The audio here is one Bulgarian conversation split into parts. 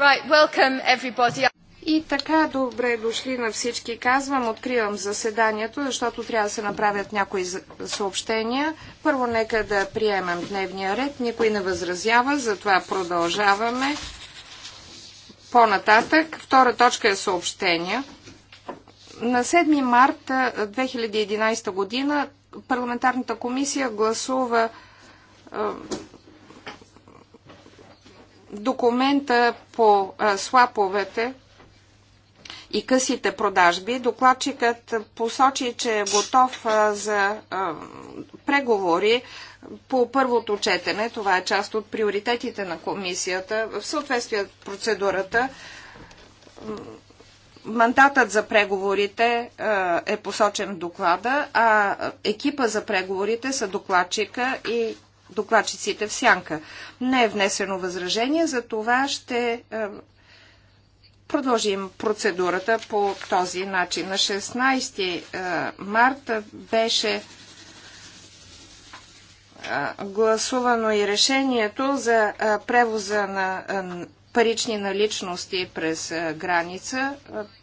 Right, welcome everybody. И така, добре дошли на всички. Казвам, откривам заседанието, защото трябва да се направят някои съобщения. Първо, нека да приемем дневния ред. Никой не възразява, затова продължаваме. По-нататък, втора точка е съобщения. На 7 марта 2011 година парламентарната комисия гласува документа по слаповете и късите продажби, докладчикът посочи, че е готов за преговори по първото четене. Това е част от приоритетите на комисията. В съответствие с процедурата, мандатът за преговорите е посочен в доклада, а екипа за преговорите са докладчика и докладчиците в сянка. Не е внесено възражение, за това ще е, продължим процедурата по този начин. На 16 е, марта беше е, гласувано и решението за превоза на парични наличности през граница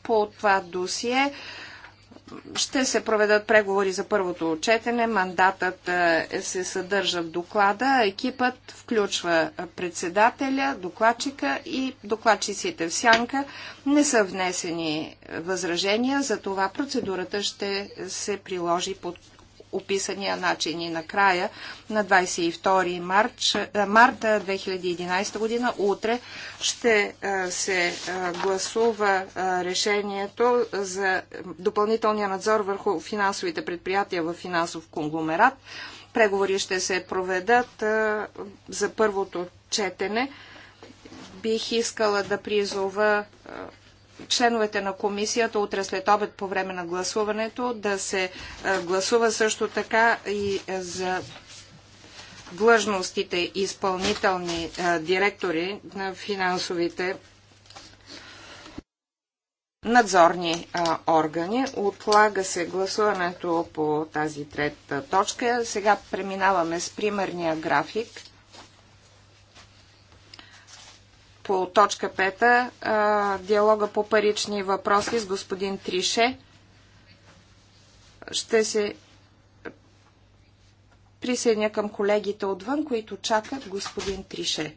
по това досие. Ще се проведат преговори за първото отчетене. Мандатът е, се съдържа в доклада. Екипът включва председателя, докладчика и докладчиците в сянка. Не са внесени възражения, за това процедурата ще се приложи под описания начин. И накрая, на 22 март, марта 2011 година, утре, ще се гласува решението за допълнителния надзор върху финансовите предприятия в финансов конгломерат. Преговори ще се проведат за първото четене. Бих искала да призова членовете на комисията утре след обед по време на гласуването да се е, гласува също така и за длъжностите изпълнителни е, директори на финансовите надзорни а, е, органи. Отлага се гласуването по тази трета точка. Сега преминаваме с примерния график по точка 5, диалога по парични въпроси с господин Трише. Ще се присъединя към колегите отвън, които чакат господин Трише.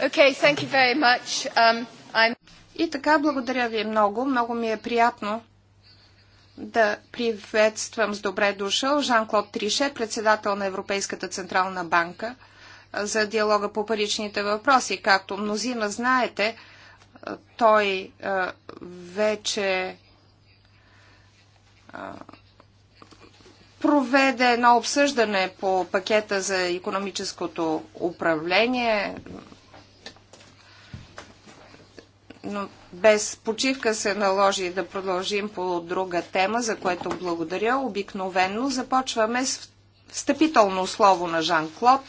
Okay, thank you very much. Um, I'm... И така, благодаря ви много. Много ми е приятно да приветствам с добре дошъл Жан-Клод Трише, председател на Европейската Централна банка за диалога по паричните въпроси. Както мнозина знаете, той вече проведе едно обсъждане по пакета за економическото управление. без почивка се наложи да продължим по друга тема, за което благодаря. Обикновенно започваме с встъпително слово на Жан-Клод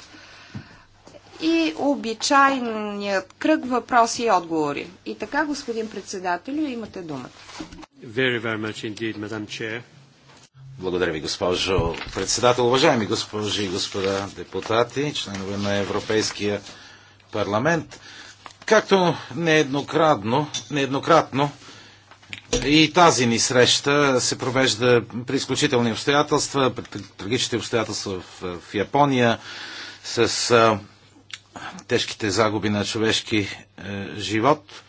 и обичайният кръг въпроси и отговори. И така, господин председателю, имате думата. Very, very much indeed, Madam Chair. Благодаря ви, госпожо председател. Уважаеми госпожи и господа депутати, членове на Европейския парламент. Както нееднократно, нееднократно и тази ни среща се провежда при изключителни обстоятелства, при трагичните обстоятелства в, в Япония, с а, тежките загуби на човешки е, живот.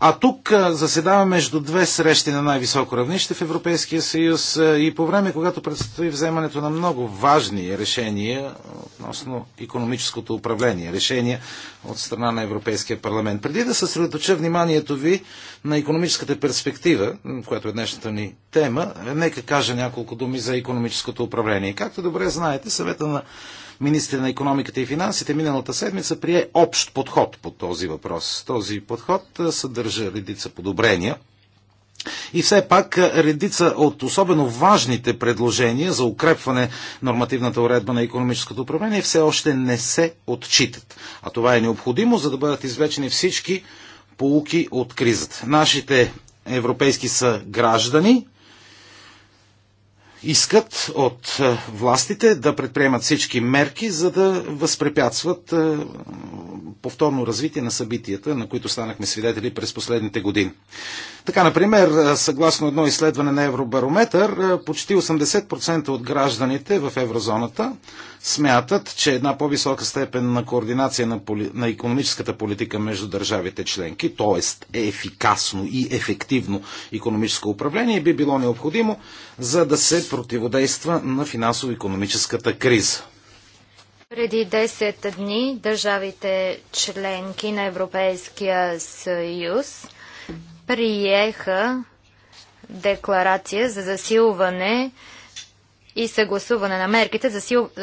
А тук заседава между две срещи на най-високо равнище в Европейския съюз и по време, когато предстои вземането на много важни решения относно економическото управление, решения от страна на Европейския парламент. Преди да съсредоточа вниманието ви на економическата перспектива, която е днешната ни тема, нека кажа няколко думи за економическото управление. Както добре знаете, съвета на министри на економиката и финансите миналата седмица прие общ подход по този въпрос. Този подход съдържа редица подобрения. И все пак редица от особено важните предложения за укрепване нормативната уредба на економическото управление все още не се отчитат. А това е необходимо, за да бъдат извлечени всички полуки от кризата. Нашите европейски са граждани, искат от е, властите да предприемат всички мерки, за да възпрепятстват е, повторно развитие на събитията, на които станахме свидетели през последните години. Така, например, е, съгласно едно изследване на Евробарометър, почти 80% от гражданите в еврозоната смятат, че една по-висока степен на координация на, поли... на економическата политика между държавите членки, т.е. ефикасно и ефективно економическо управление, би било необходимо, за да се противодейства на финансово-економическата криза. Преди 10 дни държавите членки на Европейския съюз приеха декларация за засилване и съгласуване на мерките за, сил, е,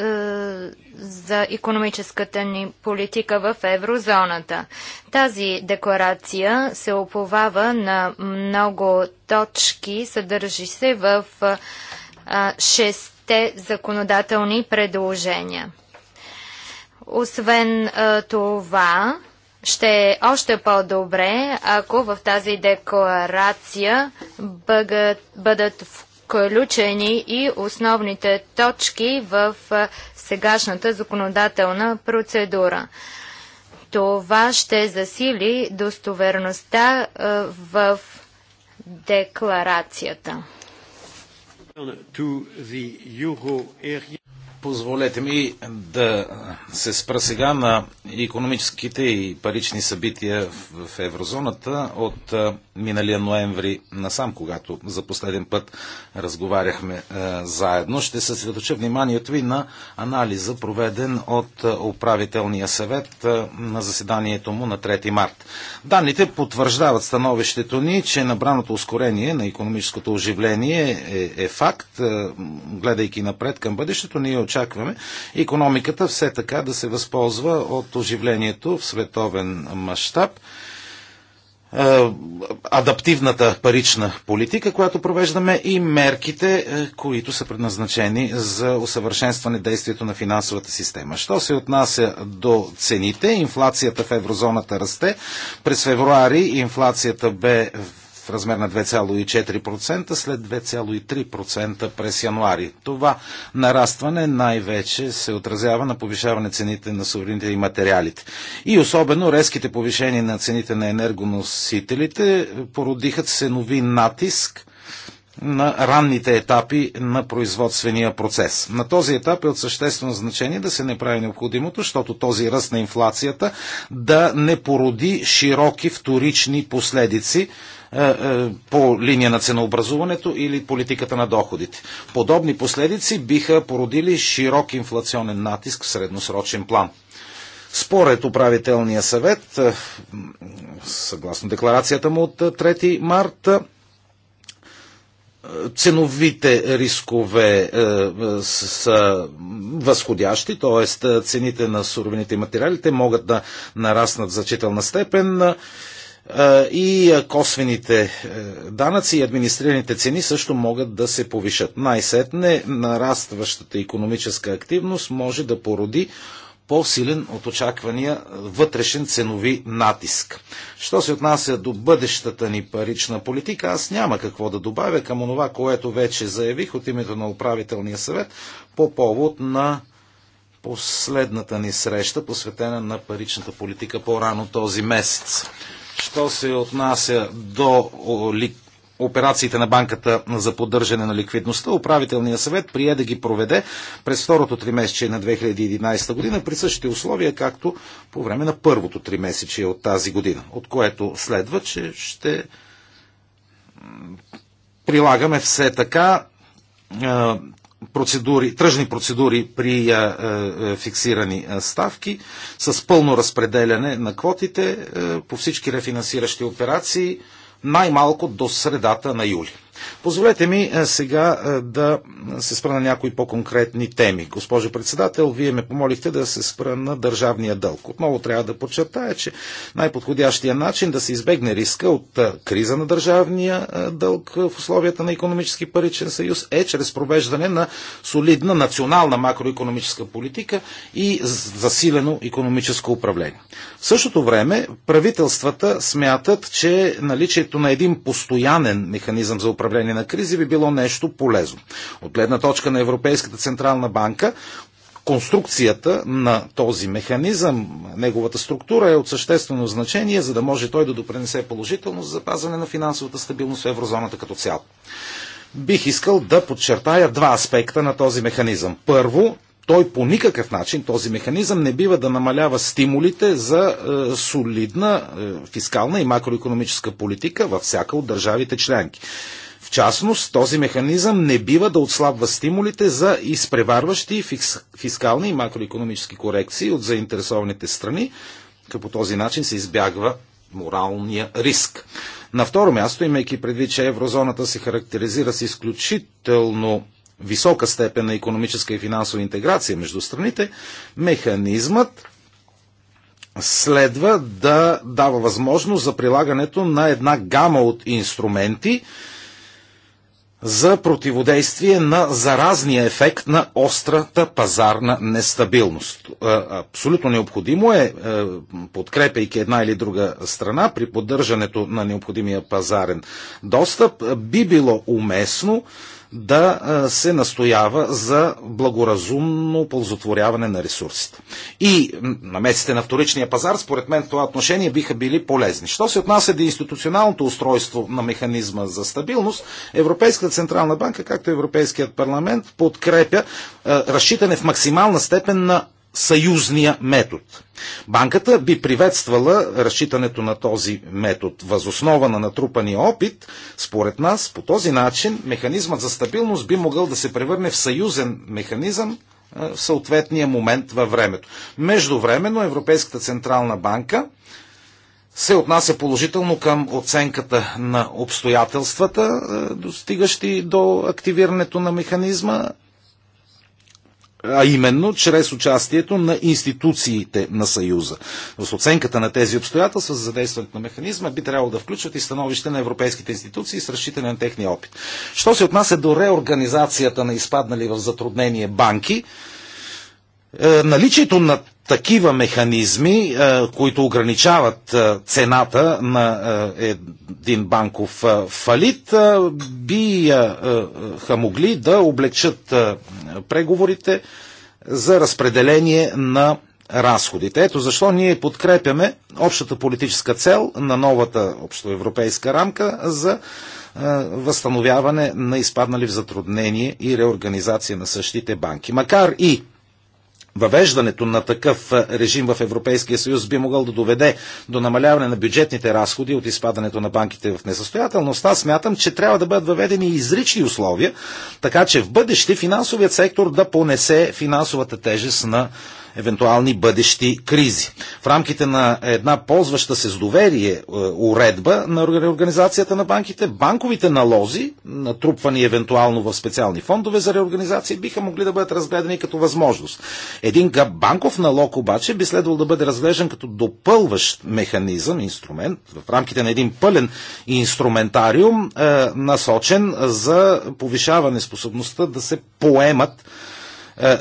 за економическата ни политика в еврозоната. Тази декларация се оповава на много точки, съдържи се в е, шесте законодателни предложения. Освен е, това, ще е още по-добре, ако в тази декларация бъгат, бъдат, бъдат включени и основните точки в сегашната законодателна процедура. Това ще засили достоверността в декларацията. Позволете ми да се спра сега на економическите и парични събития в еврозоната от миналия ноември насам, когато за последен път разговаряхме заедно. Ще се съсредоточа вниманието ви на анализа, проведен от управителния съвет на заседанието му на 3 март. Данните потвърждават становището ни, че набраното ускорение на економическото оживление е, е факт. Гледайки напред към бъдещето, ние очакваме економиката все така да се възползва от оживлението в световен мащаб е, адаптивната парична политика, която провеждаме и мерките, е, които са предназначени за усъвършенстване действието на финансовата система. Що се отнася до цените, инфлацията в еврозоната расте. През февруари инфлацията бе в в размер на 2,4% след 2,3% през януари. Това нарастване най-вече се отразява на повишаване цените на суверените и материалите. И особено резките повишения на цените на енергоносителите породиха ценови натиск на ранните етапи на производствения процес. На този етап е от съществено значение да се не прави необходимото, защото този ръст на инфлацията да не породи широки вторични последици е, е, по линия на ценообразуването или политиката на доходите. Подобни последици биха породили широк инфлационен натиск в средносрочен план. Според управителния съвет, е, съгласно декларацията му от 3 марта, ценовите рискове са възходящи, т.е. цените на суровините и материалите могат да нараснат в значителна степен и косвените е, данъци и администрираните цени също могат да се повишат. Най-сетне нарастващата економическа активност може да породи по-силен от очаквания вътрешен ценови натиск. Що се отнася до бъдещата ни парична политика, аз няма какво да добавя към онова, което вече заявих от името на управителния съвет по повод на последната ни среща, посветена на паричната политика по-рано този месец. Що се отнася до операциите на банката за поддържане на ликвидността, управителният съвет прие да ги проведе през второто тримесечие на 2011 година при същите условия, както по време на първото тримесечие от тази година, от което следва, че ще прилагаме все така процедури, тръжни процедури при а, а, фиксирани а, ставки, с пълно разпределяне на квотите а, по всички рефинансиращи операции, най-малко до средата на юли. Позволете ми е, сега е, да се спра на някои по-конкретни теми. Госпожо председател, вие ме помолихте да се спра на държавния дълг. Отново трябва да подчертая, че най-подходящия начин да се избегне риска от е, криза на държавния дълг в условията на економически паричен съюз е чрез провеждане на солидна национална макроекономическа политика и засилено економическо управление. В същото време правителствата смятат, че наличието на един постоянен механизъм за управление управление на кризи би било нещо полезно. От гледна точка на Европейската централна банка, конструкцията на този механизъм, неговата структура е от съществено значение, за да може той да допренесе положително за запазване на финансовата стабилност в еврозоната като цяло. Бих искал да подчертая два аспекта на този механизъм. Първо, той по никакъв начин, този механизъм, не бива да намалява стимулите за е, солидна е, фискална и макроекономическа политика във всяка от държавите членки. В частност, този механизъм не бива да отслабва стимулите за изпреварващи фискални и макроекономически корекции от заинтересованите страни, като по този начин се избягва моралния риск. На второ място, имайки предвид, че еврозоната се характеризира с изключително висока степен на економическа и финансова интеграция между страните, механизмът следва да дава възможност за прилагането на една гама от инструменти, за противодействие на заразния ефект на острата пазарна нестабилност. Е, абсолютно необходимо е, е, подкрепяйки една или друга страна, при поддържането на необходимия пазарен достъп, би било уместно да се настоява за благоразумно ползотворяване на ресурсите. И намесите на вторичния пазар, според мен, в това отношение биха били полезни. Що се отнася до институционалното устройство на механизма за стабилност, Европейската Централна банка, както Европейският парламент, подкрепя разчитане в максимална степен на съюзния метод. Банката би приветствала разчитането на този метод. Възоснова на натрупания опит, според нас, по този начин механизмът за стабилност би могъл да се превърне в съюзен механизъм е, в съответния момент във времето. Междувременно Европейската Централна банка се отнася положително към оценката на обстоятелствата, е, достигащи до активирането на механизма, а именно чрез участието на институциите на Съюза. В с оценката на тези обстоятелства за задействането на механизма би трябвало да включват и становище на европейските институции с разчитане на техния опит. Що се отнася до реорганизацията на изпаднали в затруднение банки, е, наличието на такива механизми, е, които ограничават е, цената на един банков фалит, биха могли да облегчат преговорите за разпределение на разходите. Ето защо ние подкрепяме общата политическа цел на новата общоевропейска рамка за възстановяване на изпаднали в затруднение и реорганизация на същите банки. Макар и Въвеждането на такъв режим в Европейския съюз би могъл да доведе до намаляване на бюджетните разходи от изпадането на банките в несъстоятелност. Аз смятам, че трябва да бъдат въведени изрични условия, така че в бъдеще финансовият сектор да понесе финансовата тежест на евентуални бъдещи кризи. В рамките на една ползваща се с доверие е, уредба на реорганизацията на банките, банковите налози, натрупвани евентуално в специални фондове за реорганизация, биха могли да бъдат разгледани като възможност. Един банков налог обаче би следвал да бъде разглеждан като допълващ механизъм, инструмент, в рамките на един пълен инструментариум, е, насочен за повишаване способността да се поемат е,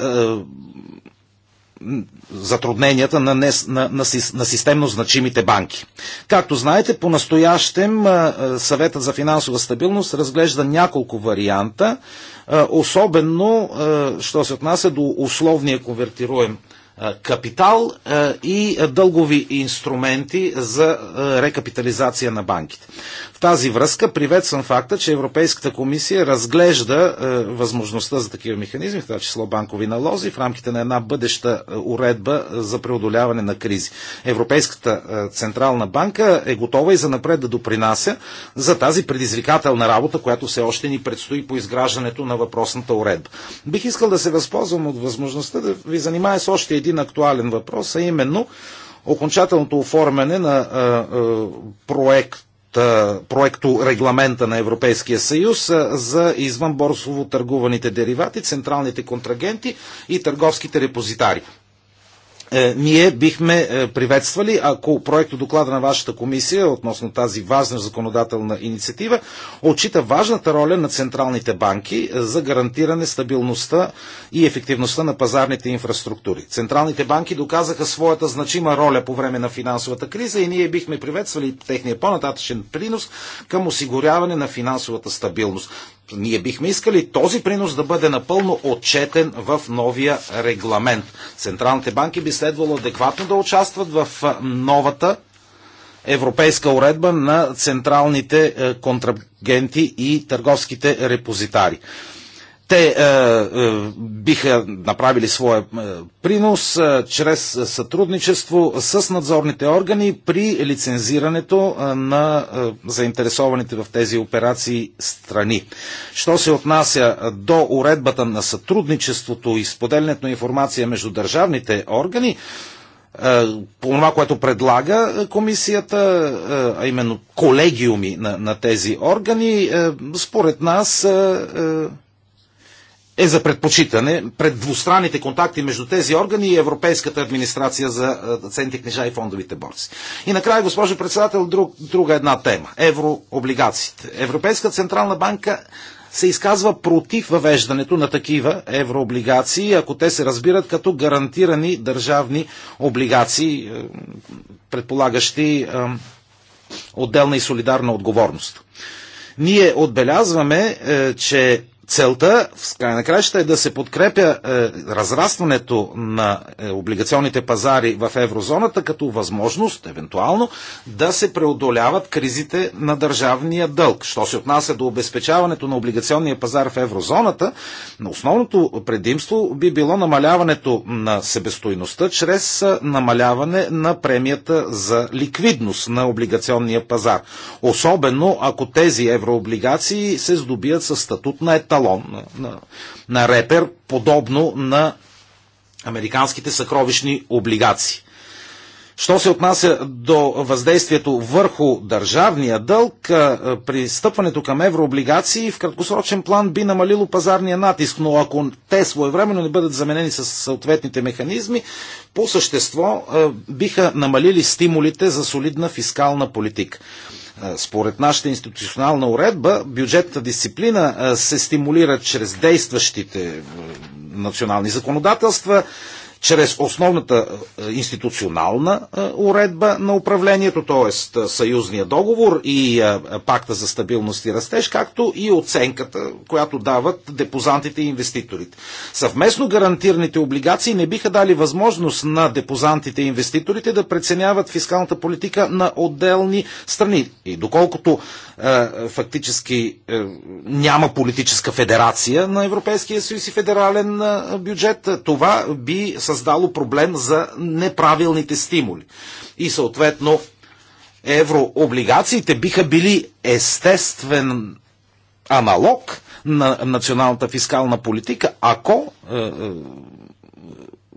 затрудненията на, не, на, на, на системно значимите банки. Както знаете, по-настоящем съветът за финансова стабилност разглежда няколко варианта, особено що се отнася до условния конвертируем капитал и дългови инструменти за рекапитализация на банките. В тази връзка приветствам факта, че Европейската комисия разглежда възможността за такива механизми, в това число банкови налози, в рамките на една бъдеща уредба за преодоляване на кризи. Европейската централна банка е готова и за напред да допринася за тази предизвикателна работа, която все още ни предстои по изграждането на въпросната уредба. Бих искал да се възползвам от възможността да ви занимая с още един актуален въпрос, а именно окончателното оформяне на проект проекто регламента на Европейския съюз за извънборсово търгуваните деривати, централните контрагенти и търговските репозитари. Е, ние бихме е, приветствали, ако проекто доклада на вашата комисия относно тази важна законодателна инициатива отчита важната роля на централните банки е, за гарантиране стабилността и ефективността на пазарните инфраструктури. Централните банки доказаха своята значима роля по време на финансовата криза и ние бихме приветствали техния по-нататъчен принос към осигуряване на финансовата стабилност. Ние бихме искали този принос да бъде напълно отчетен в новия регламент. Централните банки би следвало адекватно да участват в новата европейска уредба на централните е, контрагенти и търговските репозитари. Те е, е, биха направили своя е, принос е, чрез сътрудничество с надзорните органи при лицензирането е, на е, заинтересованите в тези операции страни. Що се отнася до уредбата на сътрудничеството и споделянето на информация между държавните органи, по е, това, което предлага комисията, е, а именно колегиуми на, на тези органи, е, според нас е за предпочитане пред двустранните контакти между тези органи и Европейската администрация за е, ценните книжа и фондовите борси. И накрая, госпожо председател, друг, друга една тема. Еврооблигациите. Европейска централна банка се изказва против въвеждането на такива еврооблигации, ако те се разбират като гарантирани държавни облигации, е, предполагащи е, отделна и солидарна отговорност. Ние отбелязваме, че Целта, в край на краища е да се подкрепя е, разрастването на е, облигационните пазари в еврозоната като възможност, евентуално, да се преодоляват кризите на държавния дълг. Що се отнася до обезпечаването на облигационния пазар в еврозоната, на основното предимство би било намаляването на себестойността чрез е, намаляване на премията за ликвидност на облигационния пазар. Особено ако тези еврооблигации се здобият със статут на етап талон, на, на, на репер, подобно на американските съкровищни облигации. Що се отнася до въздействието върху държавния дълг, при стъпването към еврооблигации в краткосрочен план би намалило пазарния натиск, но ако те своевременно не бъдат заменени с съответните механизми, по същество биха намалили стимулите за солидна фискална политика. Според нашата институционална уредба, бюджетната дисциплина се стимулира чрез действащите национални законодателства, чрез основната е, институционална е, уредба на управлението, т.е. съюзния договор и е, пакта за стабилност и растеж, както и оценката, която дават депозантите и инвеститорите. Съвместно гарантираните облигации не биха дали възможност на депозантите и инвеститорите да преценяват фискалната политика на отделни страни. И доколкото фактически няма политическа федерация на Европейския съюз и федерален бюджет, това би със създало проблем за неправилните стимули. И съответно еврооблигациите биха били естествен аналог на националната фискална политика, ако е, е,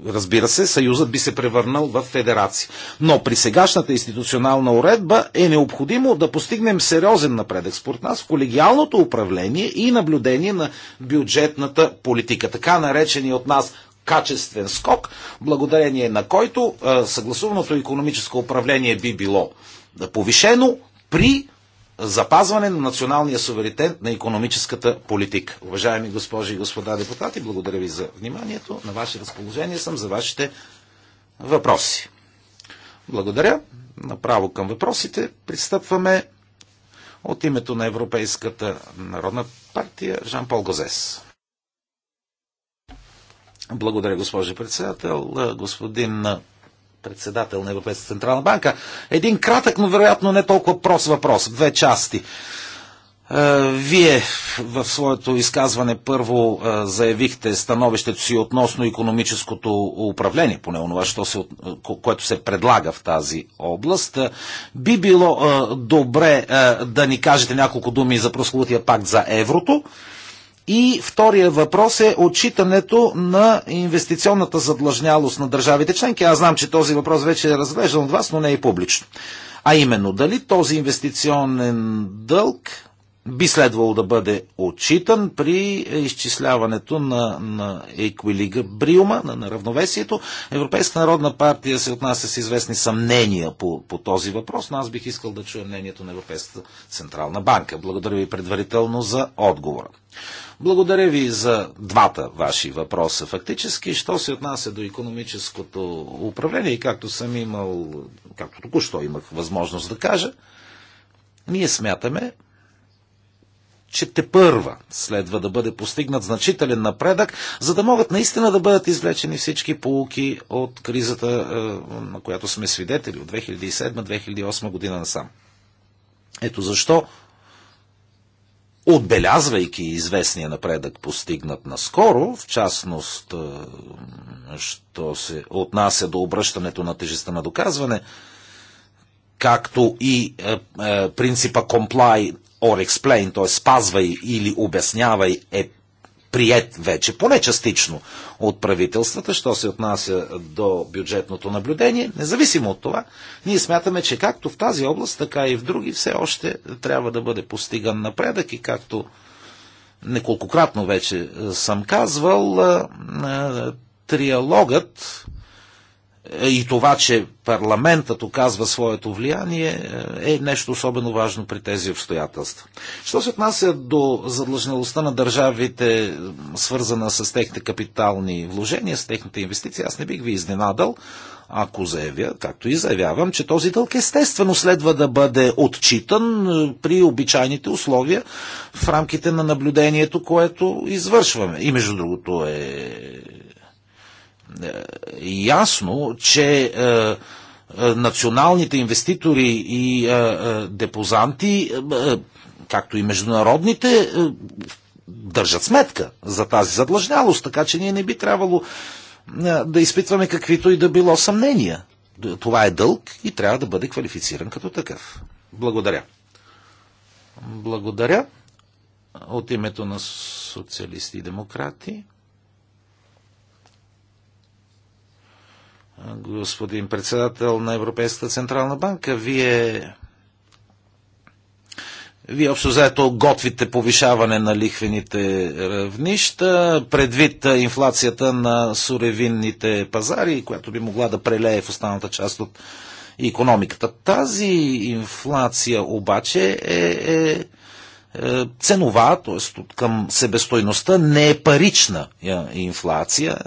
разбира се, съюзът би се превърнал в федерация. Но при сегашната институционална уредба е необходимо да постигнем сериозен напредък според нас в колегиалното управление и наблюдение на бюджетната политика. Така наречени от нас качествен скок, благодарение на който съгласуваното економическо управление би било повишено при запазване на националния суверенитет на економическата политика. Уважаеми госпожи и господа депутати, благодаря ви за вниманието. На ваше разположение съм за вашите въпроси. Благодаря. Направо към въпросите пристъпваме от името на Европейската народна партия Жан-Пол Гозес. Благодаря, госпожо председател. Е, господин е, председател на Европейската централна банка. Един кратък, но вероятно не толкова прост въпрос. Две части. Е, вие в своето изказване първо заявихте становището си относно економическото управление, поне онова, що се, което се предлага в тази област. Би било добре да ни кажете няколко думи за прослутия пакт за еврото и втория въпрос е отчитането на инвестиционната задлъжнялост на държавите членки. Аз знам, че този въпрос вече е разглеждан от вас, но не е и публично. А именно, дали този инвестиционен дълг би следвало да бъде отчитан при изчисляването на, на еквилибриума, на, на равновесието. Европейска народна партия се отнася с известни съмнения по, по този въпрос, но аз бих искал да чуя мнението на Европейската централна банка. Благодаря ви предварително за отговора. Благодаря ви за двата ваши въпроса. Фактически, що се отнася до економическото управление и както съм имал, както току-що имах възможност да кажа, ние смятаме, че те първа следва да бъде постигнат значителен напредък, за да могат наистина да бъдат извлечени всички полуки от кризата, е, на която сме свидетели от 2007-2008 година насам. Ето защо, отбелязвайки известния напредък постигнат наскоро, в частност, е, що се отнася до обръщането на тежестта на доказване, както и е, е, принципа comply or explain, т.е. спазвай или обяснявай е прият вече, поне частично от правителствата, що се отнася до бюджетното наблюдение. Независимо от това, ние смятаме, че както в тази област, така и в други все още трябва да бъде постиган напредък и както неколкократно вече е, съм казвал, триалогът е, и това, че парламентът оказва своето влияние, е, е нещо особено важно при тези обстоятелства. Що се отнася до задлъжнялостта на държавите, свързана с техните капитални вложения, с техните инвестиции, аз не бих ви изненадал, ако заявя, както и заявявам, че този дълг естествено следва да бъде отчитан е, при обичайните условия в рамките на наблюдението, което извършваме. И между другото е е, ясно, че е, е, националните инвеститори и депозанти, както и международните, държат сметка за тази задлъжнялост, така че ние не би трябвало да изпитваме каквито и да било съмнения. Това е дълг и трябва да бъде квалифициран като такъв. Благодаря. Благодаря. От името на социалисти и демократи. господин председател на Европейската централна банка. Вие вие общо заето готвите повишаване на лихвените равнища, предвид инфлацията на суревинните пазари, която би могла да прелее в останалата част от економиката. Тази инфлация обаче е, е е, ценова, т.е. към себестойността, не е парична е, инфлация.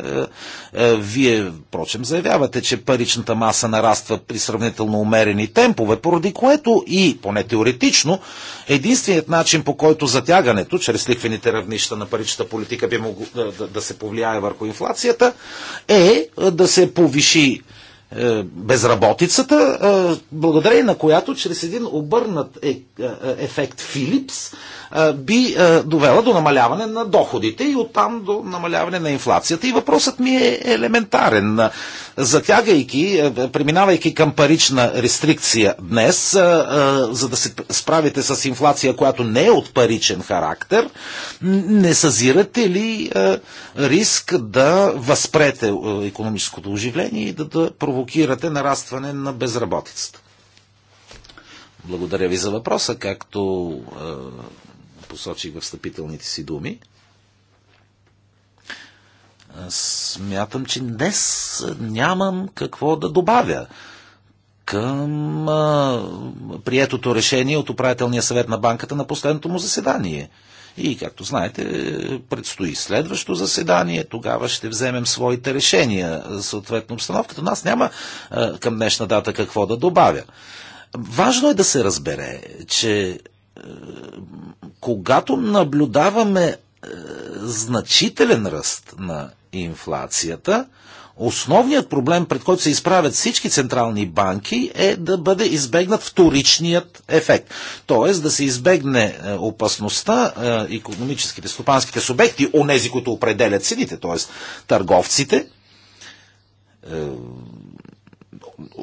Е, вие, впрочем, заявявате, че паричната маса нараства при сравнително умерени темпове, поради което и, поне теоретично, единственият начин по който затягането, чрез ликвените равнища на паричната политика би могло да, да, да се повлияе върху инфлацията, е да се повиши е, безработицата, е, благодарение на която чрез един обърнат е, ефект Филипс би довела до намаляване на доходите и оттам до намаляване на инфлацията. И въпросът ми е елементарен. Затягайки, преминавайки към парична рестрикция днес, за да се справите с инфлация, която не е от паричен характер, не съзирате ли риск да възпрете економическото оживление и да, да провокирате провокирате нарастване на безработицата? Благодаря ви за въпроса, както е, посочих в встъпителните си думи. Смятам, че днес нямам какво да добавя към е, приетото решение от управителния съвет на банката на последното му заседание. И, както знаете, предстои следващо заседание, тогава ще вземем своите решения, съответно обстановката. Нас няма към днешна дата какво да добавя. Важно е да се разбере, че когато наблюдаваме значителен ръст на инфлацията, Основният проблем, пред който се изправят всички централни банки, е да бъде избегнат вторичният ефект. Тоест да се избегне е, опасността економическите, стопанските субекти, онези, които определят цените, т.е. търговците, е,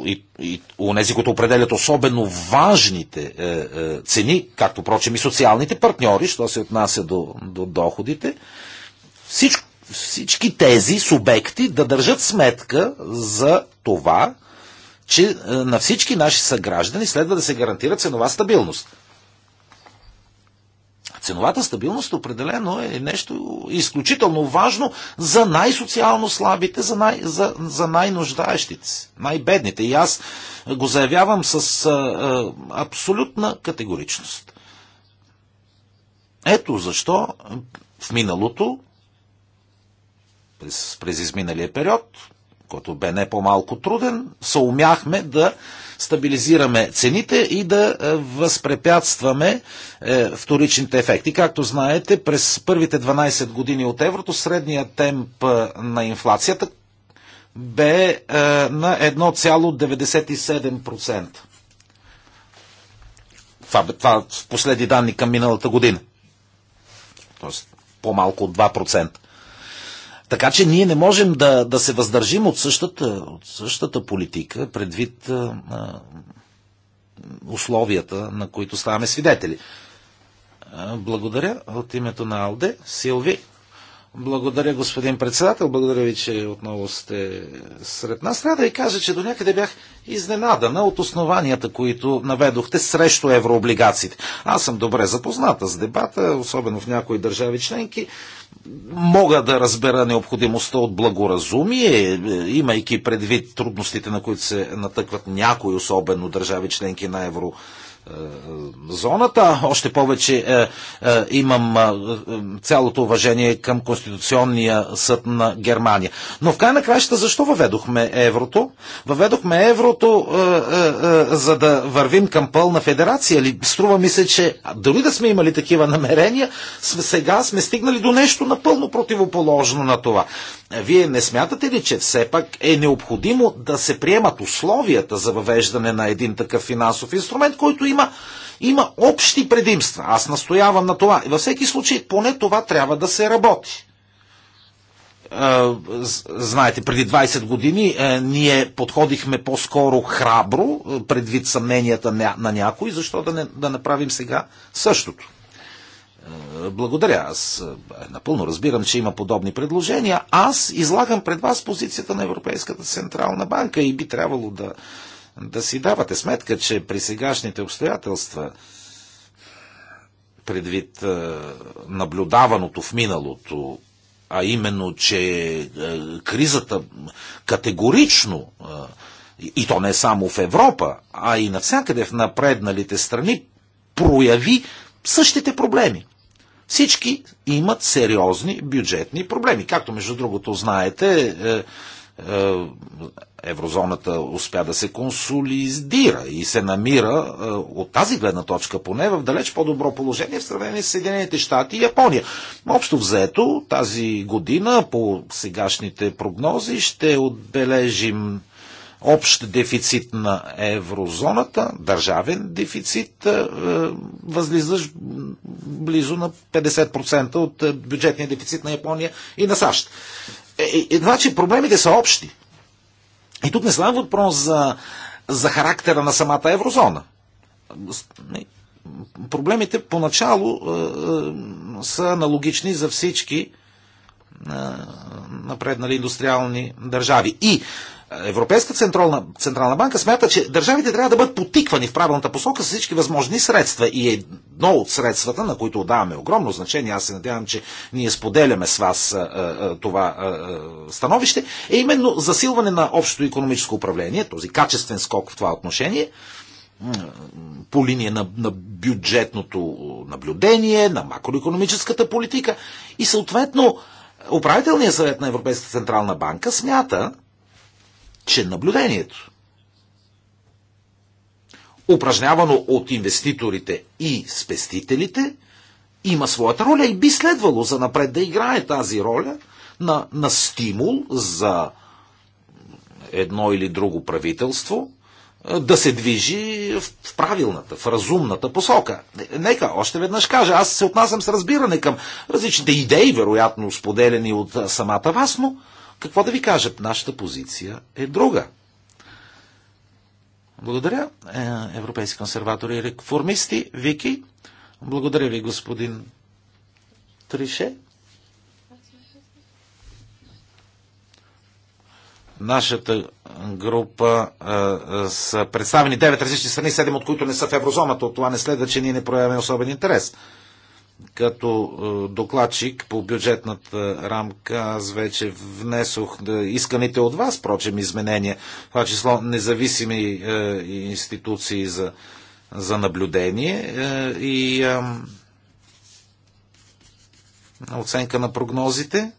и, и онези, които определят особено важните е, е, цени, както прочим и социалните партньори, що се отнася до, до доходите, всичко всички тези субекти да държат сметка за това, че е, на всички наши съграждани следва да се гарантира ценова стабилност. Ценовата стабилност определено е нещо изключително важно за най-социално слабите, за, най- за, за най-нуждаещите се, най-бедните. И аз го заявявам с а, е, а, е, абсолютна категоричност. Ето защо в миналото през, през изминалия период, който бе не по-малко труден, се умяхме да стабилизираме цените и да е, възпрепятстваме е, вторичните ефекти. Както знаете, през първите 12 години от еврото средният темп е, на инфлацията бе на 1,97%. Това, това в последни данни към миналата година. Тоест по-малко от 2%. Така че ние не можем да, да се въздържим от същата, от същата политика, предвид а, а, условията, на които ставаме свидетели. А, благодаря от името на Алде. Силви. Благодаря, господин председател. Благодаря ви, че отново сте сред нас. Трябва да ви кажа, че до някъде бях изненадана от основанията, които наведохте срещу еврооблигациите. Аз съм добре запозната с дебата, особено в някои държави членки мога да разбера необходимостта от благоразумие, е, имайки предвид трудностите, на които се натъкват някои, особено държави членки на евро е, е, зоната. Още повече е, е, имам е, е, цялото уважение към Конституционния съд на Германия. Но в край на краща защо въведохме еврото? Въведохме еврото за да вървим към пълна федерация. Ли? Струва ми се, че дори да сме имали такива намерения, сега сме стигнали до нещо напълно противоположно на това. Вие не смятате ли, че все пак е необходимо да се приемат условията за въвеждане на един такъв финансов инструмент, който има, има общи предимства? Аз настоявам на това. И във всеки случай, поне това трябва да се работи знаете, преди 20 години ние подходихме по-скоро храбро, предвид съмненията на някой, защо да не, да направим сега същото? Е, благодаря. Аз е, напълно разбирам, че има подобни предложения. Аз излагам пред вас позицията на Европейската Централна банка и би трябвало да, да си давате сметка, че при сегашните обстоятелства, предвид е, наблюдаваното в миналото, а именно, че кризата категорично и то не само в Европа, а и навсякъде в напредналите страни, прояви същите проблеми. Всички имат сериозни бюджетни проблеми. Както между другото знаете, е, е, еврозоната успя да се консолидира и се намира е, от тази гледна точка поне в далеч по-добро положение в сравнение с Съединените щати и Япония. Общо взето тази година по сегашните прогнози ще отбележим общ дефицит на еврозоната, държавен дефицит, е, е, възлизаш близо на 50% от е, бюджетния дефицит на Япония и на САЩ. Едва, че значи, проблемите са общи. И тук не става въпрос за, за характера на самата еврозона. Проблемите поначало е, са аналогични за всички е, напреднали индустриални държави. И Европейска централна, централна банка смята, че държавите трябва да бъдат потиквани в правилната посока с всички възможни средства. И едно от средствата, на които даваме огромно значение, аз се надявам, че ние споделяме с вас а, а, това а, становище, е именно засилване на общото економическо управление, този качествен скок в това отношение, по линия на, на бюджетното наблюдение, на макроекономическата политика и съответно управителният съвет на Европейската централна банка смята, че наблюдението, упражнявано от инвеститорите и спестителите, има своята роля и би следвало за напред да играе тази роля на, на стимул за едно или друго правителство е, да се движи в правилната, в разумната посока. Е, нека още веднъж кажа, аз се отнасям с разбиране към различните идеи, вероятно споделени от е, самата вас, но какво да ви кажат? Нашата позиция е друга. Благодаря, е, европейски консерватори и реформисти. Вики, благодаря ви, господин Трише. нашата група а, е, а, е, са представени 9 различни страни, 7 от които не са в еврозоната. От това не следва, че ние не проявяме особен интерес като е, докладчик по бюджетната рамка аз вече внесох е, исканите от вас, прочем, изменения, това число независими е, институции за, за наблюдение е, и е, оценка на прогнозите.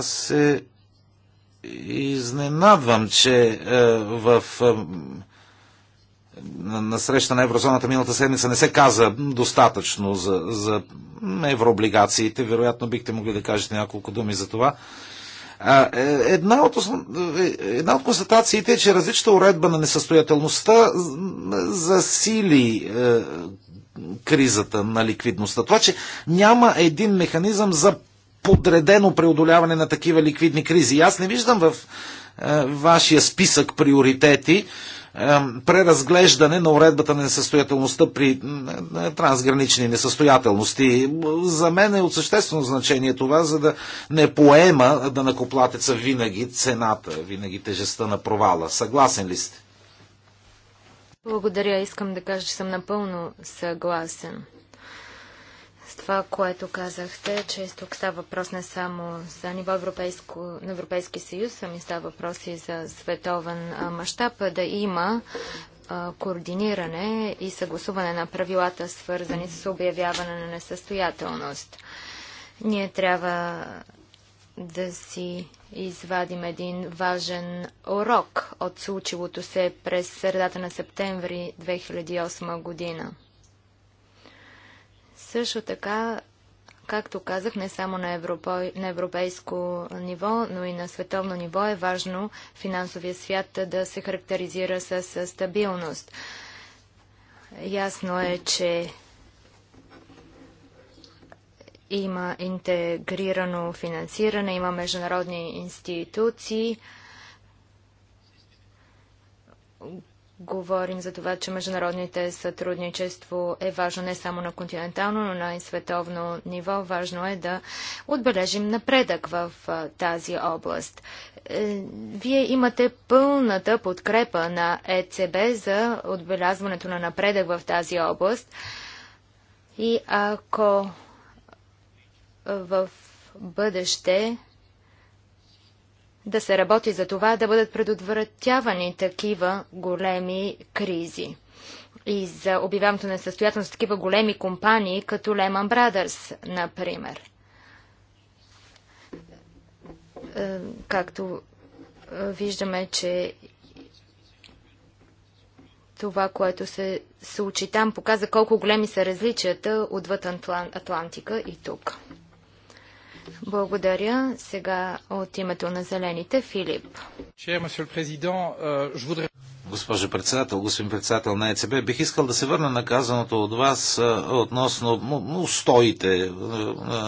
аз се изненадвам, че е, в е, на среща на еврозоната миналата седмица не се каза достатъчно за, за еврооблигациите. Вероятно бихте могли да кажете няколко думи за това. Е, една от, основ... една от констатациите е, че различната уредба на несъстоятелността засили кризата на ликвидността. Това, че няма един механизъм за подредено преодоляване на такива ликвидни кризи. Аз не виждам в е, вашия списък приоритети е, преразглеждане на уредбата на несъстоятелността при е, трансгранични несъстоятелности. За мен е от съществено значение това, за да не поема да накоплатеца винаги цената, винаги тежестта на провала. Съгласен ли сте? Благодаря. Искам да кажа, че съм напълно съгласен това, което казахте, че тук става въпрос не само за ниво европейско, на Европейски съюз, ами става въпрос и за световен мащаб, да има координиране и съгласуване на правилата, свързани с обявяване на несъстоятелност. Ние трябва да си извадим един важен урок от случилото се през средата на септември 2008 година. Също така, както казах, не само на, европо... на европейско ниво, но и на световно ниво е важно финансовия свят да се характеризира с стабилност. Ясно е, че има интегрирано финансиране, има международни институции – говорим за това, че международните сътрудничество е важно не само на континентално, но на и световно ниво. Важно е да отбележим напредък в тази област. Е, вие имате пълната подкрепа на ЕЦБ за отбелязването на напредък в тази област. И ако в бъдеще да се работи за това да бъдат предотвратявани такива големи кризи и за обявяването на състоятелност такива големи компании, като Lehman Brothers, например. Е, както е, виждаме, че това, което се случи там, показа колко големи са различията отвъд Атлантика и тук. Благодаря. Сега от името на зелените Филип. Госпожо председател, господин председател на ЕЦБ, бих искал да се върна на казаното от вас относно устоите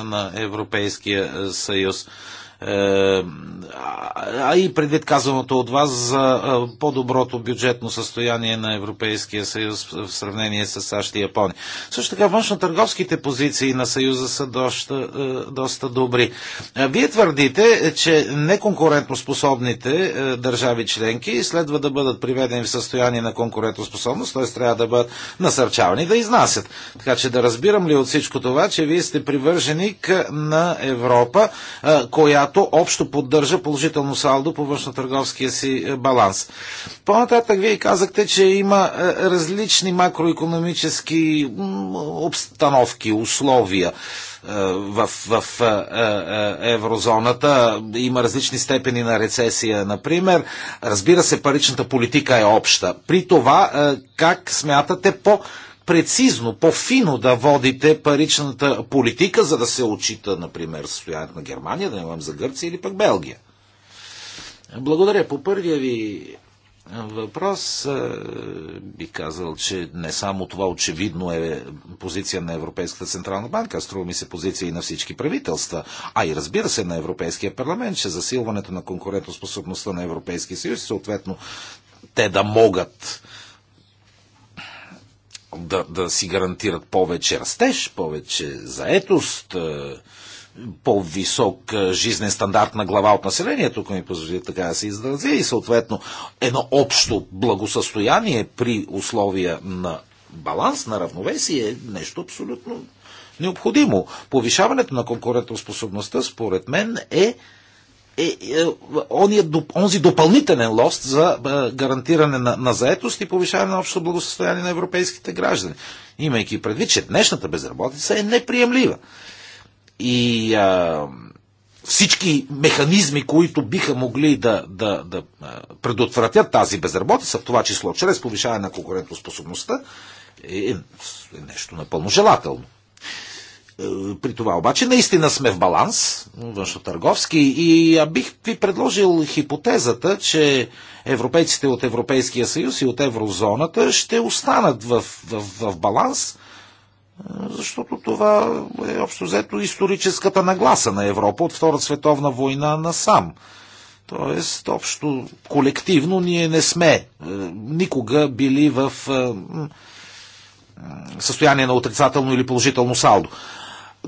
на Европейския съюз. Е, а и предвид казаното от вас за е, по-доброто бюджетно състояние на Европейския съюз в сравнение с САЩ и Япония. Също така, външно-търговските позиции на съюза са доста, е, доста добри. Вие твърдите, че неконкурентоспособните държави членки следва да бъдат приведени в състояние на конкурентоспособност, т.е. трябва да бъдат насърчавани да изнасят. Така че да разбирам ли от всичко това, че вие сте привърженик на Европа, която която общо поддържа положително салдо по външно-търговския си е, баланс. По-нататък вие казахте, че има е, различни макроекономически обстановки, условия е, в, в еврозоната. Има различни степени на рецесия, например. Разбира се, паричната политика е обща. При това, как смятате по прецизно по-фино да водите паричната политика, за да се отчита, например, състоянието на Германия, да нямам за Гърция или пък Белгия. Благодаря. По първия ви въпрос е, би казал, че не само това очевидно е позиция на Европейската Централна банка, струва ми се позиция и на всички правителства, а и разбира се на Европейския парламент, че засилването на конкурентоспособността на Европейския съюз, съответно те да могат да, да си гарантират повече растеж, повече заетост, е, по-висок е, жизнен стандарт на глава от населението, ако ми позволи така да се изразя, и съответно едно общо благосъстояние при условия на баланс, на равновесие е нещо абсолютно необходимо. Повишаването на конкурентоспособността, според мен, е е, е, е онзи допълнителен лост за е, гарантиране на, на заетост и повишаване на общото благосъстояние на европейските граждани. Имайки предвид, че днешната безработица е неприемлива. И е, всички механизми, които биха могли да, да, да предотвратят тази безработица, в това число чрез повишаване на конкурентоспособността, е, е нещо напълно желателно. При това обаче наистина сме в баланс, външно-търговски, и бих ви предложил хипотезата, че европейците от Европейския съюз и от еврозоната ще останат в, в, в баланс, защото това е общо взето историческата нагласа на Европа от Втората световна война насам. Тоест, общо колективно ние не сме е, никога били в е, състояние на отрицателно или положително салдо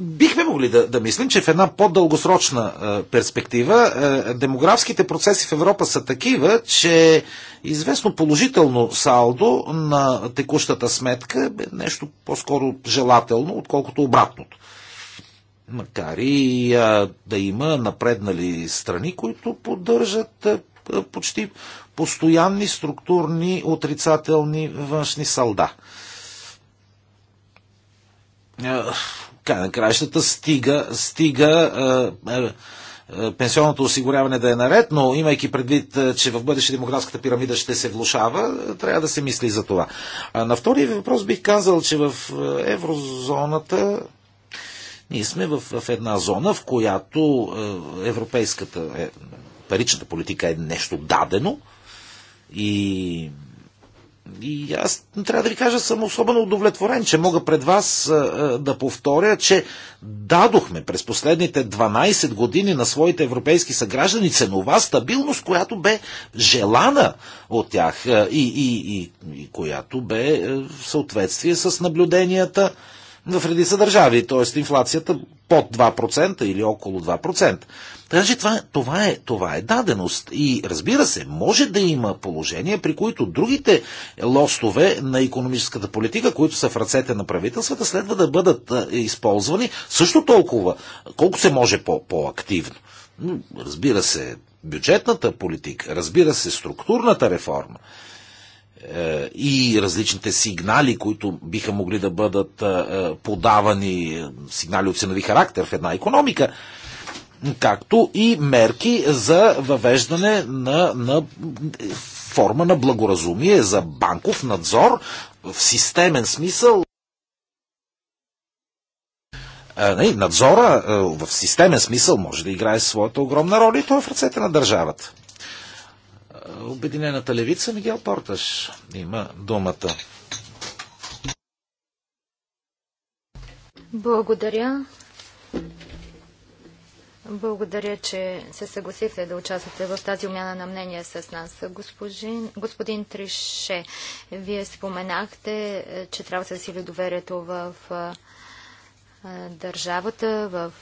бихме могли да, да мислим, че в една по-дългосрочна е, перспектива е, демографските процеси в Европа са такива, че известно положително салдо на текущата сметка е нещо по-скоро желателно, отколкото обратното. Макар и е, да има напреднали страни, които поддържат е, почти постоянни структурни отрицателни външни салда е, край на краищата стига, стига е, е, е, пенсионното осигуряване да е наред, но имайки предвид, е, че в бъдеще демографската пирамида ще се влушава, е, трябва да се мисли за това. А на втория въпрос бих казал, че в еврозоната ние сме в, в една зона, в която европейската паричната политика е нещо дадено и и аз трябва да ви кажа, съм особено удовлетворен, че мога пред вас да повторя, че дадохме през последните 12 години на своите европейски съграждани ценова стабилност, която бе желана от тях и, и, и, и която бе в съответствие с наблюденията в редица държави, т.е. инфлацията под 2% или около 2%. Така че това, това, е, това е даденост. И разбира се, може да има положение, при които другите лостове на економическата политика, които са в ръцете на правителствата, следва да бъдат използвани също толкова, колко се може по-активно. -по разбира се, бюджетната политика, разбира се, структурната реформа. Е, и различните сигнали, които биха могли да бъдат е, е, подавани, сигнали от ценови характер в една економика, както и мерки за въвеждане на, на форма на благоразумие за банков надзор в системен смисъл. Надзора в системен смисъл може да играе своята огромна роля и то е в ръцете на държавата. Обединената левица Мигел Порташ има думата. Благодаря. Благодаря, че се съгласихте да участвате в тази умяна на мнение с нас. Господин, господин Трише, вие споменахте, че трябва да се засили доверието в държавата, в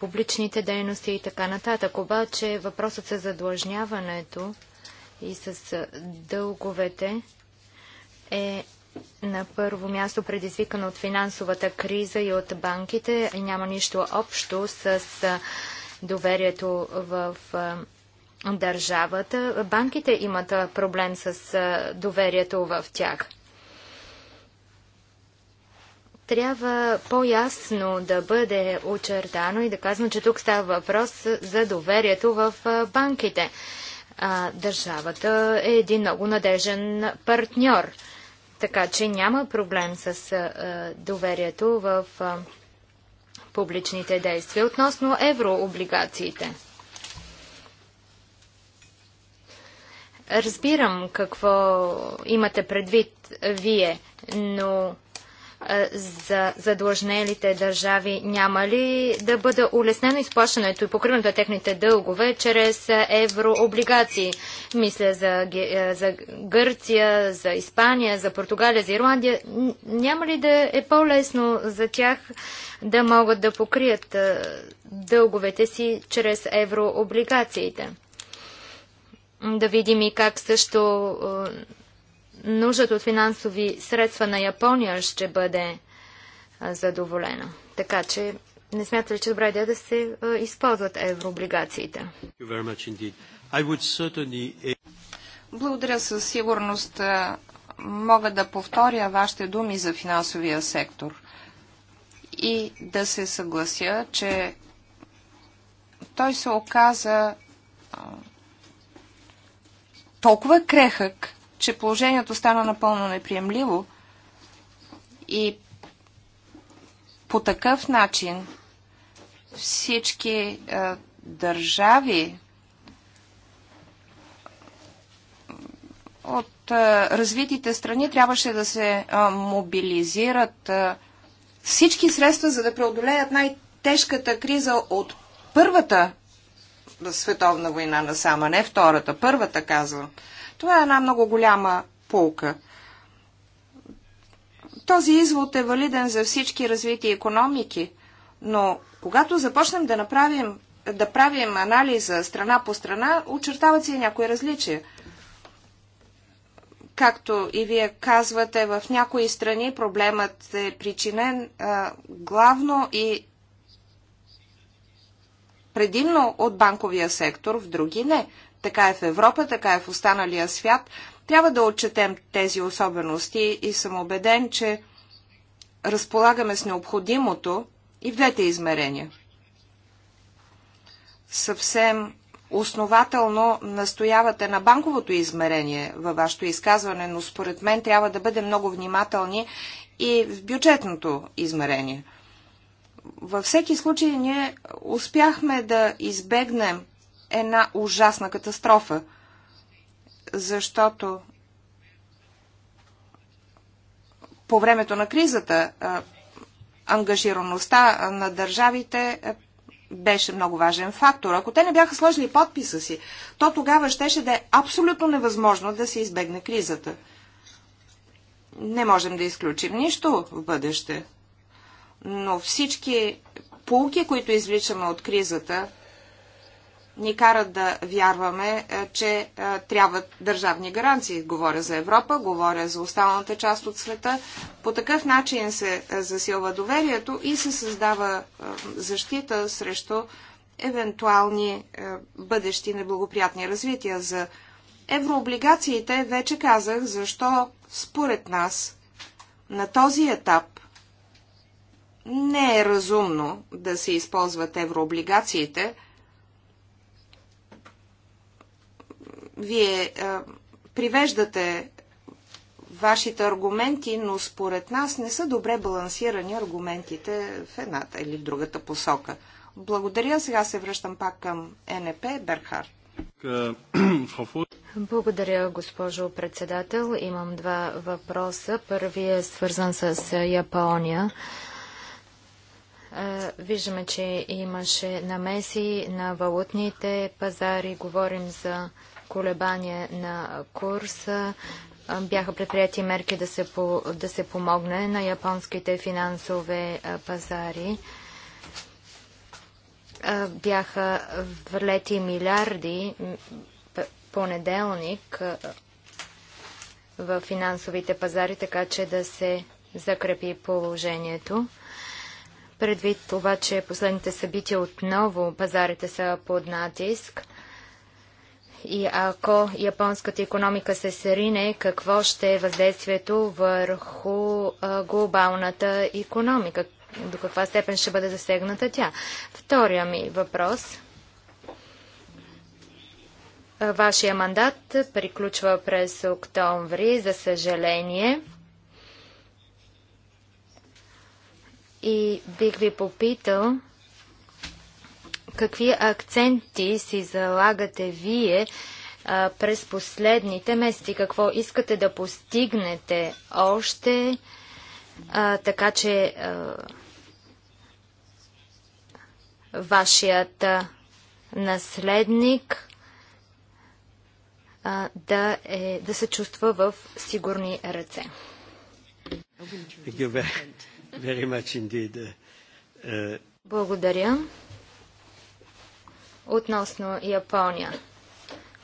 публичните дейности и така нататък. Обаче въпросът за задлъжняването и с дълговете е на първо място предизвикано от финансовата криза и от банките. Няма нищо общо с доверието в държавата. Банките имат проблем с доверието в тях. Трябва по-ясно да бъде очертано и да казвам, че тук става въпрос за доверието в банките а, държавата е един много надежен партньор. Така че няма проблем с а, доверието в а, публичните действия относно еврооблигациите. Разбирам какво имате предвид вие, но за задлъжнелите държави няма ли да бъде улеснено изплащането и покриването на техните дългове чрез еврооблигации? Мисля за, за Гърция, за Испания, за Португалия, за Ирландия. Няма ли да е по-лесно за тях да могат да покрият дълговете си чрез еврооблигациите? Да видим и как също нуждата от финансови средства на Япония ще бъде задоволена. Така че не смятате ли, че е добра идея да се използват еврооблигациите? Eh, Благодаря със сигурност. Мога да повторя вашите думи за финансовия сектор и да се съглася, че той се оказа толкова крехък, че положението стана напълно неприемливо и по такъв начин всички е, държави от е, развитите страни трябваше да се е, мобилизират е, всички средства, за да преодолеят най-тежката криза от първата световна война на сама, не втората. Първата, казвам. Това е една много голяма полка. Този извод е валиден за всички развити економики, но когато започнем да, направим, да правим анализа страна по страна, очертават се и някои различия. Както и вие казвате, в някои страни проблемът е причинен а, главно и предимно от банковия сектор, в други не. Така е в Европа, така е в останалия свят. Трябва да отчетем тези особености и съм убеден, че разполагаме с необходимото и в двете измерения. Съвсем основателно настоявате на банковото измерение във вашето изказване, но според мен трябва да бъдем много внимателни и в бюджетното измерение. Във всеки случай ние успяхме да избегнем една ужасна катастрофа, защото по времето на кризата ангажираността на държавите беше много важен фактор. Ако те не бяха сложили подписа си, то тогава щеше да е абсолютно невъзможно да се избегне кризата. Не можем да изключим нищо в бъдеще. Но всички полки, които извличаме от кризата, ни карат да вярваме, е, че е, трябват държавни гаранции. Говоря за Европа, говоря за останалата част от света. По такъв начин се е, засилва доверието и се създава защита срещу евентуални бъдещи неблагоприятни развития. За еврооблигациите вече казах защо според нас на този етап не е разумно да се използват еврооблигациите – Вие привеждате вашите аргументи, но според нас не са добре балансирани аргументите в едната или в другата посока. Благодаря. Сега се връщам пак към НП Берхар. Благодаря, госпожо председател. Имам два въпроса. Първият е свързан с Япония. Виждаме, че имаше намеси на валутните пазари. Говорим за колебание на курса. Бяха предприяти мерки да се, по, да се помогне на японските финансови пазари. Бяха влети милиарди понеделник в финансовите пазари, така че да се закрепи положението. Предвид това, че последните събития отново пазарите са под натиск, и ако японската економика се срине, какво ще е въздействието върху глобалната економика? До каква степен ще бъде засегната тя? Втория ми въпрос. Вашия мандат приключва през октомври, за съжаление. И бих ви попитал Какви акценти си залагате вие а, през последните месеци? Какво искате да постигнете още, а, така че а, вашият наследник а, да, е, да се чувства в сигурни ръце. Uh, uh, Благодаря. Относно Япония,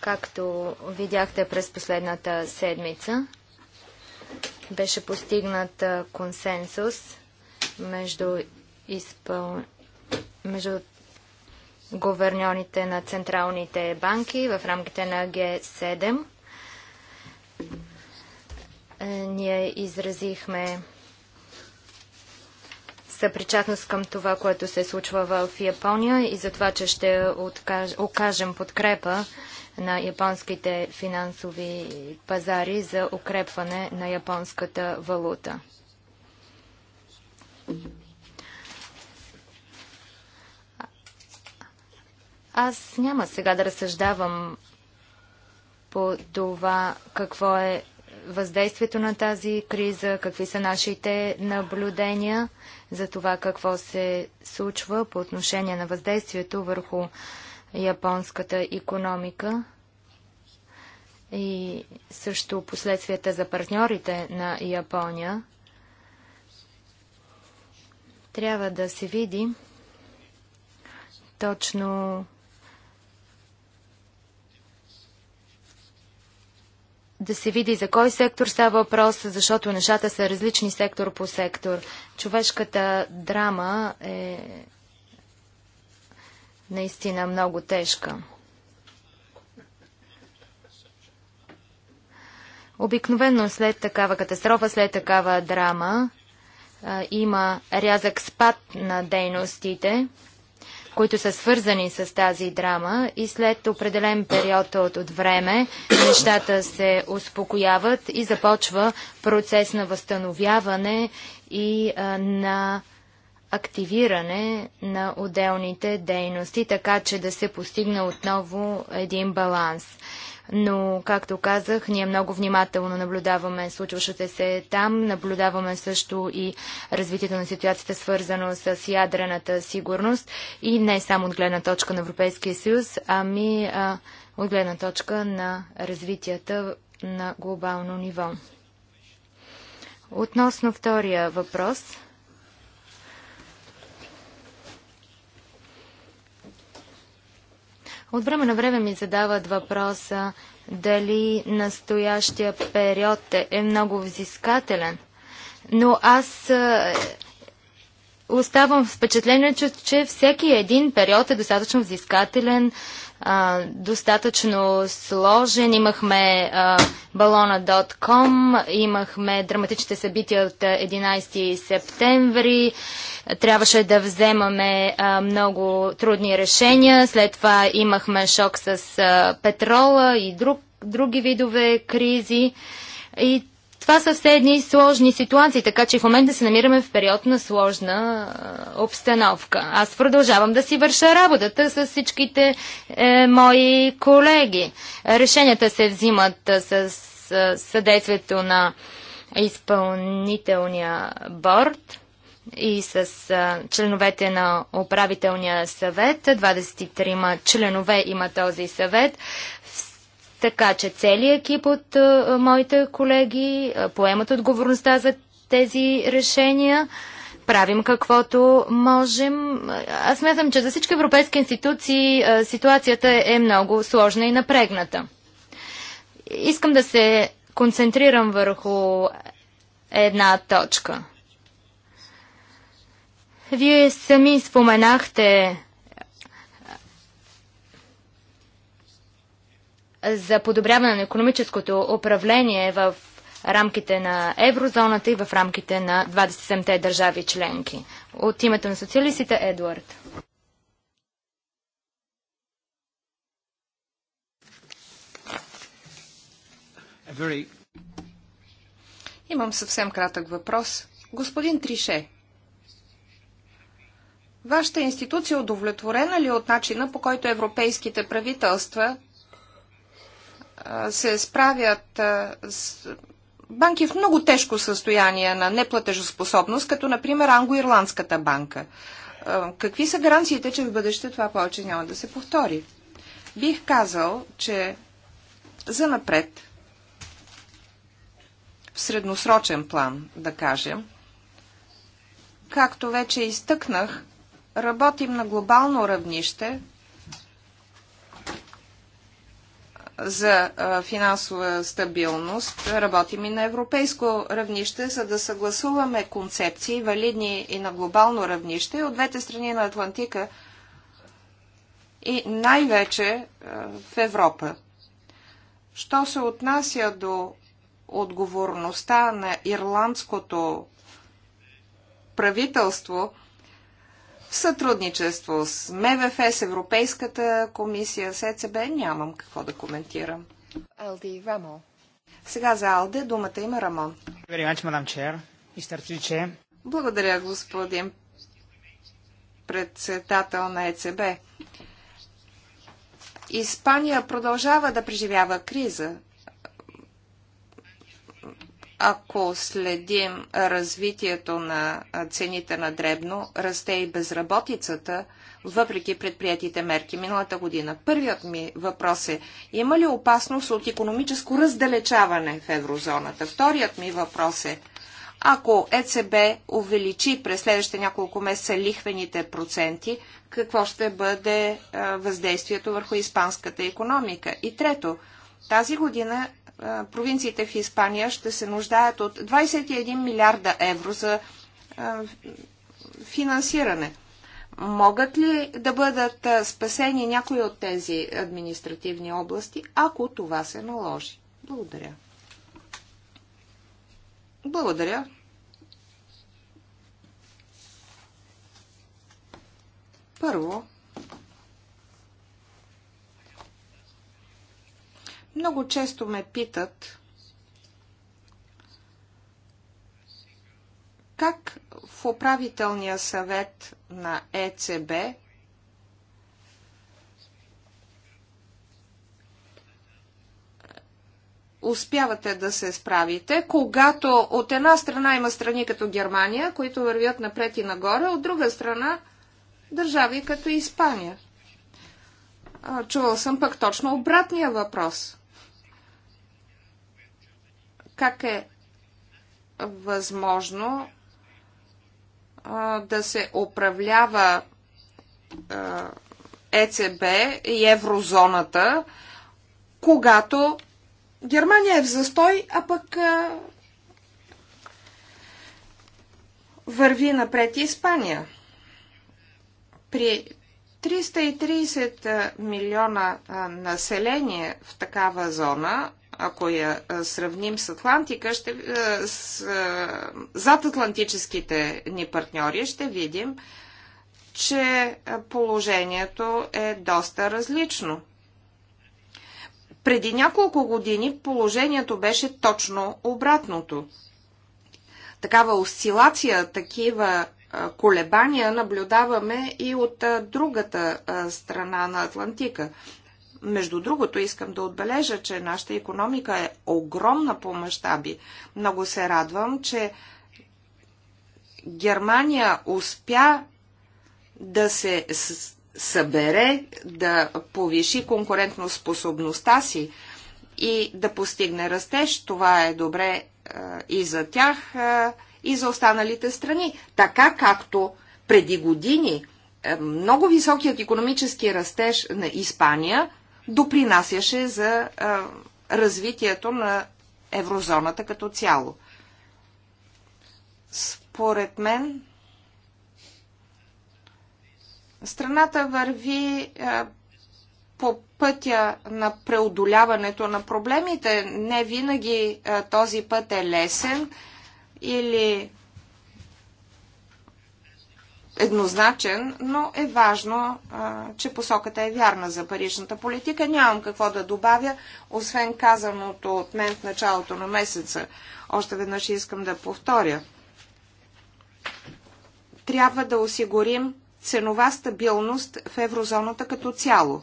както видяхте през последната седмица, беше постигнат консенсус между, изпъл... между говерньорите на централните банки в рамките на Г7. Е, ние изразихме съпричастност към това, което се случва в Япония и за това, че ще откаж, окажем подкрепа на японските финансови пазари за укрепване на японската валута. Аз няма сега да разсъждавам по това какво е въздействието на тази криза, какви са нашите наблюдения за това какво се случва по отношение на въздействието върху японската економика и също последствията за партньорите на Япония. Трябва да се види точно да се види за кой сектор става въпрос, защото нещата са различни сектор по сектор. Човешката драма е наистина много тежка. Обикновено след такава катастрофа, след такава драма, има рязък спад на дейностите които са свързани с тази драма и след определен период от, от време нещата се успокояват и започва процес на възстановяване и а, на активиране на отделните дейности, така че да се постигне отново един баланс но, както казах, ние много внимателно наблюдаваме случващите се там, наблюдаваме също и развитието на ситуацията, свързано с ядрената сигурност и не само от гледна точка на Европейския съюз, ами а, от гледна точка на развитията на глобално ниво. Относно втория въпрос – От време на време ми задават въпроса дали настоящия период е много взискателен. Но аз е, оставам впечатление, че, че всеки един период е достатъчно взискателен а, достатъчно сложен. Имахме балона.com, имахме драматичните събития от 11 септември. Трябваше да вземаме а, много трудни решения. След това имахме шок с а, петрола и друг, други видове кризи. И това са все едни сложни ситуации, така че в момента се намираме в период на сложна обстановка. Аз продължавам да си върша работата с всичките е, мои колеги. Решенията се взимат с съдействието на изпълнителния борт и с а, членовете на управителния съвет. 23 членове има този съвет. Така че целият екип от а, моите колеги а, поемат отговорността за тези решения. Правим каквото можем. Аз смятам, че за всички европейски институции а, ситуацията е много сложна и напрегната. Искам да се концентрирам върху една точка. Вие сами споменахте за подобряване на економическото управление в рамките на еврозоната и в рамките на 27-те държави членки. От името на социалистите Едуард. Имам съвсем кратък въпрос. Господин Трише, вашата институция удовлетворена ли е от начина по който европейските правителства се справят с банки в много тежко състояние на неплатежоспособност, като например Англо-Ирландската банка. Какви са гаранциите, че в бъдеще това повече няма да се повтори? Бих казал, че за напред, в средносрочен план, да кажем, както вече изтъкнах, работим на глобално равнище – за финансова стабилност работим и на европейско равнище, за да съгласуваме концепции, валидни и на глобално равнище от двете страни на Атлантика и най-вече в Европа. Що се отнася до отговорността на ирландското правителство – сътрудничество с МВФ, с Европейската комисия, с ЕЦБ, нямам какво да коментирам. Алди Рамо. Сега за Алде думата има Рамон. Благодаря, господин председател на ЕЦБ. Испания продължава да преживява криза. Ако следим развитието на цените на дребно, расте и безработицата, въпреки предприятите мерки миналата година. Първият ми въпрос е, има ли опасност от економическо раздалечаване в еврозоната? Вторият ми въпрос е, ако ЕЦБ увеличи през следващите няколко месеца лихвените проценти, какво ще бъде въздействието върху испанската економика? И трето, тази година провинциите в Испания ще се нуждаят от 21 милиарда евро за финансиране. Могат ли да бъдат спасени някои от тези административни области, ако това се наложи? Благодаря. Благодаря. Първо, Много често ме питат как в управителния съвет на ЕЦБ успявате да се справите, когато от една страна има страни като Германия, които вървят напред и нагоре, от друга страна държави като Испания. Чувал съм пък точно обратния въпрос – как е възможно а, да се управлява а, ЕЦБ и еврозоната, когато Германия е в застой, а пък а, върви напред Испания. При 330 милиона население в такава зона ако я сравним с Атлантика, ще, с, зад атлантическите ни партньори, ще видим, че положението е доста различно. Преди няколко години положението беше точно обратното. Такава осцилация, такива колебания наблюдаваме и от другата страна на Атлантика. Между другото, искам да отбележа, че нашата економика е огромна по мащаби. Много се радвам, че Германия успя да се събере, да повиши конкурентноспособността си и да постигне растеж. Това е добре е, и за тях, е, и за останалите страни. Така както преди години е, много високият економически растеж на Испания – допринасяше за а, развитието на еврозоната като цяло. Според мен, страната върви а, по пътя на преодоляването на проблемите. Не винаги а, този път е лесен или еднозначен, но е важно, а, че посоката е вярна за паричната политика. Нямам какво да добавя, освен казаното от мен в началото на месеца. Още веднъж искам да повторя. Трябва да осигурим ценова стабилност в еврозоната като цяло.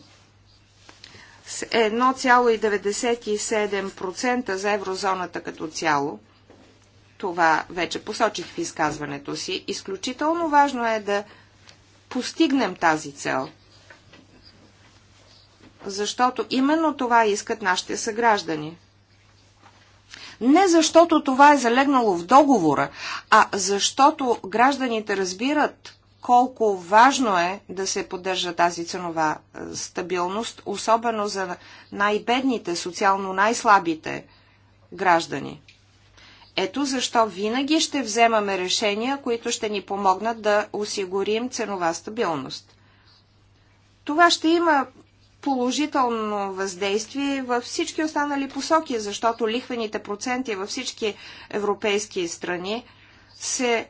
С 1,97% за еврозоната като цяло – това вече посочих в изказването си. Изключително важно е да постигнем тази цел. Защото именно това искат нашите съграждани. Не защото това е залегнало в договора, а защото гражданите разбират колко важно е да се поддържа тази ценова е, стабилност, особено за най-бедните, социално най-слабите граждани. Ето защо винаги ще вземаме решения, които ще ни помогнат да осигурим ценова стабилност. Това ще има положително въздействие във всички останали посоки, защото лихвените проценти във всички европейски страни се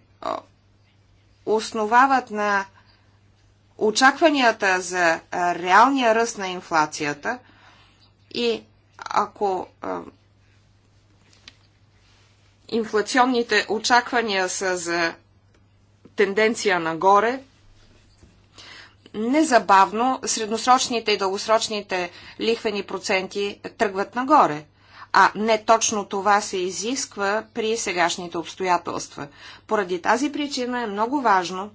основават на очакванията за реалния ръст на инфлацията и ако инфлационните очаквания са за тенденция нагоре, незабавно средносрочните и дългосрочните лихвени проценти тръгват нагоре. А не точно това се изисква при сегашните обстоятелства. Поради тази причина е много важно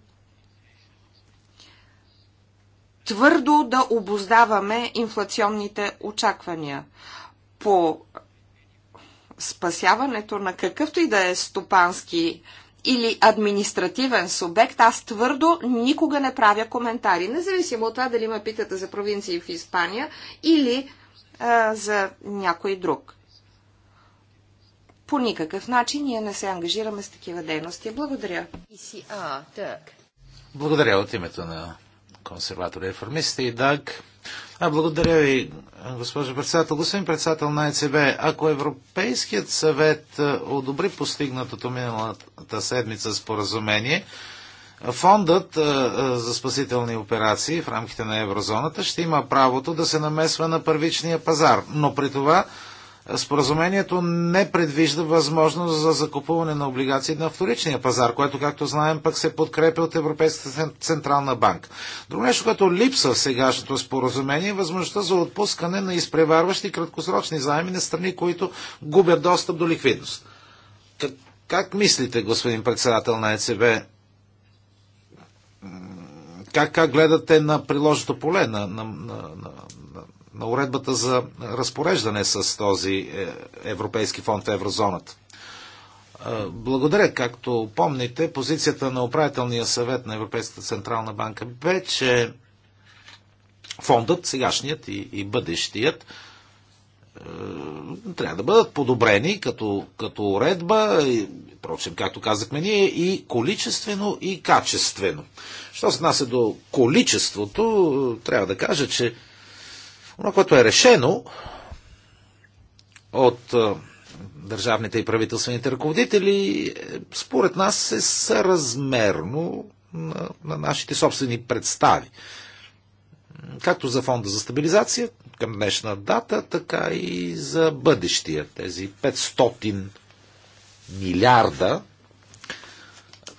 твърдо да обоздаваме инфлационните очаквания. По спасяването на какъвто и да е стопански или административен субект, аз твърдо никога не правя коментари, независимо от това дали ме питате за провинции в Испания или а, за някой друг. По никакъв начин ние не се ангажираме с такива дейности. Благодаря. Благодаря от името на консерватори и реформиста и Даг. А, благодаря ви, госпожо председател. Господин председател на ЕЦБ, ако Европейският съвет одобри постигнатото миналата седмица споразумение, Фондът за спасителни операции в рамките на еврозоната ще има правото да се намесва на първичния пазар, но при това Споразумението не предвижда възможност за закупуване на облигации на вторичния пазар, което, както знаем, пък се подкрепя от Европейската централна банка. Друго нещо, което липсва в сегашното споразумение е възможността за отпускане на изпреварващи краткосрочни заеми на страни, които губят достъп до ликвидност. Как, как мислите, господин председател на ЕЦБ, как, как гледате на приложното поле, на, на, на, на, на уредбата за разпореждане с този е, Европейски фонд в еврозоната. Е, благодаря, както помните, позицията на управителния съвет на Европейската централна банка бе, че фондът, сегашният и, и бъдещият, е, трябва да бъдат подобрени като, като уредба, и, впрочем, както казахме ние, и количествено, и качествено. Що се нася до количеството, трябва да кажа, че но което е решено от държавните и правителствените ръководители, е, според нас е съразмерно на, на нашите собствени представи. Както за фонда за стабилизация към днешна дата, така и за бъдещия. Тези 500 милиарда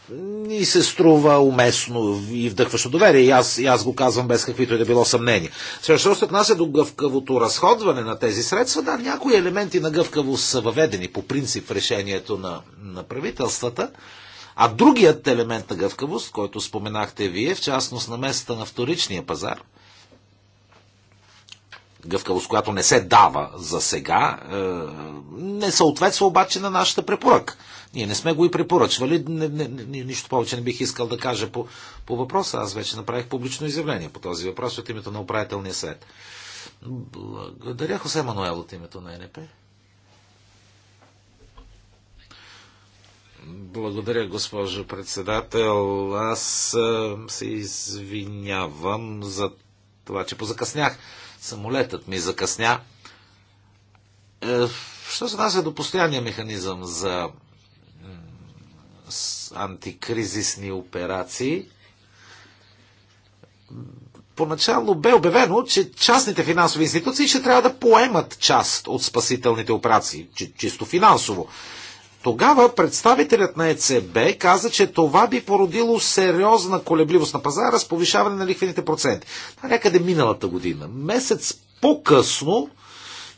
ни се струва уместно и вдъхващо доверие. И аз, и аз го казвам без каквито и да било съмнение. Също се отнася до гъвкавото разходване на тези средства. Да, някои елементи на гъвкавост са въведени по принцип в решението на, на правителствата. А другият елемент на гъвкавост, който споменахте вие, в частност на местата на вторичния пазар, гъвкавост, която не се дава за сега, е, не съответства обаче на нашата препоръка. Ние не сме го и препоръчвали. Не, не, не, нищо повече не бих искал да кажа по, по въпроса. Аз вече направих публично изявление по този въпрос от името на управителния съвет. Благодаря, Хосе Мануел, от името на НП. Благодаря, госпожо председател. Аз се извинявам за това, че позакъснях. Самолетът ми закъсня. Е, що се нася до постоянния механизъм за антикризисни операции. Поначало бе обявено, че частните финансови институции ще трябва да поемат част от спасителните операции, чисто финансово. Тогава представителят на ЕЦБ каза, че това би породило сериозна колебливост на пазара с повишаване на лихвените проценти. Това някъде миналата година. Месец по-късно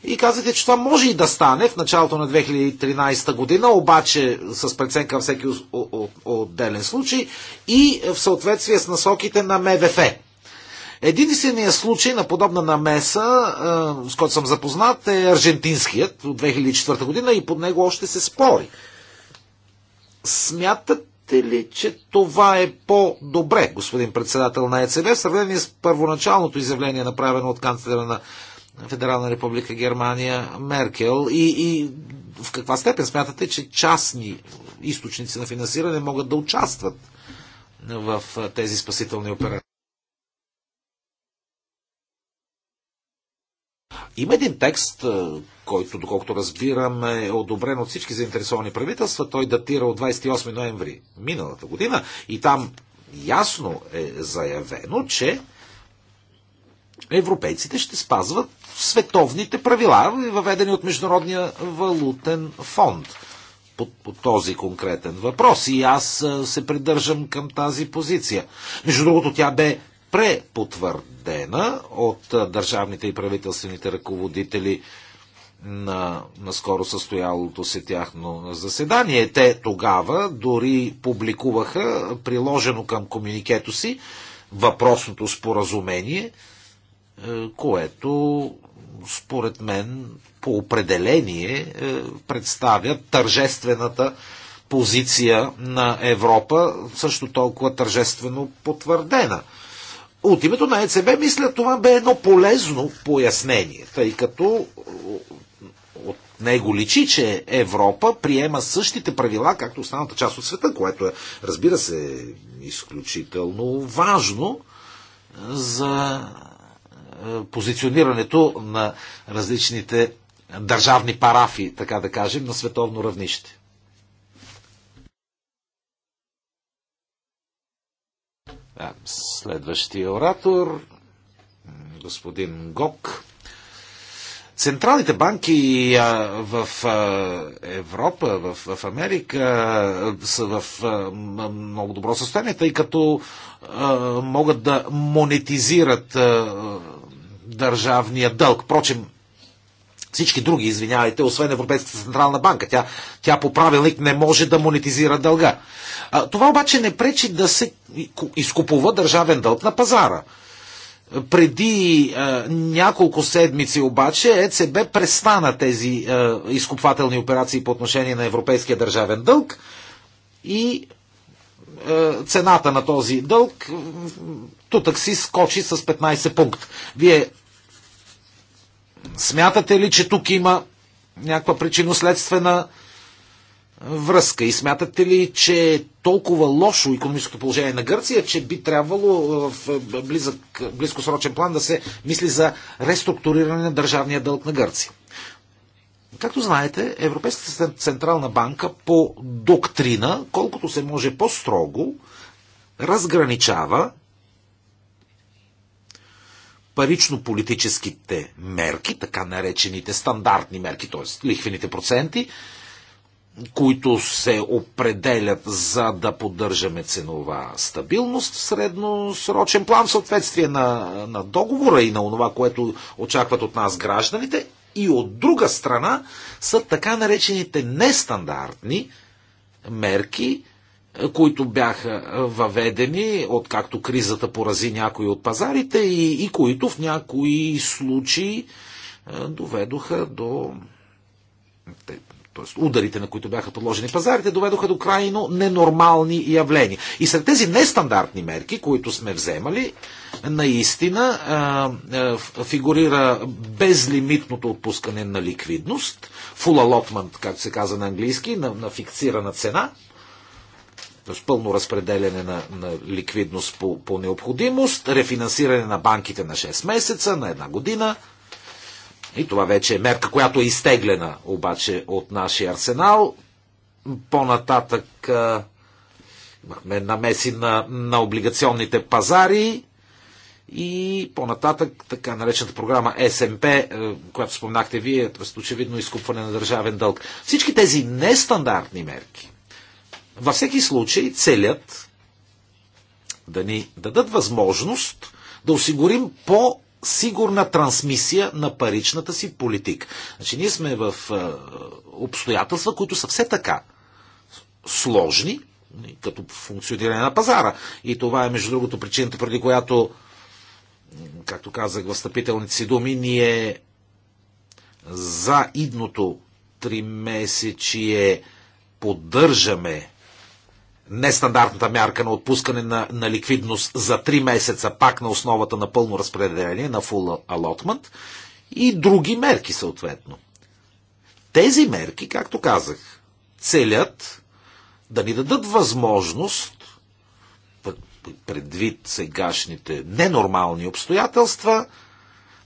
и казвате, че това може и да стане в началото на 2013 година, обаче с преценка във всеки отделен случай и в съответствие с насоките на МВФ. Единственият случай на подобна намеса, с който съм запознат, е аржентинският от 2004 година и под него още се спори. Смятате ли, че това е по-добре, господин председател на ЕЦБ, в сравнение с първоначалното изявление, направено от канцлера на Федерална република Германия Меркел и, и в каква степен смятате, че частни източници на финансиране могат да участват в тези спасителни операции? Има един текст, който, доколкото разбирам, е одобрен от всички заинтересовани правителства. Той датира от 28 ноември миналата година и там ясно е заявено, че европейците ще спазват световните правила, въведени от Международния валутен фонд по, по този конкретен въпрос. И аз се придържам към тази позиция. Между другото, тя бе препотвърдена от държавните и правителствените ръководители на, на скоро състоялото се тяхно заседание. Те тогава дори публикуваха приложено към комуникето си въпросното споразумение – е, което според мен по определение е, представя тържествената позиция на Европа, също толкова тържествено потвърдена. От името на ЕЦБ, мисля, това бе едно полезно пояснение, тъй като е, от него личи, че Европа приема същите правила, както останалата част от света, което е, разбира се, изключително важно за е, позиционирането на различните държавни парафи, така да кажем, на световно равнище. Следващия оратор, господин Гок. Централните банки в Европа, в, Америка са в много добро състояние, тъй като могат да монетизират държавния дълг. Впрочем, всички други, извинявайте, освен Европейската централна банка. Тя, тя по правилник не може да монетизира дълга. А, това обаче не пречи да се изкупува държавен дълг на пазара. Преди е, няколко седмици обаче ЕЦБ престана тези е, изкупвателни операции по отношение на европейския държавен дълг и цената на този дълг тутък си скочи с 15 пункт. Вие Смятате ли, че тук има някаква причинно-следствена връзка? И смятате ли, че е толкова лошо економическото положение на Гърция, че би трябвало в близък, близкосрочен план да се мисли за реструктуриране на държавния дълг на Гърция? Както знаете, Европейската централна банка по доктрина, колкото се може по-строго, разграничава парично-политическите мерки, така наречените стандартни мерки, т.е. лихвените проценти, които се определят за да поддържаме ценова стабилност в средносрочен план в съответствие на, на договора и на това, което очакват от нас гражданите. И от друга страна са така наречените нестандартни мерки, които бяха въведени, откакто кризата порази някои от пазарите и, и които в някои случаи е, доведоха до. Тоест, ударите, на които бяха подложени пазарите, доведоха до крайно ненормални явления. И сред тези нестандартни мерки, които сме вземали, наистина а, е, а, е, фигурира безлимитното отпускане на ликвидност, full allotment, както се казва на английски, на, на фиксирана цена – Тоест пълно разпределяне на, на ликвидност по, по необходимост, рефинансиране на банките на 6 месеца, на една година. И това вече е мерка, която е изтеглена обаче от нашия арсенал. По-нататък а, имахме намеси на, на облигационните пазари и по-нататък така наречената програма СМП, е, която споменахте вие, т.е. очевидно изкупване на държавен дълг. Всички тези нестандартни мерки във всеки случай целят да ни дадат възможност да осигурим по сигурна трансмисия на паричната си политика. Значи ние сме в обстоятелства, които са все така сложни, нали, като функциониране на пазара. И това е, между другото, причината, преди която, както казах в стъпителните си думи, ние за идното три месечие поддържаме нестандартната мярка на отпускане на, на ликвидност за 3 месеца, пак на основата на пълно разпределение, на full allotment и други мерки съответно. Тези мерки, както казах, целят да ни дадат възможност предвид сегашните ненормални обстоятелства,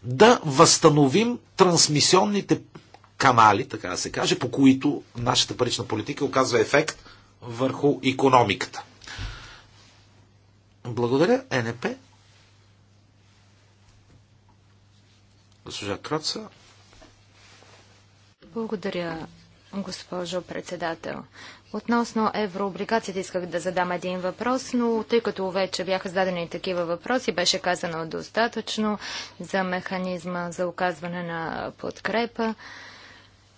да възстановим трансмисионните канали, така да се каже, по които нашата парична политика оказва ефект върху економиката. Благодаря, НП. Госпожа Краца. Благодаря, госпожо председател. Относно еврооблигациите исках да задам един въпрос, но тъй като вече бяха зададени такива въпроси, беше казано достатъчно за механизма за оказване на подкрепа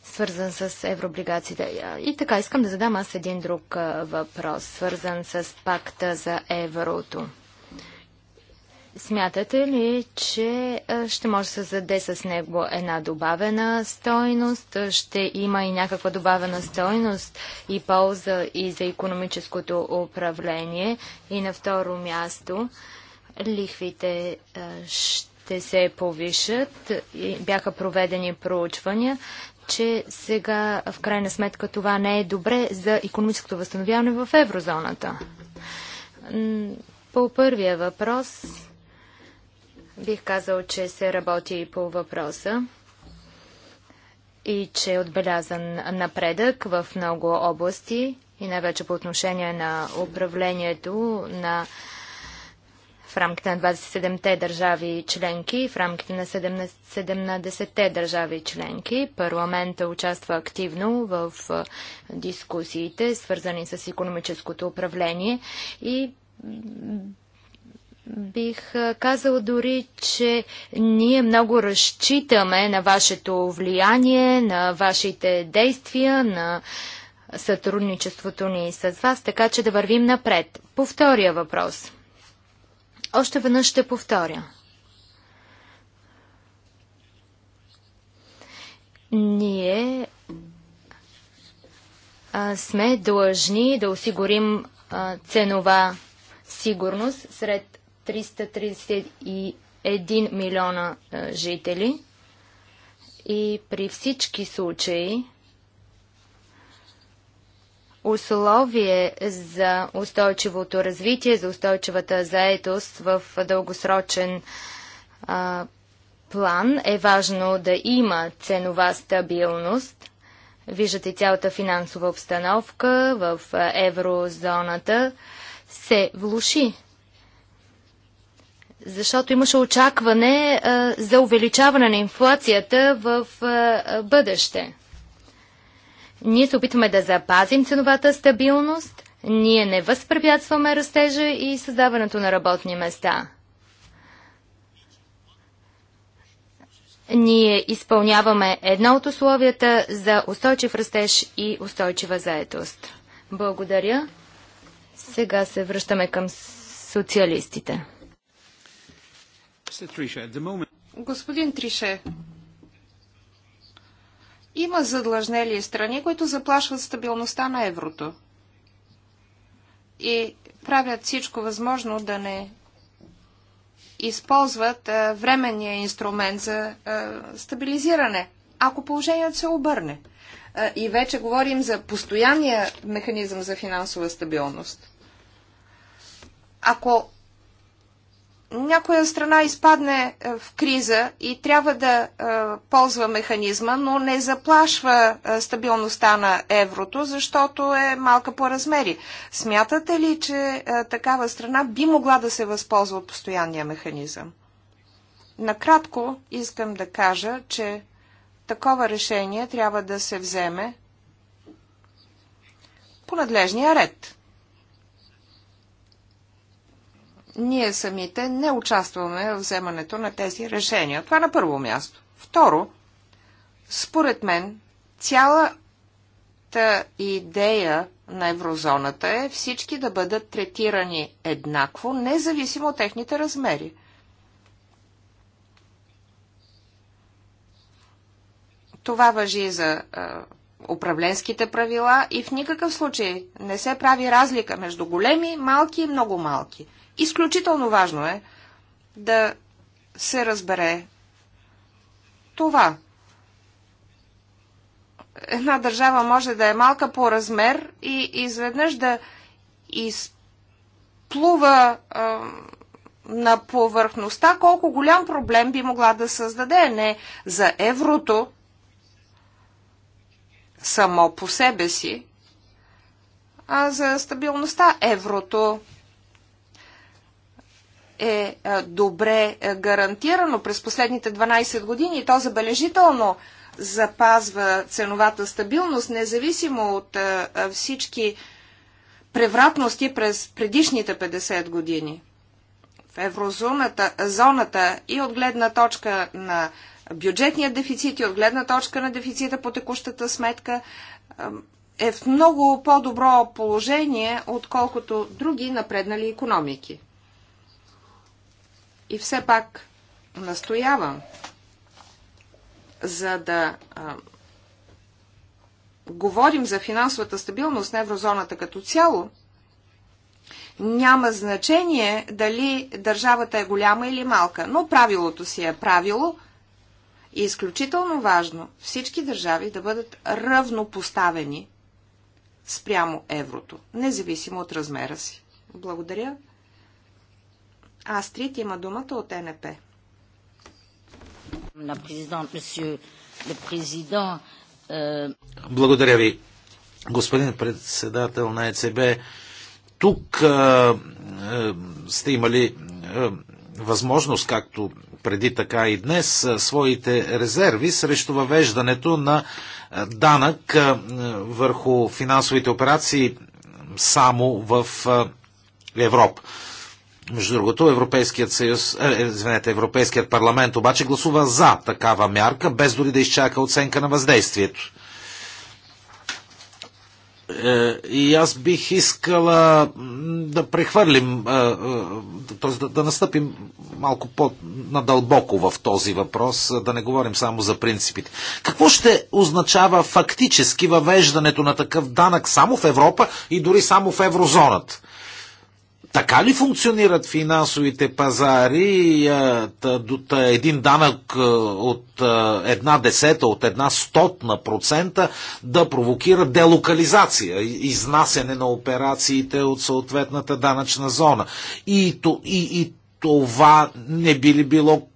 свързан с еврооблигациите. И така, искам да задам аз един друг въпрос, свързан с пакта за еврото. Смятате ли, че ще може да се заде с него една добавена стойност? Ще има и някаква добавена стойност и полза и за економическото управление? И на второ място, лихвите ще се повишат. Бяха проведени проучвания че сега в крайна сметка това не е добре за економическото възстановяване в еврозоната. По първия въпрос бих казал, че се работи и по въпроса и че е отбелязан напредък в много области и най-вече по отношение на управлението на в рамките на 27-те държави членки в рамките на 17-те държави членки. Парламента участва активно в дискусиите, свързани с економическото управление и Бих казал дори, че ние много разчитаме на вашето влияние, на вашите действия, на сътрудничеството ни с вас, така че да вървим напред. По втория въпрос. Още веднъж ще повторя. Ние а, сме длъжни да осигурим а, ценова сигурност сред 331 милиона а, жители и при всички случаи условие за устойчивото развитие, за устойчивата заетост в дългосрочен а, план е важно да има ценова стабилност. Виждате цялата финансова обстановка в еврозоната се влуши. Защото имаше очакване а, за увеличаване на инфлацията в а, бъдеще. Ние се опитваме да запазим ценовата стабилност, ние не възпрепятстваме растежа и създаването на работни места. Ние изпълняваме едно от условията за устойчив растеж и устойчива заетост. Благодаря. Сега се връщаме към социалистите. Господин Трише, има задлъжнели страни, които заплашват стабилността на еврото и правят всичко възможно да не използват временния инструмент за стабилизиране, ако положението се обърне. и вече говорим за постоянния механизъм за финансова стабилност. Ако някоя страна изпадне е, в криза и трябва да е, ползва механизма, но не заплашва е, стабилността на еврото, защото е малка по размери. Смятате ли, че такава страна би могла да се възползва от постоянния механизъм? Накратко искам да кажа, че такова решение трябва да се вземе по надлежния ред. ние самите не участваме в вземането на тези решения. Това на първо място. Второ, според мен, цялата идея на еврозоната е всички да бъдат третирани еднакво, независимо от техните размери. Това въжи и за е, управленските правила и в никакъв случай не се прави разлика между големи, малки и много малки. Изключително важно е да се разбере това. Една държава може да е малка по размер и изведнъж да изплува а, на повърхността колко голям проблем би могла да създаде. Не за еврото само по себе си, а за стабилността еврото е, е добре е, гарантирано през последните 12 години и то забележително запазва ценовата стабилност, независимо от е, всички превратности през предишните 50 години. В еврозоната зоната и от гледна точка на бюджетния дефицит и от гледна точка на дефицита по текущата сметка е в много по-добро положение, отколкото други напреднали економики. И все пак настоявам, за да а, говорим за финансовата стабилност на еврозоната като цяло, няма значение дали държавата е голяма или малка, но правилото си е правило и изключително важно всички държави да бъдат равнопоставени спрямо еврото, независимо от размера си. Благодаря. Астрид има думата от НП. Euh, Благодаря ви, господин председател на ЕЦБ. Тук а, а, сте имали а, възможност, както преди така и днес, своите резерви срещу въвеждането на данък върху финансовите операции само в Европа. Между другото, Европейският, съюз, е, е, извинете, Европейският парламент обаче гласува за такава мярка, без дори да изчака оценка на въздействието. Е, и аз бих искала да прехвърлим, е, т.е. да настъпим малко по-надълбоко в този въпрос, да не говорим само за принципите. Какво ще означава фактически въвеждането на такъв данък само в Европа и дори само в еврозоната? така ли функционират финансовите пазари? Е, един данък е, от е, една десета, от една стотна процента да провокира делокализация, изнасяне на операциите от съответната данъчна зона. И, и, и това не би ли било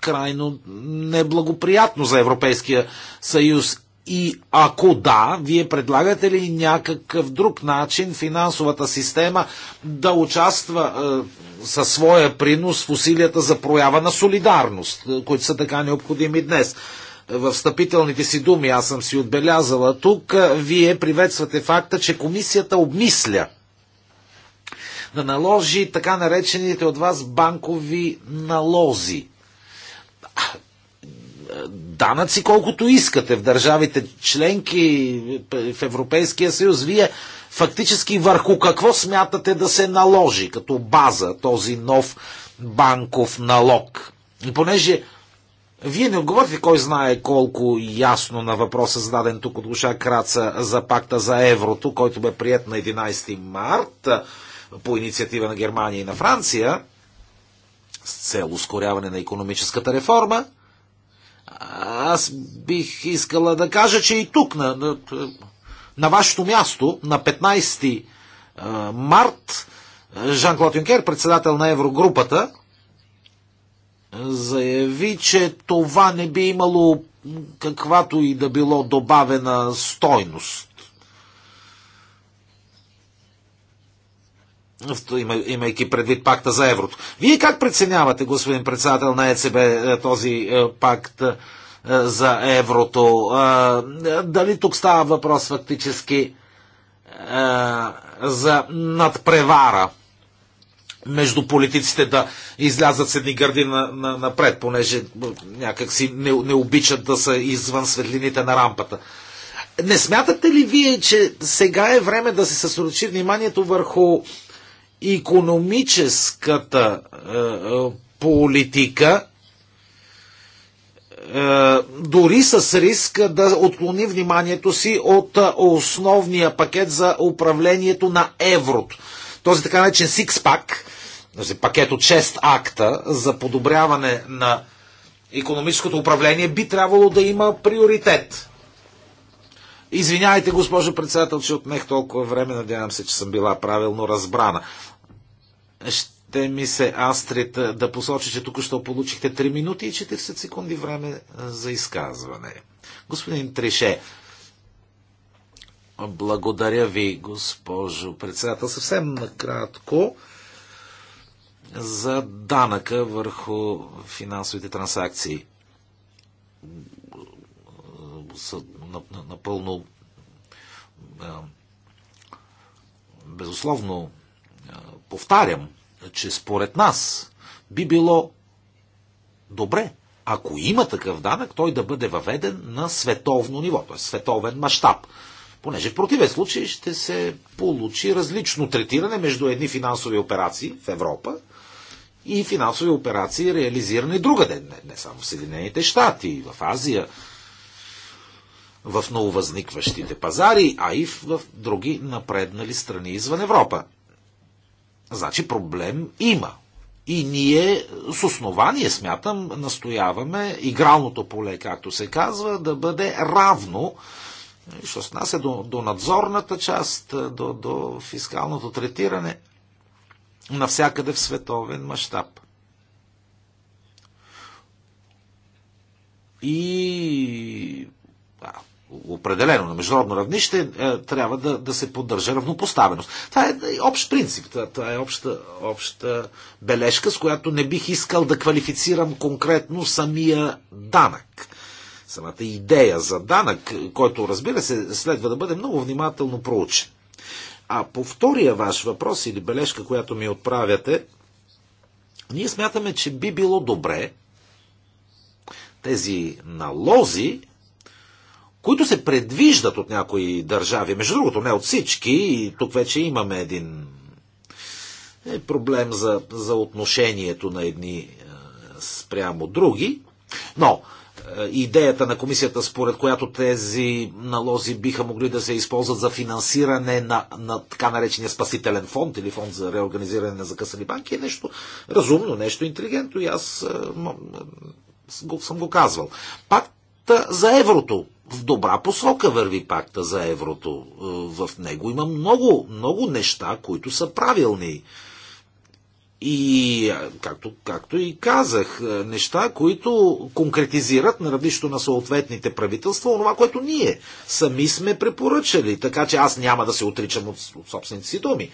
крайно неблагоприятно за Европейския съюз и ако да, вие предлагате ли някакъв друг начин финансовата система да участва е, със своя принос в усилията за проява на солидарност, е, които са така необходими днес? в встъпителните си думи, аз съм си отбелязала тук, е, вие приветствате факта, че комисията обмисля да наложи така наречените от вас банкови налози данъци колкото искате в държавите членки, в Европейския съюз. Вие фактически върху какво смятате да се наложи като база този нов банков налог? И понеже вие не отговорите кой знае колко ясно на въпроса зададен тук от Луша Краца за пакта за еврото, който бе прият на 11 март по инициатива на Германия и на Франция с цел ускоряване на економическата реформа – аз бих искала да кажа, че и тук, на, на, на вашето място, на 15 е, март, Жан-Клод Юнкер, председател на Еврогрупата, заяви, че това не би имало каквато и да било добавена стойност. имайки предвид пакта за еврото. Вие как преценявате, господин председател на ЕЦБ, е, този е, пакт е, за еврото? Дали тук става въпрос фактически за надпревара между политиците да излязат с едни гърди на, на, напред, понеже някак си не, не обичат да са извън светлините на рампата. Не смятате ли вие, че сега е време да се съсредоточи вниманието върху економическата е, е, политика, е, дори с риск да отклони вниманието си от основния пакет за управлението на еврото. Този така наречен сикспак, пакет от 6 акта за подобряване на економическото управление, би трябвало да има приоритет. Извинявайте, госпожо председател, че отнех толкова време. Надявам се, че съм била правилно разбрана. Ще ми се, Астрид, да посочи, че тук що получихте 3 минути и 40 секунди време е, за изказване. Господин Трише, благодаря ви, госпожо председател. Съвсем накратко за данъка върху финансовите транзакции напълно безусловно повтарям, че според нас би било добре, ако има такъв данък, той да бъде въведен на световно ниво, т.е. световен мащаб. Понеже в противен случай ще се получи различно третиране между едни финансови операции в Европа и финансови операции реализирани другаде, не, не само в Съединените щати, в Азия, в нововъзникващите пазари, а и в други напреднали страни извън Европа. Значи проблем има. И ние с основание, смятам, настояваме игралното поле, както се казва, да бъде равно, що се е до, до надзорната част, до, до фискалното третиране, навсякъде в световен мащаб. И определено на международно равнище е, трябва да, да се поддържа равнопоставеност. Това е общ принцип, това е обща, обща бележка, с която не бих искал да квалифицирам конкретно самия данък. Самата идея за данък, който разбира се следва да бъде много внимателно проучен. А по втория ваш въпрос или бележка, която ми отправяте, ние смятаме, че би било добре тези налози които се предвиждат от някои държави, между другото не от всички, и тук вече имаме един е проблем за, за отношението на едни е, спрямо други, но е, идеята на комисията, според която тези налози биха могли да се използват за финансиране на, на така наречения спасителен фонд или фонд за реорганизиране на закъсани банки, е нещо разумно, нещо интелигентно и аз е, го, съм го казвал. Пакта за еврото в добра посока върви пакта за еврото. Е, в него има много, много неща, които са правилни. И, е, както, както и казах, е, неща, които конкретизират на равнището на съответните правителства, това, което ние сами сме препоръчали. Така че аз няма да се отричам от, от собствените си думи.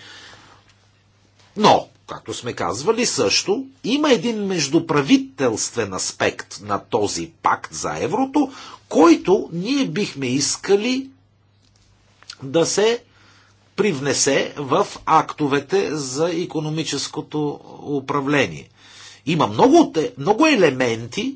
Но, както сме казвали също, има един междуправителствен аспект на този пакт за еврото, който ние бихме искали да се привнесе в актовете за економическото управление. Има много, много елементи,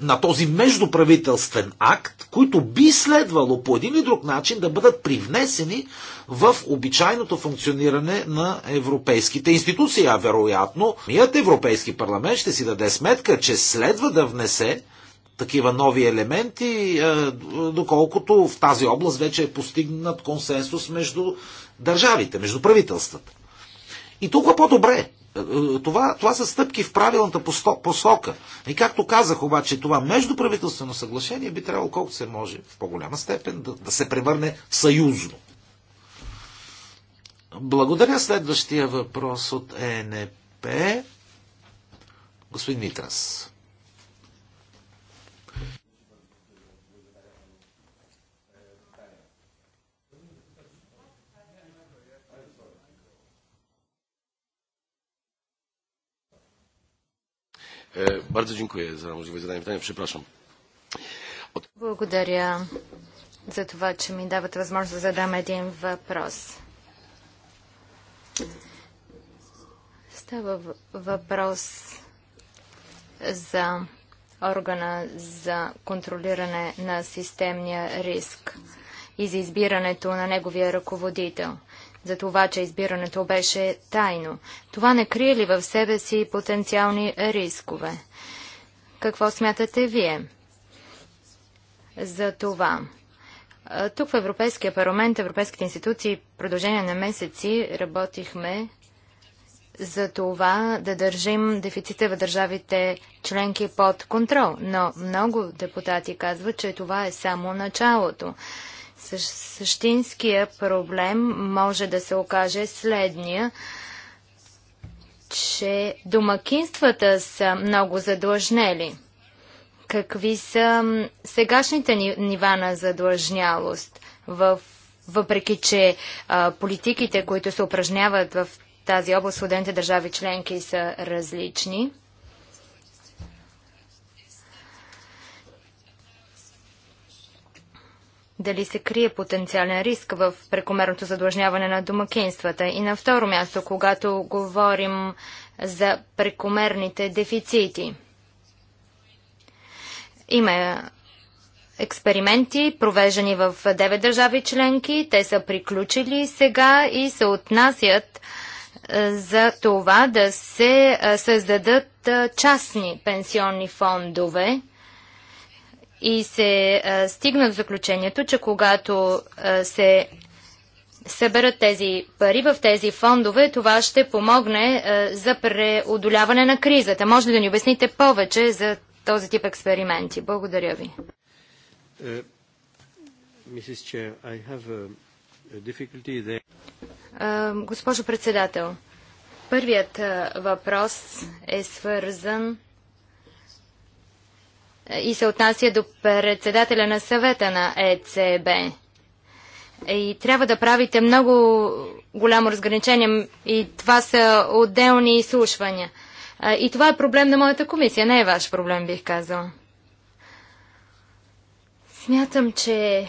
на този междуправителствен акт, които би следвало по един или друг начин да бъдат привнесени в обичайното функциониране на европейските институции. А вероятно, мият Европейски парламент ще си даде сметка, че следва да внесе такива нови елементи, е, доколкото в тази област вече е постигнат консенсус между държавите, между правителствата. И толкова по-добре, това, това са стъпки в правилната посока. И както казах обаче, това междуправителствено съглашение би трябвало колкото се може в по-голяма степен да, да се превърне в съюзно. Благодаря. Следващия въпрос от ЕНП. Господин Митрас. Bardzo dziękuję za możliwość zadania pytania. Przepraszam. Благодаря за това, че ми давате възможност да задам един въпрос. Става въпрос за органа за контролиране на системния риск и за избирането на неговия ръководител за това, че избирането беше тайно. Това не крие ли в себе си потенциални рискове? Какво смятате вие за това? Тук в Европейския парламент, европейските институции, в продължение на месеци работихме за това да държим дефицита в държавите членки под контрол. Но много депутати казват, че това е само началото. Същинския проблем може да се окаже следния, че домакинствата са много задлъжнели. Какви са сегашните нива на задлъжнялост, въпреки че политиките, които се упражняват в тази област в държави членки са различни? дали се крие потенциален риск в прекомерното задлъжняване на домакинствата. И на второ място, когато говорим за прекомерните дефицити. Има експерименти, провеждани в 9 държави членки. Те са приключили сега и се отнасят е, за това да се е, създадат е, частни пенсионни фондове – и се а, стигна до заключението, че когато а, се съберат тези пари в тези фондове, това ще помогне а, за преодоляване на кризата. Може ли да ни обясните повече за този тип експерименти? Благодаря ви. Е, госпожо председател, първият въпрос е свързан и се отнася до председателя на съвета на ЕЦБ. И трябва да правите много голямо разграничение и това са отделни изслушвания. И това е проблем на моята комисия, не е ваш проблем, бих казала. Смятам, че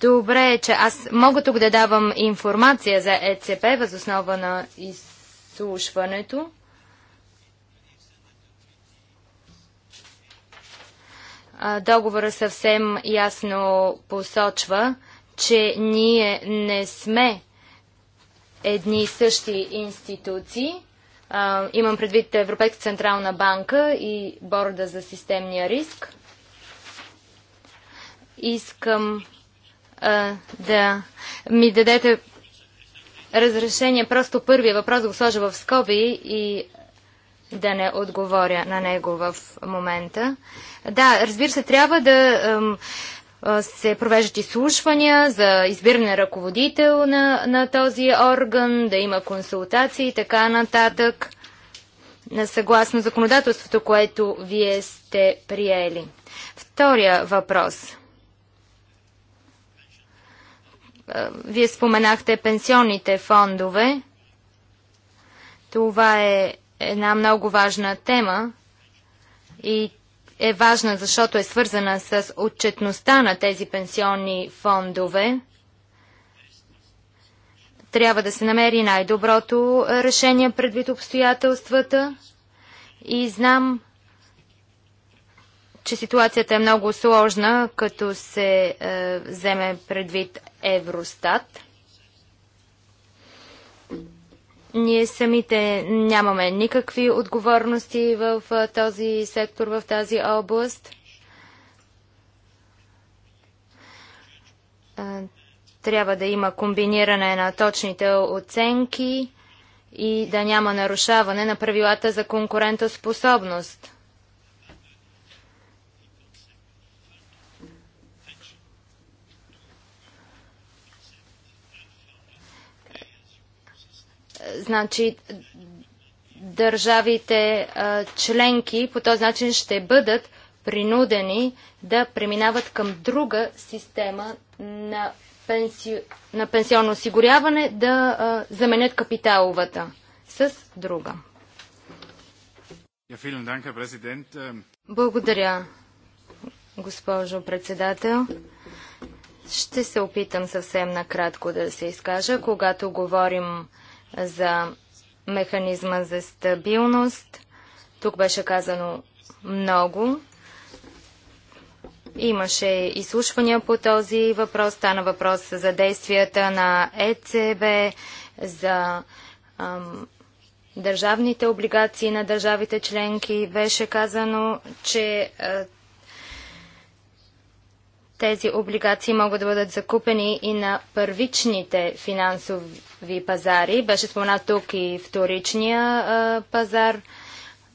добре е, че аз мога тук да давам информация за ЕЦП възоснова на изслушването. договора съвсем ясно посочва, че ние не сме едни и същи институции. имам предвид Европейска централна банка и борда за системния риск. Искам а, да ми дадете разрешение. Просто първия въпрос да го сложа в скоби и да не отговоря на него в момента. Да, разбира се, трябва да се провеждат изслушвания за избиране на ръководител на, на този орган, да има консултации и така нататък, съгласно законодателството, което вие сте приели. Втория въпрос. Вие споменахте пенсионните фондове. Това е една много важна тема и е важна, защото е свързана с отчетността на тези пенсионни фондове. Трябва да се намери най-доброто решение предвид обстоятелствата и знам, че ситуацията е много сложна, като се е, вземе предвид Евростат. Ние самите нямаме никакви отговорности в този сектор, в тази област. Трябва да има комбиниране на точните оценки и да няма нарушаване на правилата за конкурентоспособност. Значи, държавите членки по този начин ще бъдат принудени да преминават към друга система на, пенси... на пенсионно осигуряване, да а, заменят капиталовата с друга. Ähm, Благодаря, госпожо председател. Ще се опитам съвсем накратко да се изкажа. Когато говорим за механизма за стабилност. Тук беше казано много. Имаше изслушвания по този въпрос. Стана въпрос за действията на ЕЦБ, за ам, държавните облигации на държавите членки. Беше казано, че а, тези облигации могат да бъдат закупени и на първичните финансови ви пазари. Беше споменат тук и вторичния а, пазар.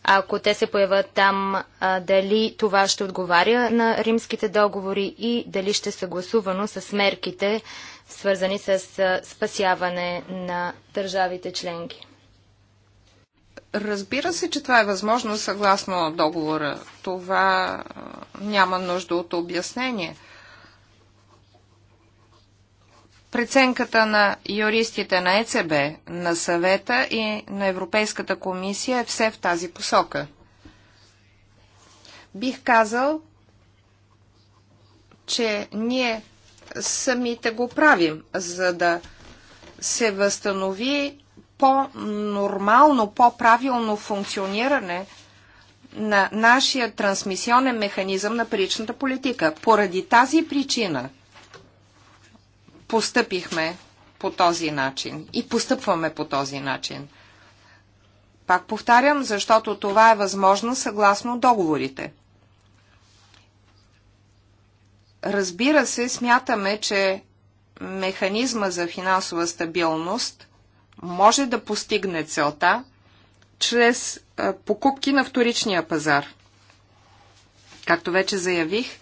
Ако те се появят там, а, дали това ще отговаря на римските договори и дали ще съгласувано с мерките, свързани с а, спасяване на държавите членки. Разбира се, че това е възможно съгласно договора. Това няма нужда от обяснение – Преценката на юристите на ЕЦБ, на съвета и на Европейската комисия е все в тази посока. Бих казал, че ние самите го правим, за да се възстанови по-нормално, по-правилно функциониране на нашия трансмисионен механизъм на паричната политика. Поради тази причина постъпихме по този начин и постъпваме по този начин. Пак повтарям, защото това е възможно съгласно договорите. Разбира се, смятаме, че механизма за финансова стабилност може да постигне целта чрез покупки на вторичния пазар. Както вече заявих,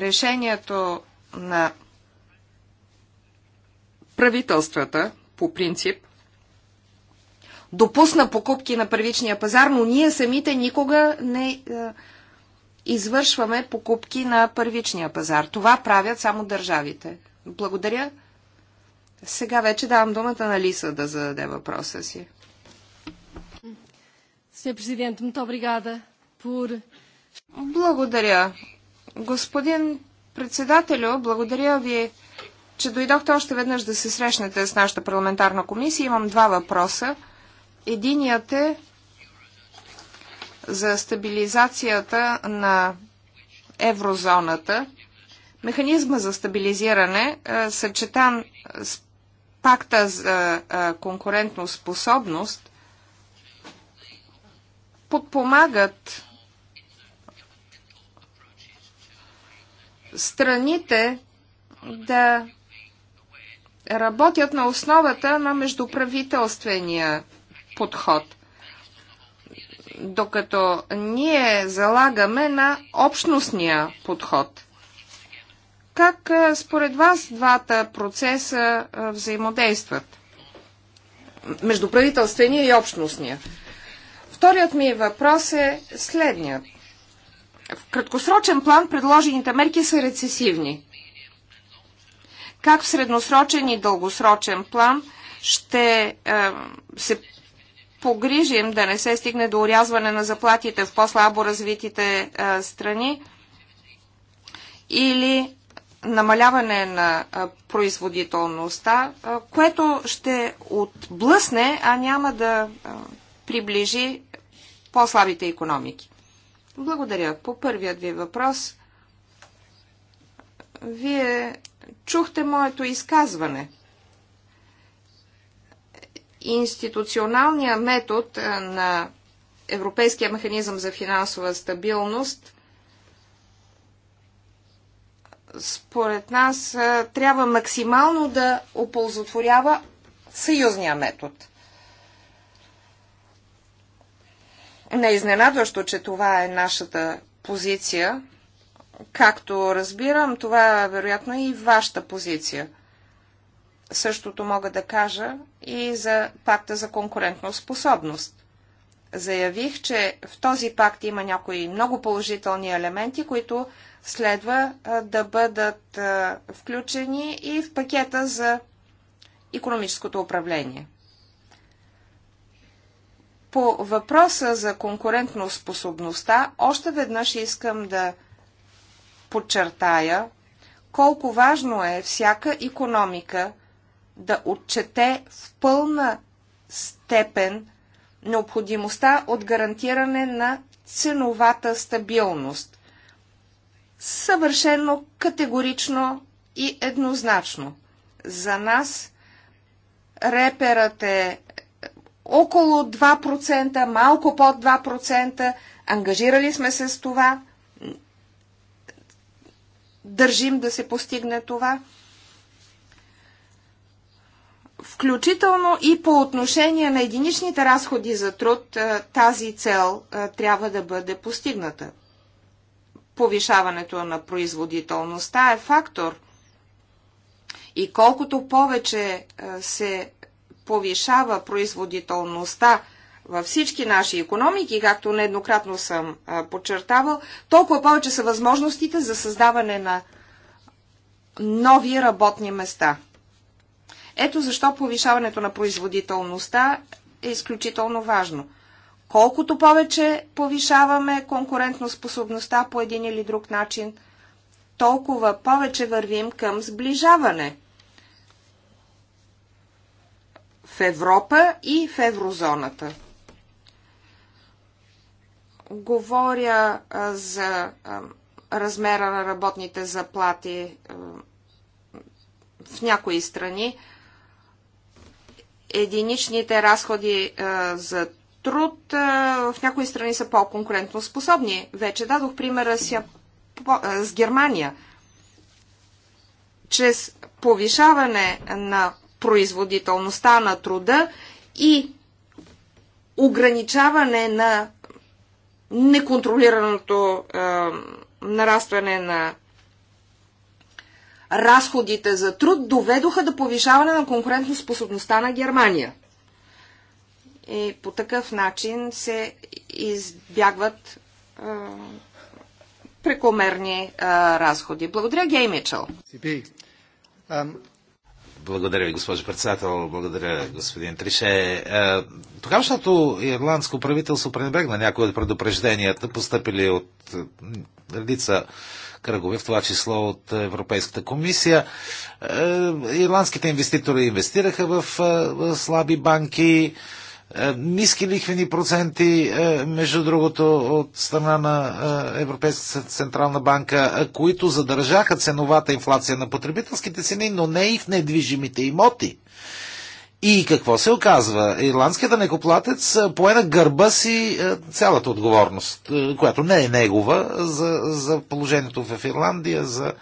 решението на правителствата по принцип допусна покупки на първичния пазар, но ние самите никога не е, извършваме покупки на първичния пазар. Това правят само държавите. Благодаря. Сега вече давам думата на Лиса да зададе въпроса си. Сеньор президент, много Благодаря, Господин председателю, благодаря ви, че дойдохте още веднъж да се срещнете с нашата парламентарна комисия. Имам два въпроса. Единият е за стабилизацията на еврозоната. Механизма за стабилизиране, е, съчетан с пакта за е, конкурентно способност, подпомагат страните да работят на основата на междуправителствения подход, докато ние залагаме на общностния подход. Как според вас двата процеса взаимодействат? Междуправителствения и общностния. Вторият ми въпрос е следният – в краткосрочен план предложените мерки са рецесивни. Как в средносрочен и дългосрочен план ще е, се погрижим да не се стигне до урязване на заплатите в по-слабо развитите е, страни или намаляване на е, производителността, е, което ще отблъсне, а няма да е, приближи по-слабите економики. Благодаря. По първият ви въпрос, вие чухте моето изказване. Институционалният метод на Европейския механизъм за финансова стабилност според нас трябва максимално да оползотворява съюзния метод – Не е изненадващо, че това е нашата позиция. Както разбирам, това е вероятно и вашата позиция. Същото мога да кажа и за пакта за конкурентна способност. Заявих, че в този пакт има някои много положителни елементи, които следва да бъдат включени и в пакета за економическото управление. По въпроса за конкурентно способността, още веднъж искам да подчертая колко важно е всяка економика да отчете в пълна степен необходимостта от гарантиране на ценовата стабилност. Съвършено категорично и еднозначно. За нас реперът е около 2%, малко под 2%. Ангажирали сме се с това. Държим да се постигне това. Включително и по отношение на единичните разходи за труд, тази цел трябва да бъде постигната. Повишаването на производителността е фактор. И колкото повече се повишава производителността във всички наши економики, както нееднократно съм подчертавал, толкова повече са възможностите за създаване на нови работни места. Ето защо повишаването на производителността е изключително важно. Колкото повече повишаваме конкурентноспособността по един или друг начин, толкова повече вървим към сближаване – в Европа и в еврозоната. Говоря за размера на работните заплати в някои страни. Единичните разходи за труд в някои страни са по-конкурентно способни. Вече дадох примера с, с Германия. Чрез повишаване на производителността на труда и ограничаване на неконтролираното е, нарастване на разходите за труд доведоха до повишаване на конкурентоспособността на Германия. И по такъв начин се избягват е, прекомерни е, разходи. Благодаря, Гей Мичел. Благодаря ви, госпожо председател. Благодаря, господин Трише. Е, Тогава, защото ирландско правителство пренебрегна някои от предупрежденията, постъпили от редица кръгове, в това число от Европейската комисия. Е, ирландските инвеститори инвестираха в е, слаби банки, е, ниски лихвени проценти, е, между другото, от страна на е, Европейската централна банка, които задържаха ценовата инфлация на потребителските цени, но не и в недвижимите имоти. И какво се оказва? Ирландският некоплатец пое на гърба си цялата отговорност, която не е негова за, за положението в Ирландия, за,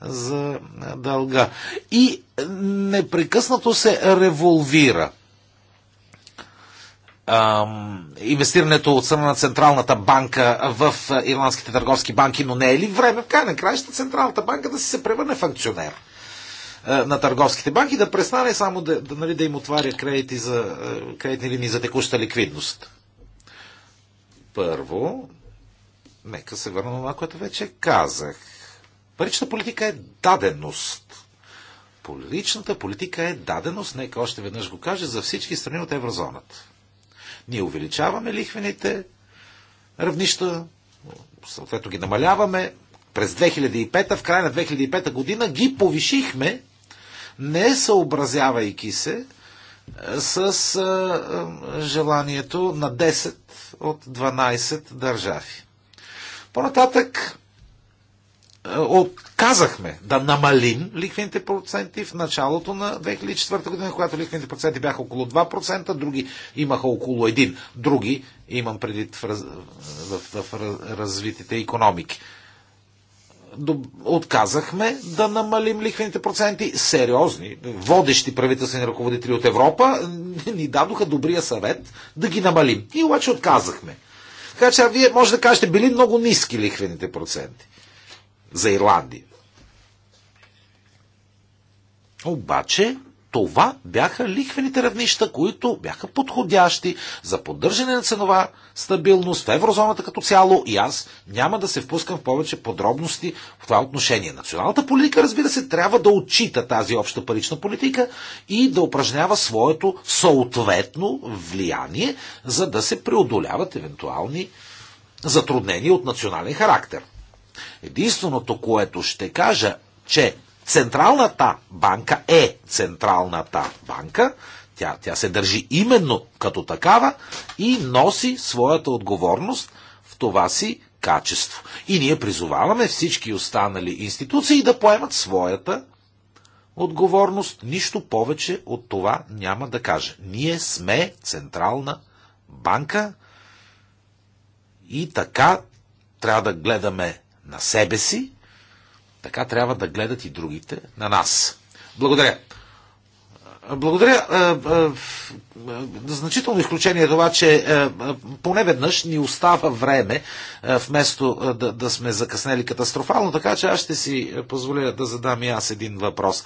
за дълга. И непрекъснато се револвира инвестирането от страна на Централната банка в ирландските търговски банки, но не е ли време в крайна краща Централната банка да си се превърне функционер на търговските банки, да престане само да, да, нали, да им отваря кредити за, кредитни линии за текуща ликвидност? Първо, нека се върна на това, което вече казах. Паричната политика е даденост. Поличната политика е даденост, нека още веднъж го кажа, за всички страни от еврозоната. Ние увеличаваме лихвените равнища, съответно ги намаляваме. През 2005, в края на 2005 година ги повишихме, не съобразявайки се е, с а, е, е, желанието на 10 от 12 държави. По-нататък е, отказахме да намалим лихвените проценти в началото на 2004 година, когато лихвените проценти бяха около 2%, други имаха около 1%, други имам предвид в, раз, в, в развитите економики. Отказахме да намалим лихвените проценти. Сериозни, водещи правителствени ръководители от Европа ни дадоха добрия съвет да ги намалим. И обаче отказахме. Така че а вие може да кажете, били много ниски лихвените проценти за Ирландия. Обаче, това бяха лихвените равнища, които бяха подходящи за поддържане на ценова стабилност в еврозоната като цяло и аз няма да се впускам в повече подробности в това отношение. Националната политика, разбира се, трябва да отчита тази обща парична политика и да упражнява своето съответно влияние, за да се преодоляват евентуални затруднения от национален характер. Единственото, което ще кажа, че Централната банка е Централната банка, тя, тя се държи именно като такава и носи своята отговорност в това си качество. И ние призоваваме всички останали институции да поемат своята отговорност. Нищо повече от това няма да каже. Ние сме Централна банка и така трябва да гледаме на себе си, така трябва да гледат и другите на нас. Благодаря. Благодаря. Значително изключение е това, че поне веднъж ни остава време, вместо да, да сме закъснели катастрофално, така че аз ще си позволя да задам и аз един въпрос.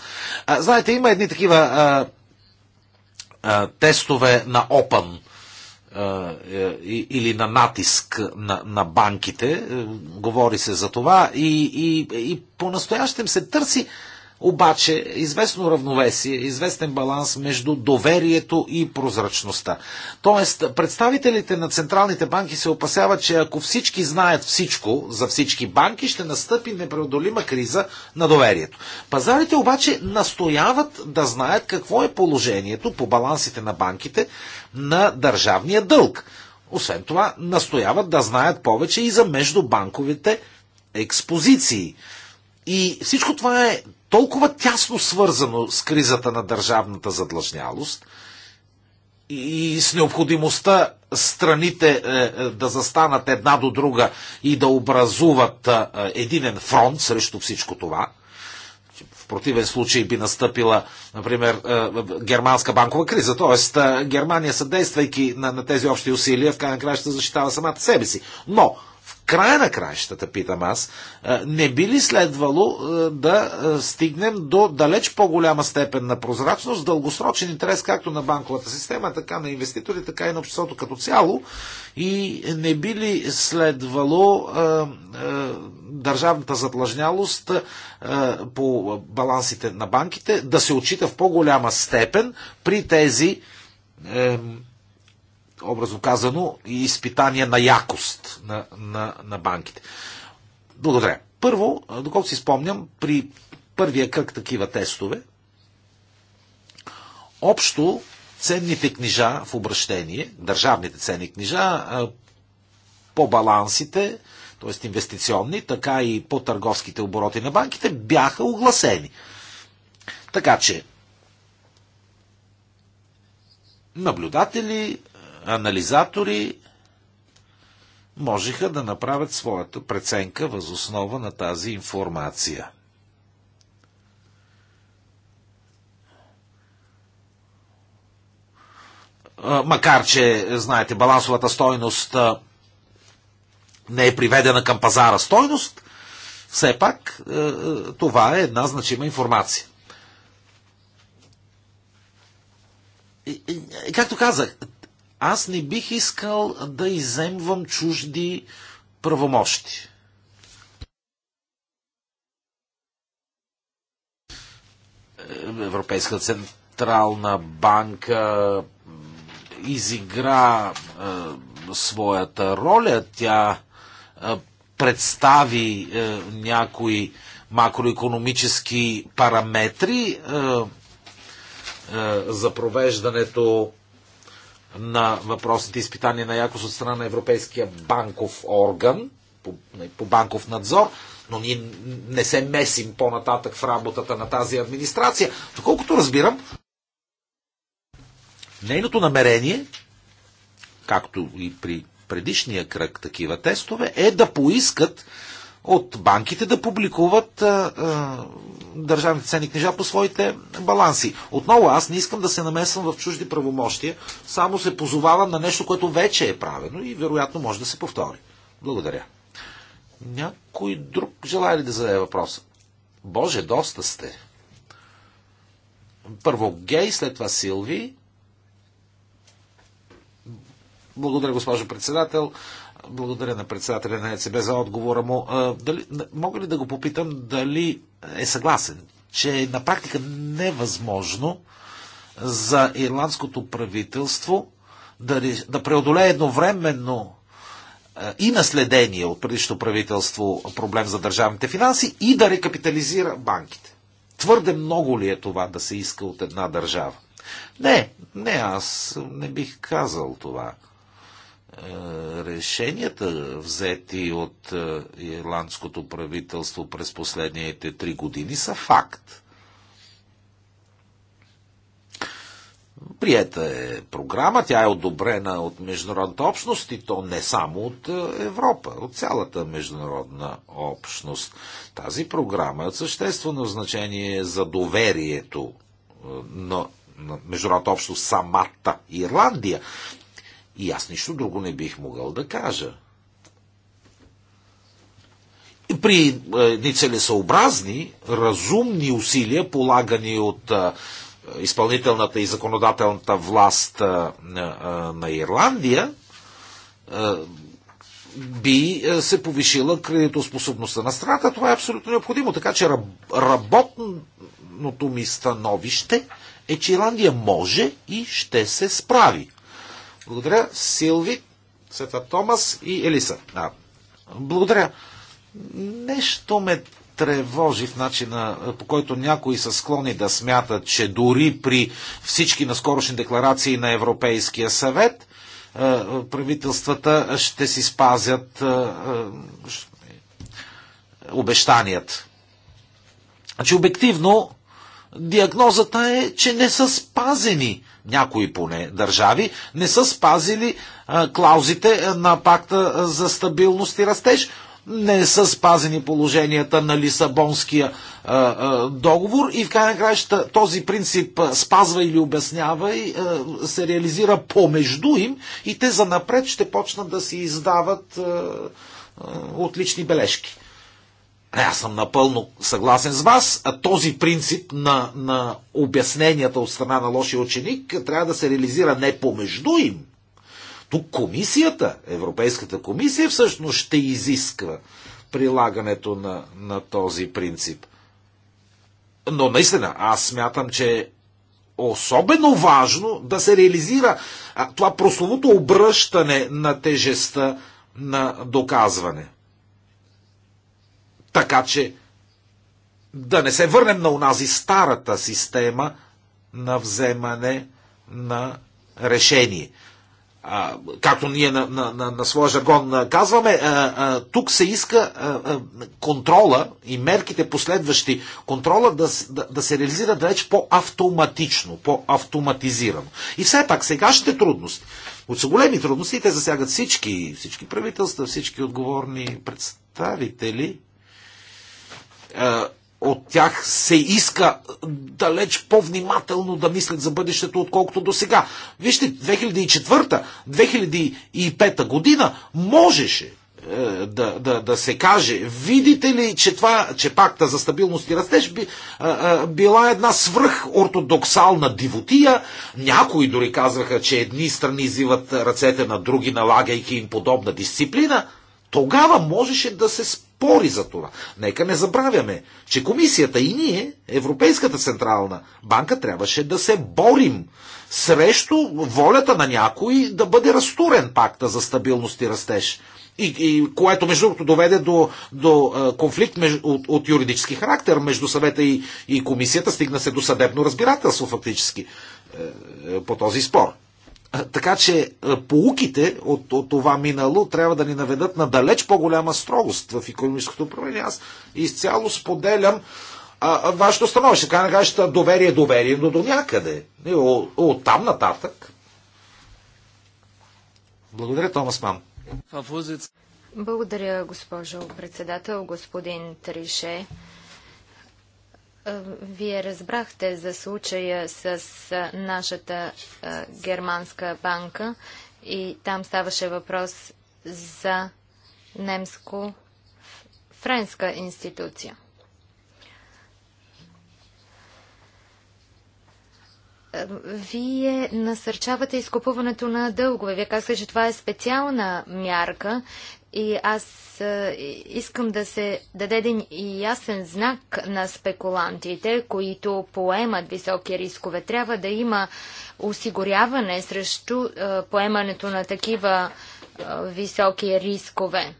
Знаете, има едни такива тестове на ОПАН. Е, или на натиск на, на банките. Е, говори се за това и, и, и по-настоящем се търси обаче известно равновесие, известен баланс между доверието и прозрачността. Тоест, представителите на централните банки се опасяват, че ако всички знаят всичко за всички банки, ще настъпи непреодолима криза на доверието. Пазарите обаче настояват да знаят какво е положението по балансите на банките на държавния дълг. Освен това, настояват да знаят повече и за междубанковите експозиции. И всичко това е толкова тясно свързано с кризата на държавната задлъжнялост и с необходимостта страните е, е, да застанат една до друга и да образуват е, единен фронт срещу всичко това. В противен случай би настъпила, например, германска банкова криза. Тоест, Германия, съдействайки на, на тези общи усилия, в крайна края ще защитава самата себе си. Но края на краищата, питам аз, не би ли следвало да стигнем до далеч по-голяма степен на прозрачност, дългосрочен интерес както на банковата система, така на инвеститори, така и на обществото като цяло? И не би ли следвало държавната затлъжнялост по балансите на банките да се отчита в по-голяма степен при тези образно казано, и изпитание на якост на, на, на банките. Благодаря. Първо, доколкото си спомням, при първия кръг такива тестове, общо ценните книжа в обращение, държавните ценни книжа, по балансите, т.е. инвестиционни, така и по търговските обороти на банките, бяха огласени. Така че, наблюдатели, анализатори можеха да направят своята преценка възоснова на тази информация. Макар, че, знаете, балансовата стойност не е приведена към пазара стойност, все пак това е една значима информация. И, и, както казах, аз не бих искал да иземвам чужди правомощи. Европейска централна банка изигра е, своята роля. Тя е, представи е, някои макроекономически параметри е, е, за провеждането на въпросните изпитания на якост от страна на Европейския банков орган по, нали, по банков надзор, но ние не се месим по-нататък в работата на тази администрация. Доколкото разбирам, нейното намерение, както и при предишния кръг такива тестове, е да поискат от банките да публикуват а, а, държавните ценни книжа по своите баланси. Отново аз не искам да се намесвам в чужди правомощия, само се позовавам на нещо, което вече е правено и вероятно може да се повтори. Благодаря. Някой друг желая ли да зададе въпроса? Боже, доста сте. Първо Гей, след това Силви. Благодаря, госпожо председател. Благодаря на председателя на ЕЦБ за отговора му. Дали, мога ли да го попитам дали е съгласен, че на практика невъзможно за ирландското правителство да, да преодолее едновременно и наследение от предишното правителство проблем за държавните финанси и да рекапитализира банките. Твърде много ли е това да се иска от една държава? Не, не, аз не бих казал това. Е, решенията, взети от е, ирландското правителство през последните три години, са факт. Приета е програма, тя е одобрена от международната общност и то не само от е, Европа, от цялата международна общност. Тази програма е от съществено значение за доверието на, на международната общност самата Ирландия. И аз нищо друго не бих могъл да кажа. И при е, нецелесообразни, разумни усилия, полагани от е, изпълнителната и законодателната власт е, на Ирландия, би се повишила кредитоспособността на страната. Това е абсолютно необходимо. Така че работното ми становище е, че Ирландия може и ще се справи. Благодаря. Силви, след това Томас и Елиса. Да, благодаря. Нещо ме тревожи в начина, по който някои са склонни да смятат, че дори при всички наскорошни декларации на Европейския съвет, е, правителствата ще си спазят е, е, обещаният. Значи обективно диагнозата е, че не са спазени някои поне държави, не са спазили клаузите на пакта за стабилност и растеж. Не са спазени положенията на Лисабонския договор и в крайна краща този принцип спазва или обяснява и се реализира помежду им и те занапред ще почнат да си издават отлични бележки. Е, аз съм напълно съгласен с вас. А този принцип на, на обясненията от страна на лошия ученик трябва да се реализира не помежду им. Тук комисията, Европейската комисия всъщност ще изисква прилагането на, на този принцип. Но наистина, аз смятам, че е особено важно да се реализира това прословото обръщане на тежестта на доказване. Така че да не се върнем на унази старата система на вземане на решение. А, както ние на, на, на, на своя жаргон казваме, а, а, тук се иска а, а, контрола и мерките последващи контрола да, да, да се реализират далеч по-автоматично, по-автоматизирано. И все пак сегашните трудности, от са големи трудности, те засягат всички, всички правителства, всички отговорни представители е, от тях се иска далеч по-внимателно да мислят за бъдещето, отколкото до сега. Вижте, 2004-2005 година можеше е, да, да, да се каже, видите ли, че, това, че пакта за стабилност и растеж би, е, е, била една свръхортодоксална дивотия. Някои дори казваха, че едни страни изиват ръцете на други, налагайки им подобна дисциплина – тогава можеше да се спори за това. Нека не забравяме, че комисията и ние, Европейската централна банка, трябваше да се борим срещу волята на някой да бъде разтурен пакта за стабилност и растеж. И, и което, между другото, доведе до, до конфликт меж, от, от юридически характер между съвета и, и комисията, стигна се до съдебно разбирателство фактически е, е, по този спор. Така че полуките от, от това минало трябва да ни наведат на далеч по-голяма строгост в економическото управление. Аз изцяло споделям а, вашето становище. Така не кажете доверие, е доверие, но до някъде. От, от там нататък. Благодаря, Томас Мам. Благодаря, госпожо председател, господин Трише. Е, вие разбрахте за случая с е, нашата е, германска банка и там ставаше въпрос за немско-френска институция. Вие насърчавате изкупуването на дългове. Вие казахте, че това е специална мярка и аз искам да се даде един ясен знак на спекулантите, които поемат високи рискове. Трябва да има осигуряване срещу поемането на такива високи рискове.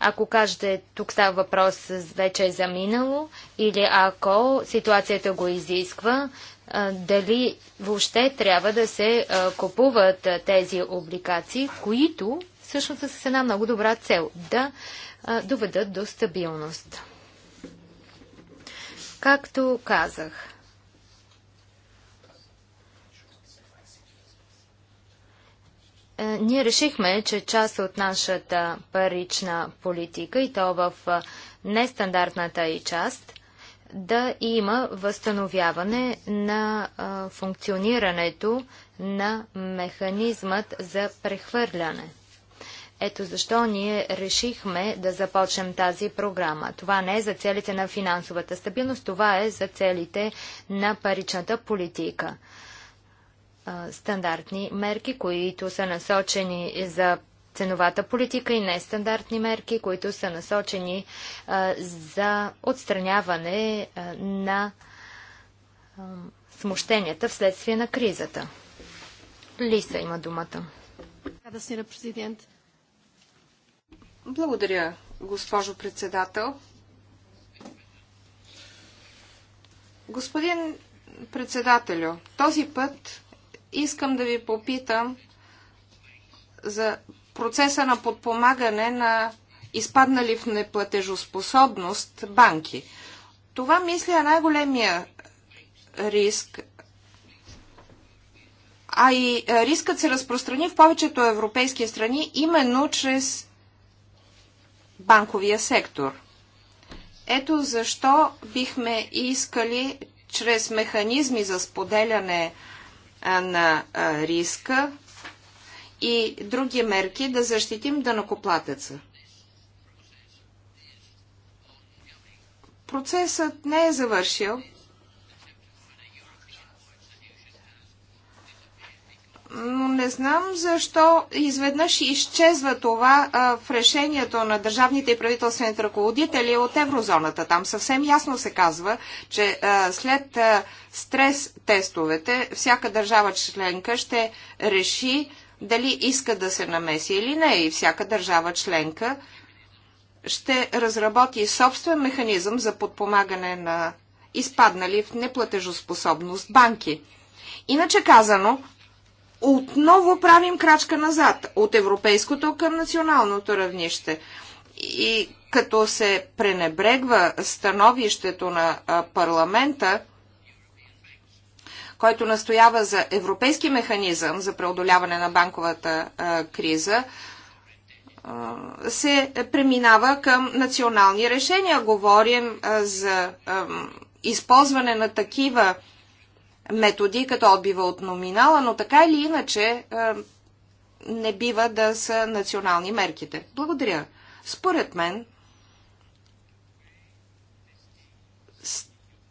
Ако кажете, тук става въпрос вече е заминало, или ако ситуацията го изисква, дали въобще трябва да се купуват тези обликации, които всъщност с една много добра цел да доведат до стабилност. Както казах, е, ние решихме, че част от нашата парична политика и то в нестандартната и част да има възстановяване на функционирането на механизмът за прехвърляне. Ето защо ние решихме да започнем тази програма. Това не е за целите на финансовата стабилност, това е за целите на паричната политика. Стандартни мерки, които са насочени за ценовата политика и нестандартни мерки, които са насочени за отстраняване на смущенията вследствие на кризата. Лиса има думата. си на президент. Благодаря, госпожо председател. Господин председателю, този път искам да ви попитам за процеса на подпомагане на изпаднали в неплатежоспособност банки. Това, мисля, е най-големия риск, а и рискът се разпространи в повечето европейски страни именно чрез банковия сектор. Ето защо бихме искали чрез механизми за споделяне на риска и други мерки да защитим дънакоплатеца. Процесът не е завършил но не знам защо изведнъж изчезва това а, в решението на държавните и правителствените ръководители от еврозоната. Там съвсем ясно се казва, че а, след а, стрес тестовете всяка държава членка ще реши дали иска да се намеси или не. И всяка държава членка ще разработи собствен механизъм за подпомагане на изпаднали в неплатежоспособност банки. Иначе казано, отново правим крачка назад от европейското към националното равнище. И като се пренебрегва становището на парламента, който настоява за европейски механизъм за преодоляване на банковата криза, се преминава към национални решения. Говорим за използване на такива методи, като отбива от номинала, но така или иначе е, не бива да са национални мерките. Благодаря. Според мен,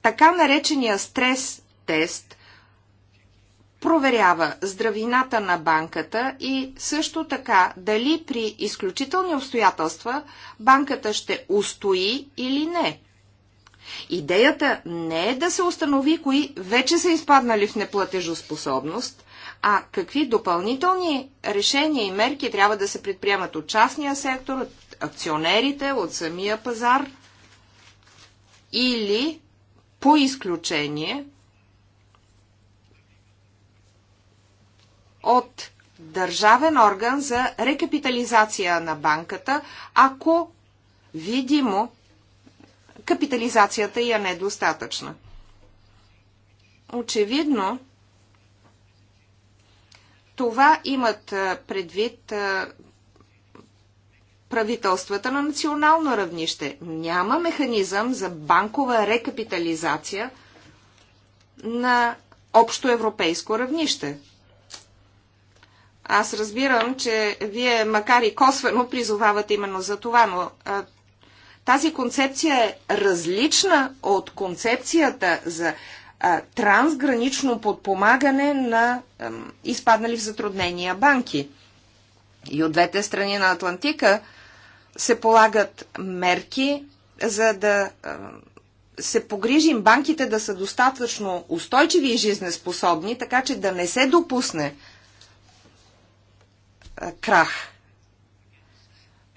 така наречения стрес тест проверява здравината на банката и също така дали при изключителни обстоятелства банката ще устои или не. Идеята не е да се установи кои вече са изпаднали в неплатежоспособност, а какви допълнителни решения и мерки трябва да се предприемат от частния сектор, от акционерите, от самия пазар или по изключение от държавен орган за рекапитализация на банката, ако видимо капитализацията я не е достатъчна. Очевидно, това имат предвид правителствата на национално равнище. Няма механизъм за банкова рекапитализация на общо европейско равнище. Аз разбирам, че вие, макар и косвено, призовавате именно за това, но а, тази концепция е различна от концепцията за а, трансгранично подпомагане на ам, изпаднали в затруднения банки. И от двете страни на Атлантика се полагат мерки, за да а, се погрижим банките да са достатъчно устойчиви и жизнеспособни, така че да не се допусне крах.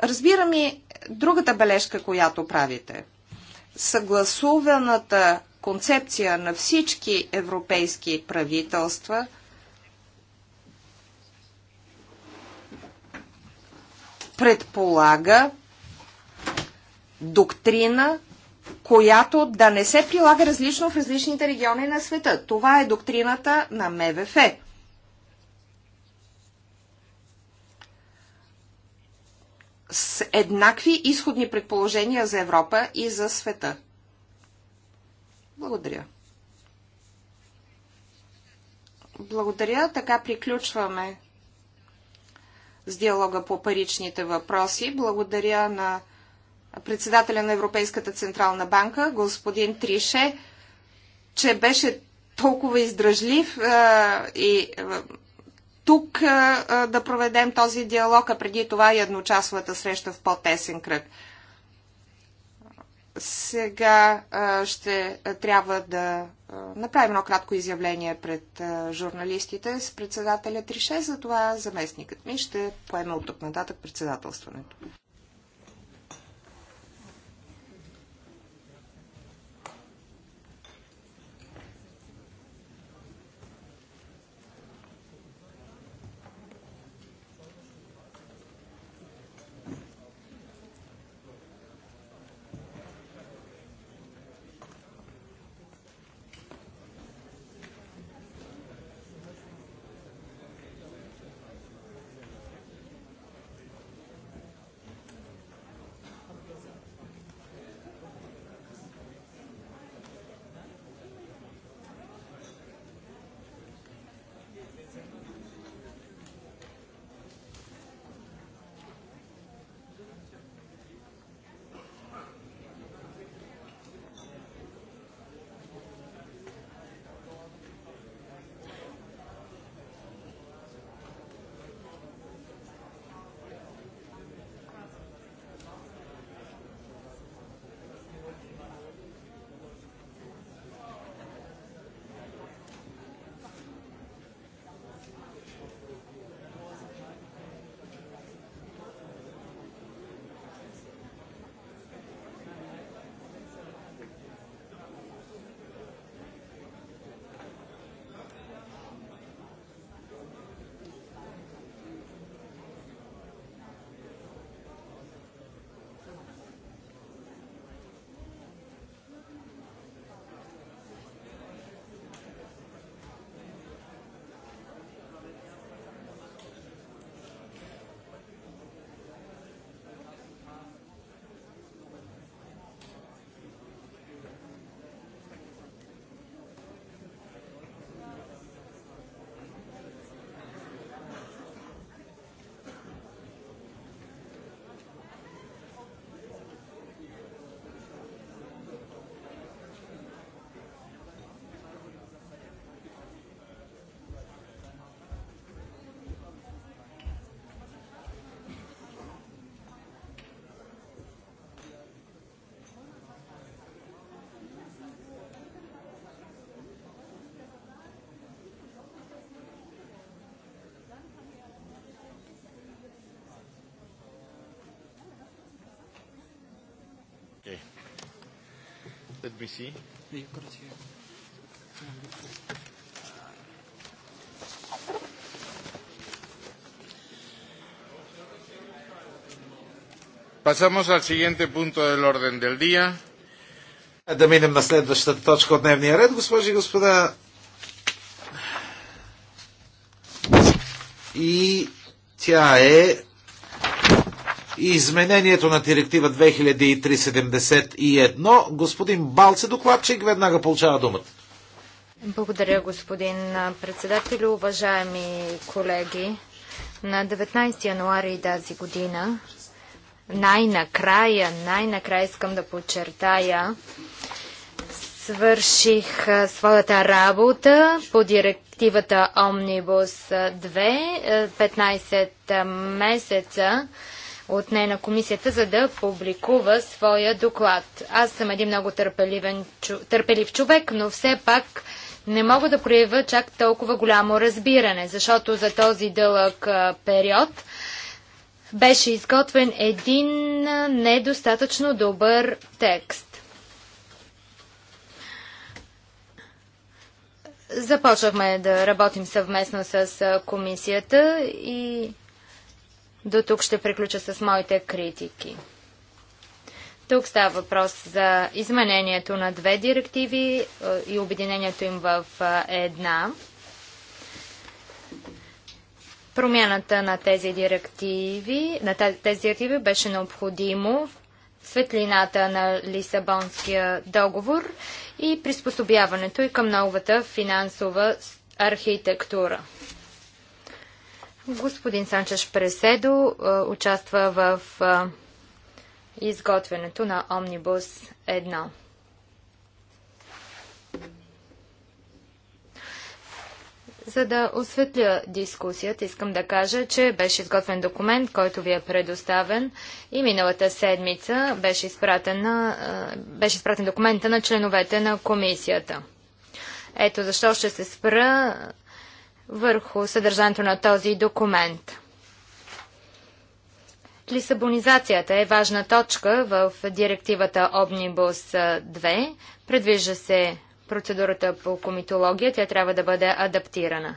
Разбирам и другата бележка, която правите. Съгласуваната концепция на всички европейски правителства предполага доктрина, която да не се прилага различно в различните региони на света. Това е доктрината на МВФ. с еднакви изходни предположения за Европа и за света. Благодаря. Благодаря. Така приключваме с диалога по паричните въпроси. Благодаря на председателя на Европейската Централна банка, господин Трише, че беше толкова издръжлив е, и е, тук а, да проведем този диалог, а преди това и едночасовата среща в по-тесен кръг. Сега а, ще а, трябва да а, направим едно кратко изявление пред а, журналистите с председателя Трише, за това заместникът ми ще поеме от тук нататък председателстването. Let me see. You've got it here. Pasamos al siguiente punto del orden del día. Да минем на следващата точка от дневния ред, госпожи и господа. И тя е изменението на директива 2371. Господин Балце, докладчик, веднага получава думата. Благодаря, господин председател, уважаеми колеги. На 19 януари тази година най-накрая, най-накрая искам да подчертая, свърших своята работа по директивата Омнибус 2, 15 месеца от нея на комисията, за да публикува своя доклад. Аз съм един много търпелив човек, но все пак не мога да проявя чак толкова голямо разбиране, защото за този дълъг период беше изготвен един недостатъчно добър текст. Започнахме да работим съвместно с комисията и до тук ще приключа с моите критики. Тук става въпрос за изменението на две директиви е, и обединението им в е, една. Промяната на тези директиви, на тези директиви беше необходимо в светлината на Лисабонския договор и приспособяването и към новата финансова архитектура. Господин Санчеш Преседо участва в изготвянето на Омнибус 1. За да осветля дискусията, искам да кажа, че беше изготвен документ, който ви е предоставен и миналата седмица беше, на, беше изпратен документа на членовете на комисията. Ето защо ще се спра върху съдържанието на този документ. Лисабонизацията е важна точка в директивата Обнибус 2. Предвижда се процедурата по комитология, тя трябва да бъде адаптирана.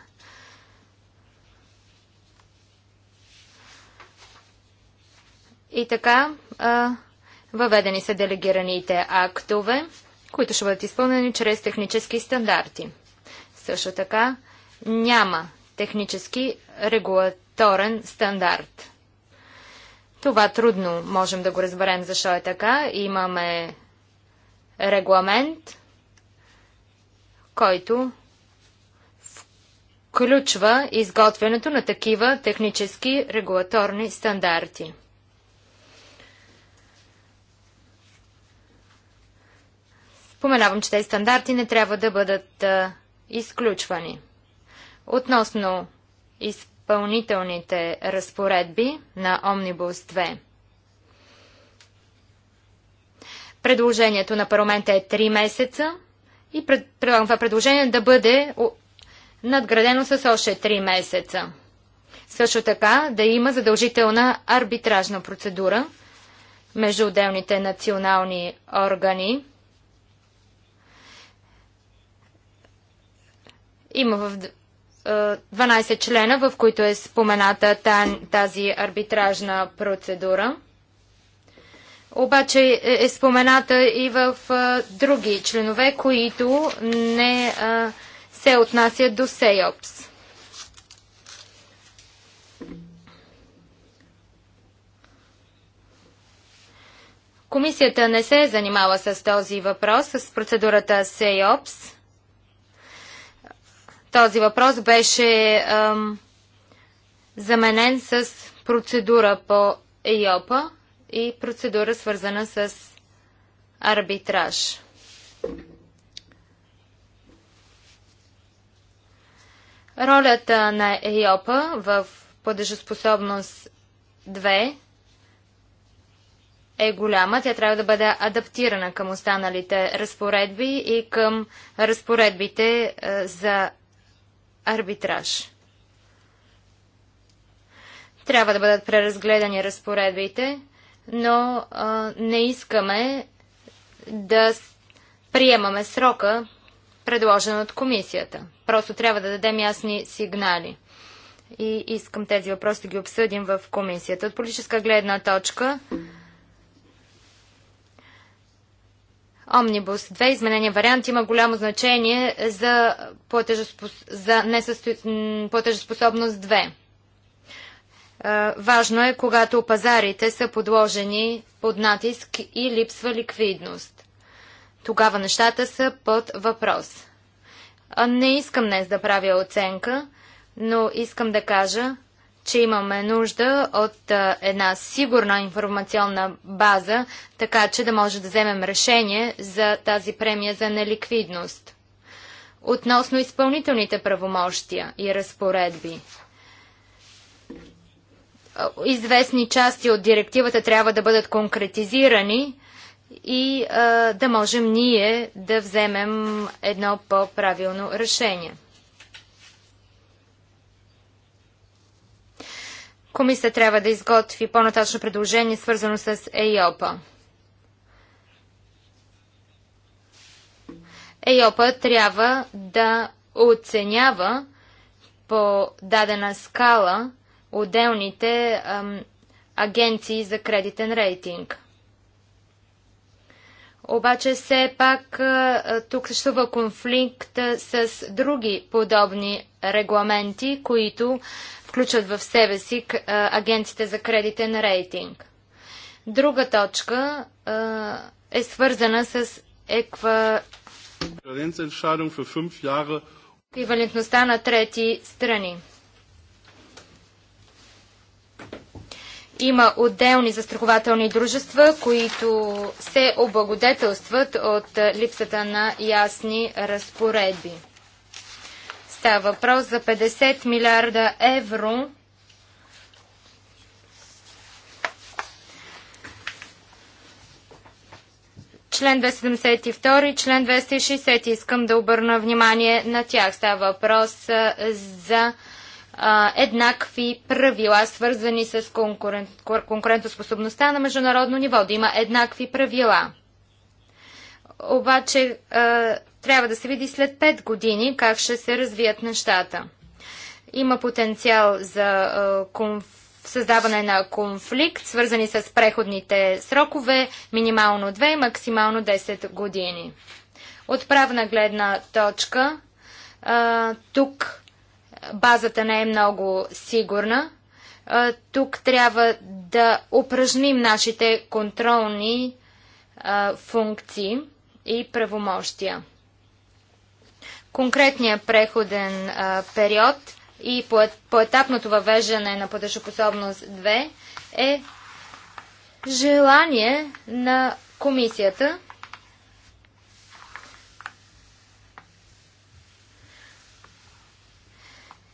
И така, въведени са делегираните актове, които ще бъдат изпълнени чрез технически стандарти. Също така, няма технически регулаторен стандарт. Това трудно можем да го разберем защо е така. Имаме регламент, който включва изготвянето на такива технически регулаторни стандарти. Споменавам, че тези стандарти не трябва да бъдат а, изключвани. Относно изпълнителните разпоредби на Омнибус 2. Предложението на парламента е 3 месеца и предлагам това предложение да бъде надградено с още 3 месеца. Също така да има задължителна арбитражна процедура между отделните национални органи. Има в 12 члена, в които е спомената тази арбитражна процедура. Обаче е, е спомената и в други членове, които не се отнасят до СЕОПС. Комисията не се е занимала с този въпрос, с процедурата СЕОПС. Този въпрос беше ам, заменен с процедура по ЕЙОПА и процедура свързана с арбитраж. Ролята на ЕЙОПА в подъжоспособност 2 е голяма. Тя трябва да бъде адаптирана към останалите разпоредби и към разпоредбите е, за арбитраж. Трябва да бъдат преразгледани разпоредбите, но а, не искаме да приемаме срока, предложен от комисията. Просто трябва да дадем ясни сигнали. И искам тези въпроси да ги обсъдим в комисията. От политическа гледна точка. Омнибус две изменения вариант, има голямо значение за, по за несъстои... платежеспособност 2. Е, важно е, когато пазарите са подложени под натиск и липсва ликвидност. Тогава нещата са под въпрос. Е, не искам днес да правя оценка, но искам да кажа, че имаме нужда от една сигурна информационна база, така че да може да вземем решение за тази премия за неликвидност. Относно изпълнителните правомощия и разпоредби. Известни части от директивата трябва да бъдат конкретизирани и а, да можем ние да вземем едно по-правилно решение. Комисията трябва да изготви по-нататъчно предложение, свързано с ЕИОПА. ЕИОПА трябва да оценява по дадена скала отделните ам, агенции за кредитен рейтинг. Обаче все пак тук съществува конфликт с други подобни регламенти, които включат в себе си агенците за кредитен рейтинг. Друга точка е свързана с еква... еквивалентността на трети страни. Има отделни застрахователни дружества, които се облагодетелстват от липсата на ясни разпоредби. Става въпрос за 50 милиарда евро. Член 272 и член 260 искам да обърна внимание на тях. Става въпрос за а, еднакви правила, свързани с конкурент, конкурентоспособността на международно ниво. Да има еднакви правила обаче трябва да се види след 5 години как ще се развият нещата. Има потенциал за създаване на конфликт, свързани с преходните срокове, минимално 2, максимално 10 години. От правна гледна точка, тук базата не е много сигурна. тук трябва да упражним нашите контролни функции и правомощия. Конкретният преходен а, период и поетапното въвеждане на платежоспособност 2 е желание на комисията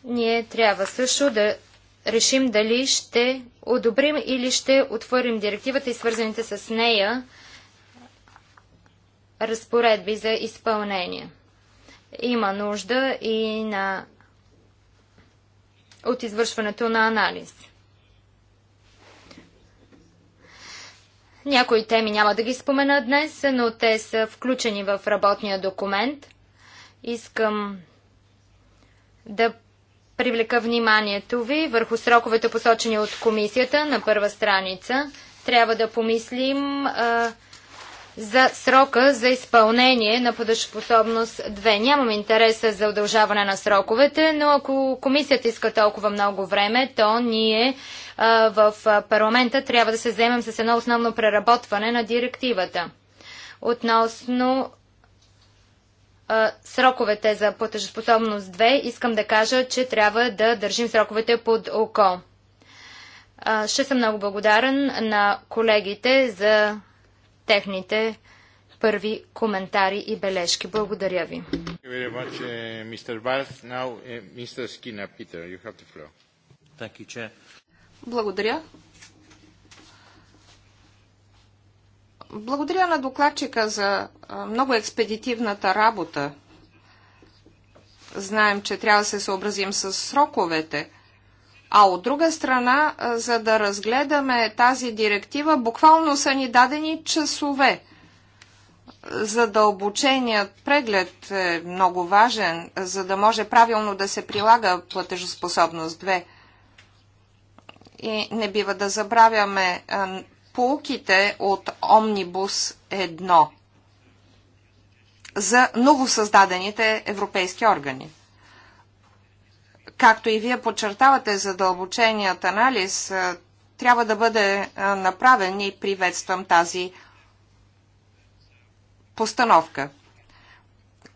ние трябва също да решим дали ще одобрим или ще отворим директивата и свързаните с нея разпоредби за изпълнение. Има нужда и на от извършването на анализ. Някои теми няма да ги спомена днес, но те са включени в работния документ. Искам да привлека вниманието ви върху сроковете посочени от комисията на първа страница. Трябва да помислим а, за срока за изпълнение на подъжпособност 2. Нямам интереса за удължаване на сроковете, но ако комисията иска толкова много време, то ние в парламента трябва да се вземем с едно основно преработване на директивата. Относно сроковете за платежоспособност 2, искам да кажа, че трябва да държим сроковете под око. Ще съм много благодарен на колегите за техните първи коментари и бележки. Благодаря ви. Uh, uh, Благодаря. Благодаря на докладчика за много експедитивната работа. Знаем, че трябва да се съобразим с сроковете – а от друга страна, за да разгледаме тази директива, буквално са ни дадени часове. Задълбоченият преглед е много важен, за да може правилно да се прилага платежоспособност 2. И не бива да забравяме полуките от Омнибус 1 за новосъздадените европейски органи както и вие подчертавате, задълбоченият анализ е, трябва да бъде е, направен и приветствам тази постановка.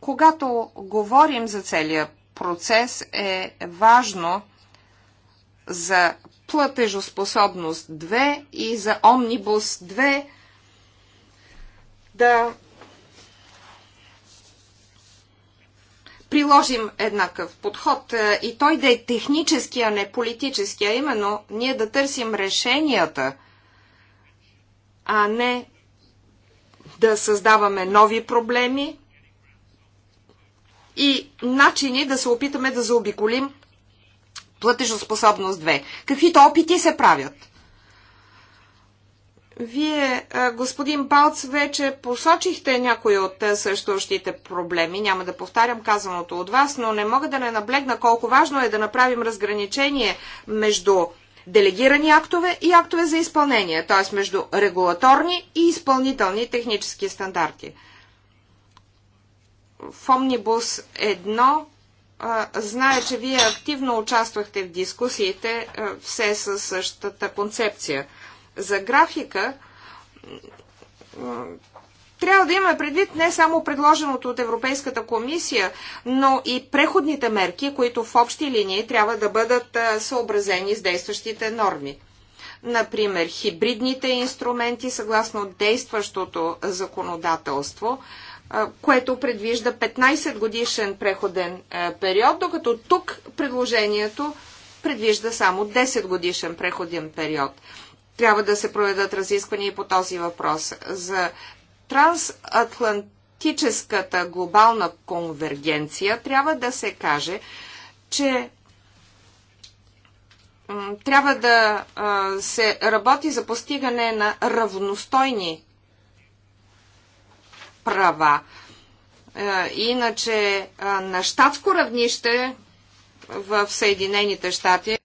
Когато говорим за целия процес, е важно за платежоспособност 2 и за Омнибус 2 да приложим еднакъв подход е, и той да е технически, а не политически, а именно ние да търсим решенията, а не да създаваме нови проблеми и начини да се опитаме да заобиколим платежоспособност 2. Каквито опити се правят – вие, господин Палц, вече посочихте някои от същощите проблеми. Няма да повтарям казаното от вас, но не мога да не наблегна колко важно е да направим разграничение между делегирани актове и актове за изпълнение, т.е. между регулаторни и изпълнителни технически стандарти. В Омнибус 1 знае, че вие активно участвахте в дискусиите все със същата концепция – за графика, трябва да има предвид не само предложеното от Европейската комисия, но и преходните мерки, които в общи линии трябва да бъдат съобразени с действащите норми. Например, хибридните инструменти съгласно действащото законодателство, което предвижда 15 годишен преходен период, докато тук предложението предвижда само 10 годишен преходен период трябва да се проведат разисквания и по този въпрос. За трансатлантическата глобална конвергенция трябва да се каже, че трябва да се работи за постигане на равностойни права. Иначе на щатско равнище в Съединените щати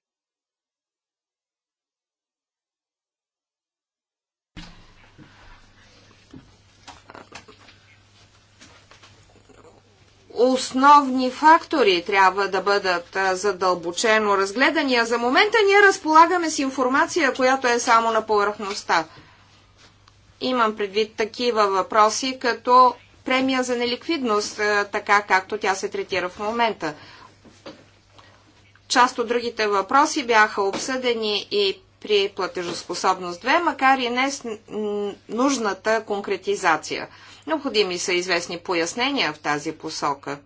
основни фактори трябва да бъдат задълбочено разгледани, а за момента ние разполагаме с информация, която е само на повърхността. Имам предвид такива въпроси, като премия за неликвидност, така както тя се третира в момента. Част от другите въпроси бяха обсъдени и при платежоспособност 2, макар и не с нужната конкретизация. Необходими са известни пояснения в тази посока.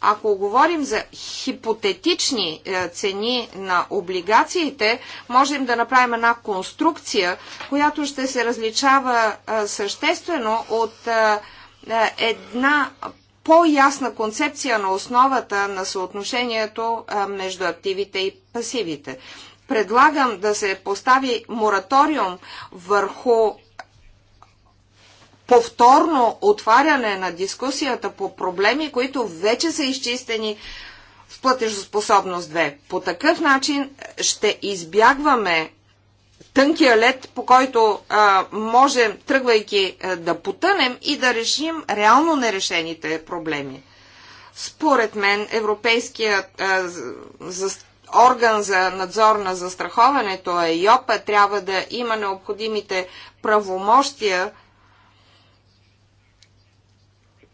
Ако говорим за хипотетични е, цени на облигациите, можем да направим една конструкция, която ще се различава е, съществено от е, една по-ясна концепция на основата на съотношението между активите и пасивите. Предлагам да се постави мораториум върху повторно отваряне на дискусията по проблеми, които вече са изчистени в платежоспособност 2. По такъв начин ще избягваме тънкия лед, по който а, можем, тръгвайки а, да потънем и да решим реално нерешените проблеми. Според мен, Европейският а, за, орган за надзор на застраховането, ЕЙОПА, трябва да има необходимите правомощия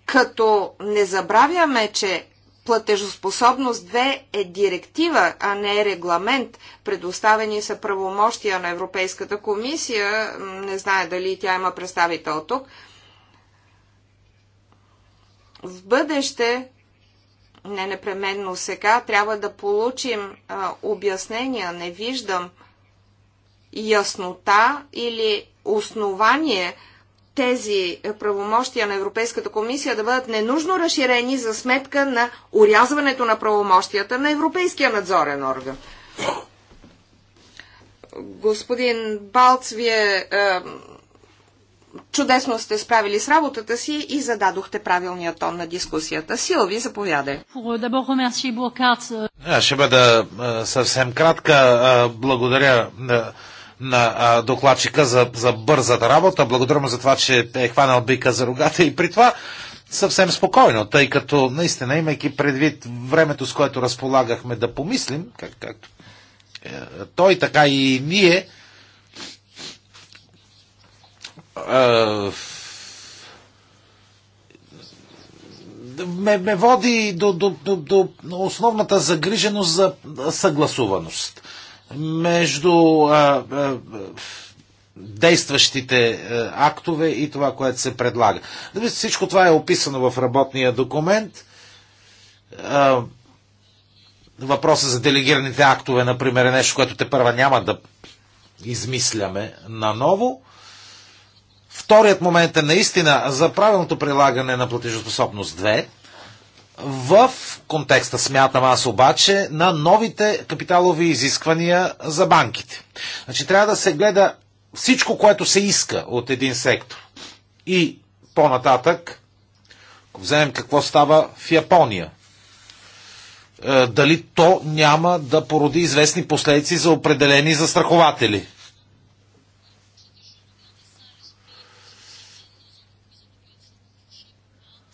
като не забравяме, че платежоспособност 2 е директива, а не е регламент. Предоставени са правомощия на Европейската комисия. Не знае дали тя има представител тук. В бъдеще, не непременно сега, трябва да получим а, обяснения. Не виждам яснота или основание – тези правомощия на Европейската комисия да бъдат ненужно разширени за сметка на урязването на правомощията на Европейския надзорен орган. Господин Балц, вие е, чудесно сте справили с работата си и зададохте правилния тон на дискусията. Силви, заповядай. Е, е. Ще бъда е, съвсем кратка. Благодаря на докладчика за, за бързата работа. Благодаря му за това, че е хванал бика за рогата и при това съвсем спокойно, тъй като наистина, имайки предвид времето, с което разполагахме да помислим, как, както е, той, така и ние, е, ме, ме води до, до, до, до основната загриженост за съгласуваност между а, а, действащите актове и това, което се предлага. Нали, всичко това е описано в работния документ. Въпроса за делегираните актове, например, е нещо, което те първа няма да измисляме наново. Вторият момент е наистина за правилното прилагане на платежоспособност 2 в контекста, смятам аз обаче, на новите капиталови изисквания за банките. Значи трябва да се гледа всичко, което се иска от един сектор. И по-нататък, ако вземем какво става в Япония, е, дали то няма да породи известни последици за определени застрахователи.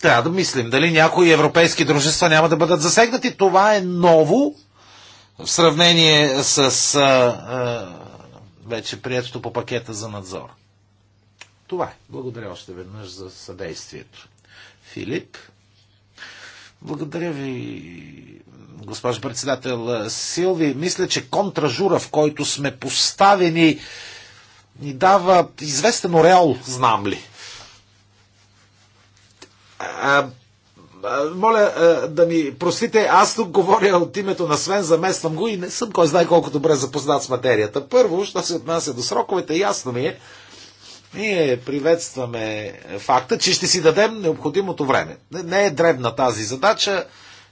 трябва да мислим дали някои европейски дружества няма да бъдат засегнати. Това е ново в сравнение с а, а, вече приятелството по пакета за надзор. Това е. Благодаря още веднъж за съдействието. Филип. Благодаря ви, госпожо председател Силви. Мисля, че контражура, в който сме поставени, ни дава известен ореал, знам ли. А, а, моля а, да ми простите, аз тук говоря от името на Свен, замествам го и не съм кой знае колко добре запознат с материята. Първо, що се отнася до сроковете, ясно ми е, ние приветстваме факта, че ще си дадем необходимото време. Не е дребна тази задача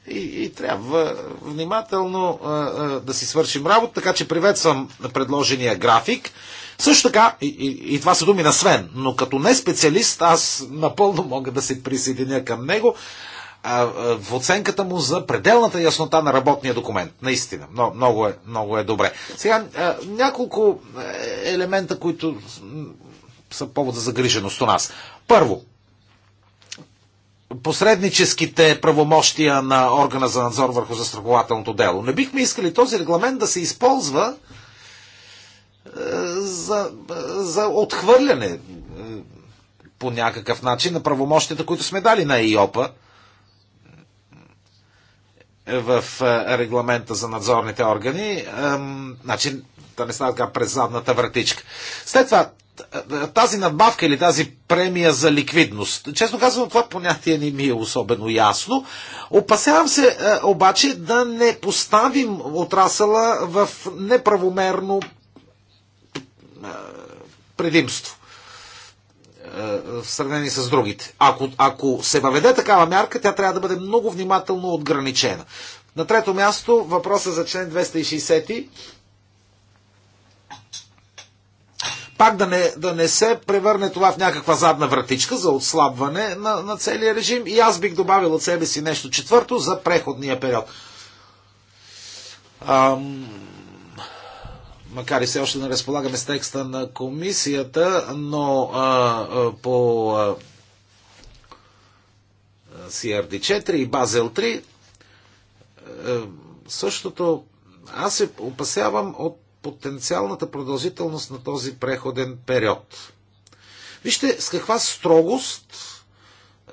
и, и трябва внимателно а, а, да си свършим работа, така че приветствам предложения график. Също така, и, и, и това са думи на Свен, но като не специалист, аз напълно мога да се присъединя към него а, а, в оценката му за пределната яснота на работния документ. Наистина, много, много, е, много е добре. Сега, а, няколко е, елемента, които са повод за загриженост у нас. Първо, посредническите правомощия на органа за надзор върху застрахователното дело. Не бихме искали този регламент да се използва за, за отхвърляне е, по някакъв начин на правомощите, които сме дали на ИОПа е, в е, регламента за надзорните органи. Значи, да не става така през задната вратичка. След това, тази надбавка или тази премия за ликвидност. Честно казвам, това понятие не ми е особено ясно. Опасявам се обаче да не поставим отрасъла в неправомерно е, предимство е, в сравнение с другите. Ако, ако се въведе такава мярка, тя трябва да бъде много внимателно отграничена. На трето място въпроса за член 260 пак да не, да не се превърне това в някаква задна вратичка за отслабване на, на целия режим. И аз бих добавил от себе си нещо четвърто за преходния период. Ам, макар и все още не разполагаме с текста на комисията, но а, а, по а, CRD4 и Базел 3 а, е, същото аз се опасявам от потенциалната продължителност на този преходен период. Вижте с каква строгост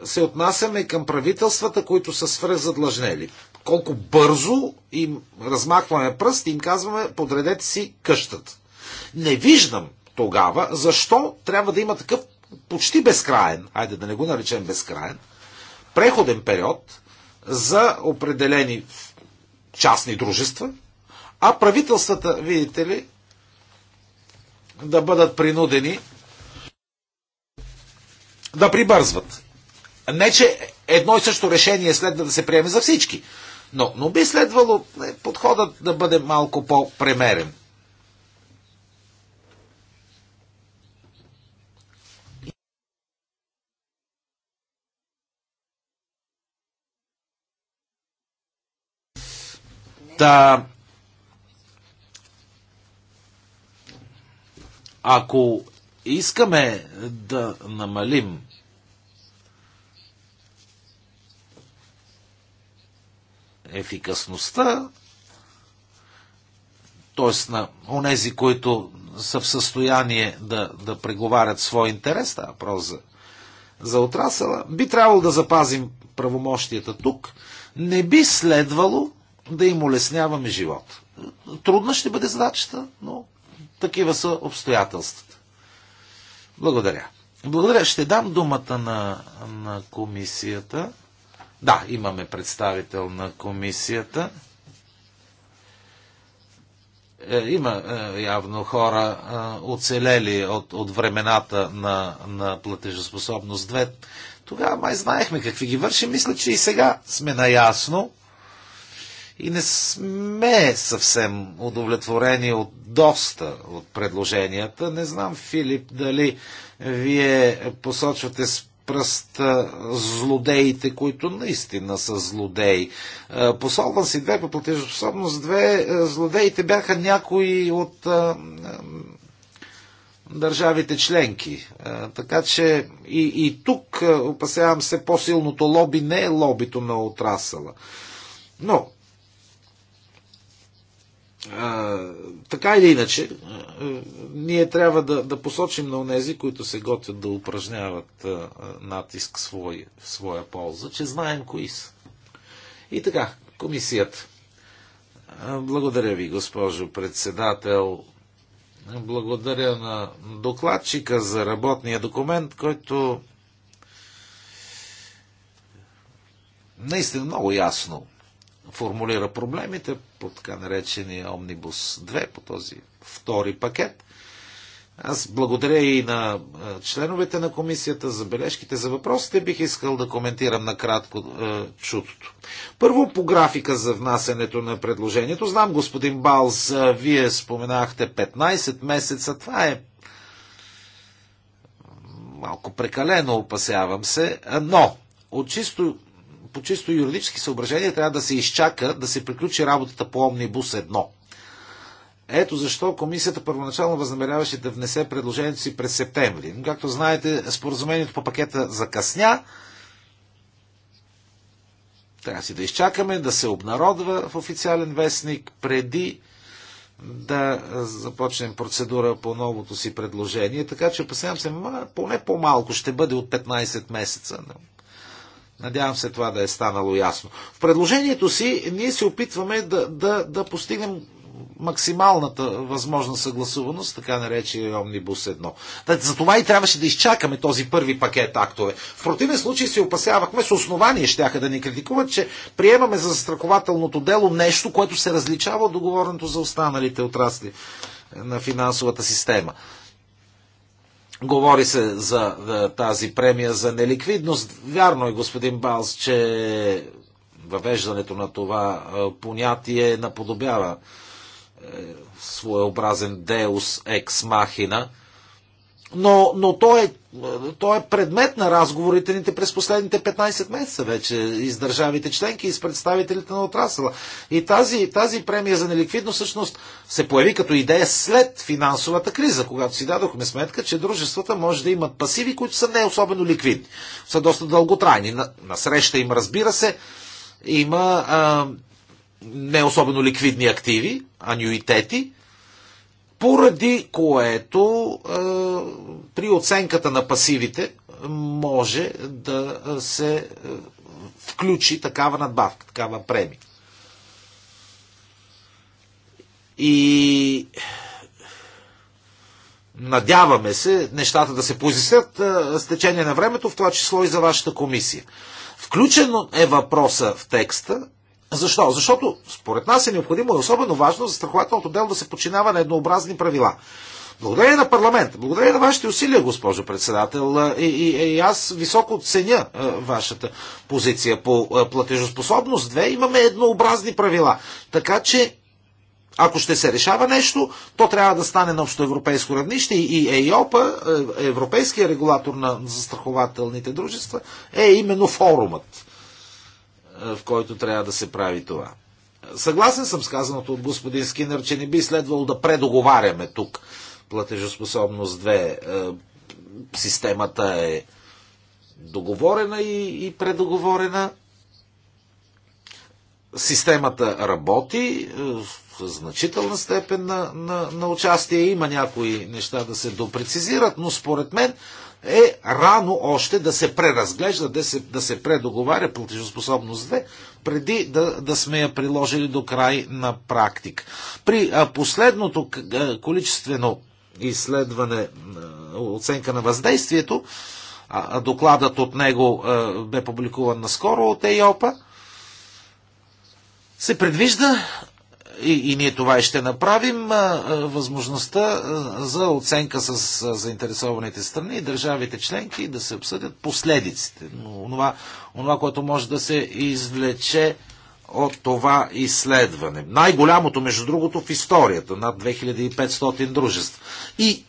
се отнасяме към правителствата, които са свръхзадлъжнели колко бързо им размахваме пръст и им казваме подредете си къщата. Не виждам тогава защо трябва да има такъв почти безкраен, айде да не го наречем безкраен, преходен период за определени частни дружества, а правителствата, видите ли, да бъдат принудени да прибързват. Не, че едно и също решение следва да се приеме за всички. Но, но би следвало е, подходът да бъде малко по-премерен. Та, ако искаме да намалим ефикасността, т.е. на онези, които са в състояние да, да преговарят свой интерес, е просто за, за отрасъла, би трябвало да запазим правомощията тук. Не би следвало да им улесняваме живот. Трудна ще бъде задачата, но такива са обстоятелствата. Благодаря. Благодаря. Ще дам думата на, на комисията. Да, имаме представител на комисията. Е, има е, явно хора е, оцелели от, от времената на, на платежоспособност 2. Тогава май знаехме какви ги върши. Мисля, че и сега сме наясно и не сме съвсем удовлетворени от доста от предложенията. Не знам, Филип, дали вие посочвате с пръст злодеите, които наистина са злодеи. Е, по си две по платежоспособност две е, злодеите бяха някои от е, държавите членки. Така че и, и тук, опасявам се, по-силното лоби не е лобито на отрасъла. Но а, така или иначе, ние трябва да, да посочим на онези, които се готвят да упражняват а, натиск свой, в своя полза, че знаем кои са. И така, комисията. Благодаря ви, госпожо председател. Благодаря на докладчика за работния документ, който наистина много ясно формулира проблемите по така наречения Омнибус 2, по този втори пакет. Аз благодаря и на членовете на комисията за бележките, за въпросите. Бих искал да коментирам накратко е, чутото. Първо по графика за внасенето на предложението. Знам, господин Балс, вие споменахте 15 месеца. Това е малко прекалено, опасявам се. Но от чисто по чисто юридически съображения трябва да се изчака да се приключи работата по Омнибус 1. Ето защо комисията първоначално възнамеряваше да внесе предложението си през септември. Но, както знаете, споразумението по пакета закъсня. Трябва си да изчакаме да се обнародва в официален вестник преди да започнем процедура по новото си предложение. Така че опасявам се, поне по-малко ще бъде от 15 месеца. Надявам се това да е станало ясно. В предложението си ние се опитваме да, да, да постигнем максималната възможна съгласуваност, така наречи Омнибус 1. За това и трябваше да изчакаме този първи пакет актове. В противен случай се опасявахме с основание, щяха да ни критикуват, че приемаме за застрахователното дело нещо, което се различава от договорното за останалите отрасли на финансовата система. Говори се за е, тази премия за неликвидност. Вярно е, господин Балс, че въвеждането на това е, понятие наподобява е, своеобразен Deus екс махина – но, но той е, то е предмет на разговорите ни през последните 15 месеца вече и с държавите членки, и с представителите на отрасъла. И тази, тази премия за неликвидност всъщност се появи като идея след финансовата криза, когато си дадохме сметка, че дружествата може да имат пасиви, които са не особено ликвидни, са доста дълготрайни. На, на среща им, разбира се, има а, не особено ликвидни активи, анюитети, поради което а, е, при оценката на пасивите може да се а, е, включи такава надбавка, такава премия. И надяваме се нещата да се поизяснят е, с течение на времето, в това число и за вашата комисия. Включено е въпроса в текста защо? Защото според нас е необходимо и особено важно за страхователното дело да се подчинява на еднообразни правила. Благодарение на парламента, благодарение на вашите усилия, госпожо председател, и, и, и аз високо ценя е, вашата позиция по е, платежоспособност 2, имаме еднообразни правила. Така че, ако ще се решава нещо, то трябва да стане на общоевропейско равнище и ЕИОПА, Европейския регулатор на застрахователните дружества, е именно форумът в който трябва да се прави това. Съгласен съм с казаното от господин Скинер, че не би следвало да предоговаряме тук платежоспособност 2. Е, системата е договорена и, и предоговорена. Системата работи е, в значителна степен на, на, на участие. Има някои неща да се допрецизират, но според мен е рано още да се преразглежда, да се, да се предоговаря 2, преди да, да сме я приложили до край на практик. При последното количествено изследване, оценка на въздействието, докладът от него бе публикуван наскоро от ЕОПА, се предвижда и, и ние това и ще направим, възможността за оценка с заинтересованите страни и държавите членки да се обсъдят последиците. Онова, онова, което може да се извлече от това изследване. Най-голямото, между другото, в историята, над 2500 дружества. И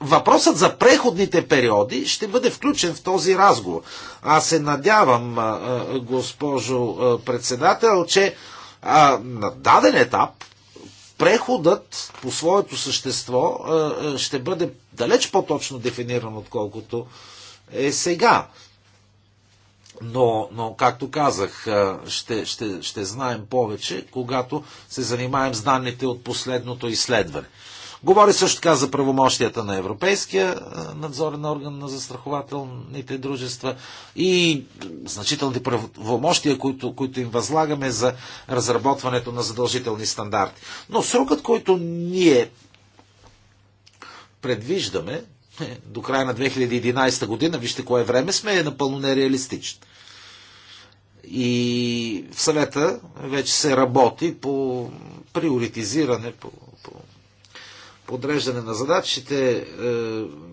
въпросът за преходните периоди ще бъде включен в този разговор. Аз се надявам, госпожо председател, че а, на даден етап преходът по своето същество ще бъде далеч по-точно дефиниран, отколкото е сега. Но, но както казах, ще, ще, ще знаем повече, когато се занимаем с данните от последното изследване. Говори също така за правомощията на Европейския е, надзорен орган на застрахователните дружества и значителните правомощия, които, които им възлагаме за разработването на задължителни стандарти. Но срокът, който ние предвиждаме е, до края на 2011 година, вижте кое време сме, е напълно нереалистичен. И в съвета вече се работи по приоритизиране, по подреждане на задачите, е,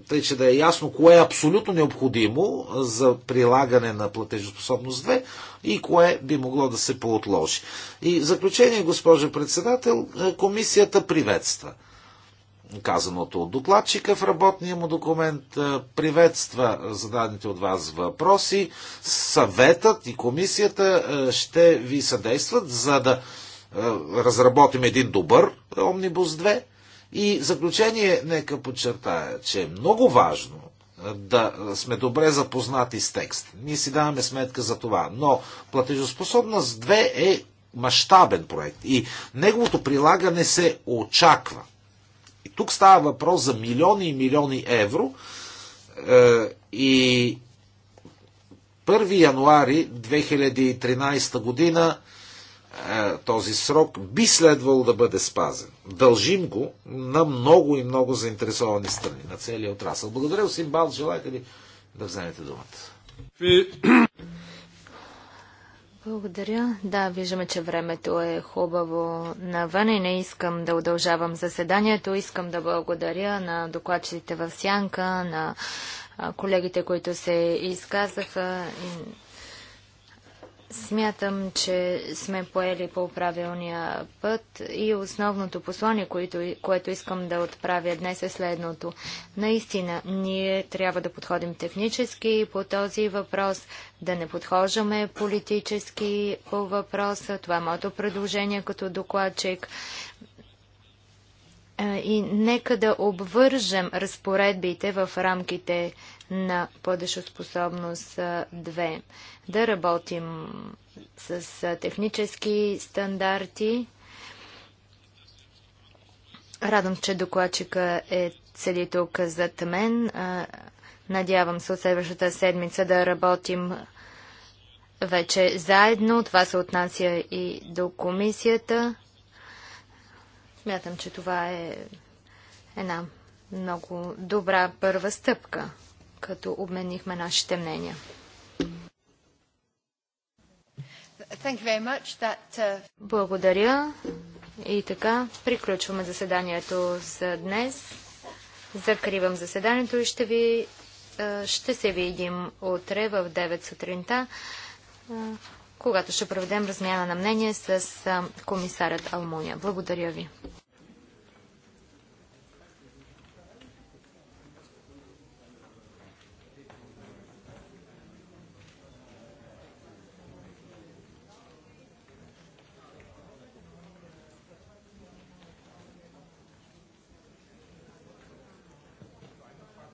тъй че да е ясно кое е абсолютно необходимо за прилагане на платежоспособност 2 и кое би могло да се поотложи. И в заключение, госпожа председател, е, комисията приветства казаното от докладчика в работния му документ, е, приветства зададените от вас въпроси. Съветът и комисията ще ви съдействат, за да разработим един добър Омнибус 2 и заключение, нека подчертая, че е много важно да сме добре запознати с текст. Ние си даваме сметка за това. Но платежоспособност 2 е мащабен проект и неговото прилагане се очаква. И тук става въпрос за милиони и милиони евро е, и 1 януари 2013 година е, този срок би следвало да бъде спазен. Дължим го на много и много заинтересовани страни, на целия отрасъл. Благодаря, Осим Бал, желаете ли да вземете думата? Благодаря. Да, виждаме, че времето е хубаво навън и не искам да удължавам заседанието. Искам да благодаря на докладчиците в Сянка, на колегите, които се изказаха. Смятам, че сме поели по правилния път и основното послание, което, което искам да отправя днес е следното. Наистина, ние трябва да подходим технически по този въпрос, да не подхождаме политически по въпроса. Това е моето предложение като докладчик. Е, и нека да обвържем разпоредбите в рамките на плъдешоспособност 2. Да работим с технически стандарти. Радвам, че докладчика е цели тук зад мен. Надявам се от следващата седмица да работим вече заедно. Това се отнася и до комисията. Смятам, че това е една много добра първа стъпка като обменихме нашите мнения. That, uh... Благодаря. И така, приключваме заседанието за днес. Закривам заседанието и ще, ви, ще се видим утре в 9 сутринта, когато ще проведем размяна на мнение с комисарят Алмуния. Благодаря ви.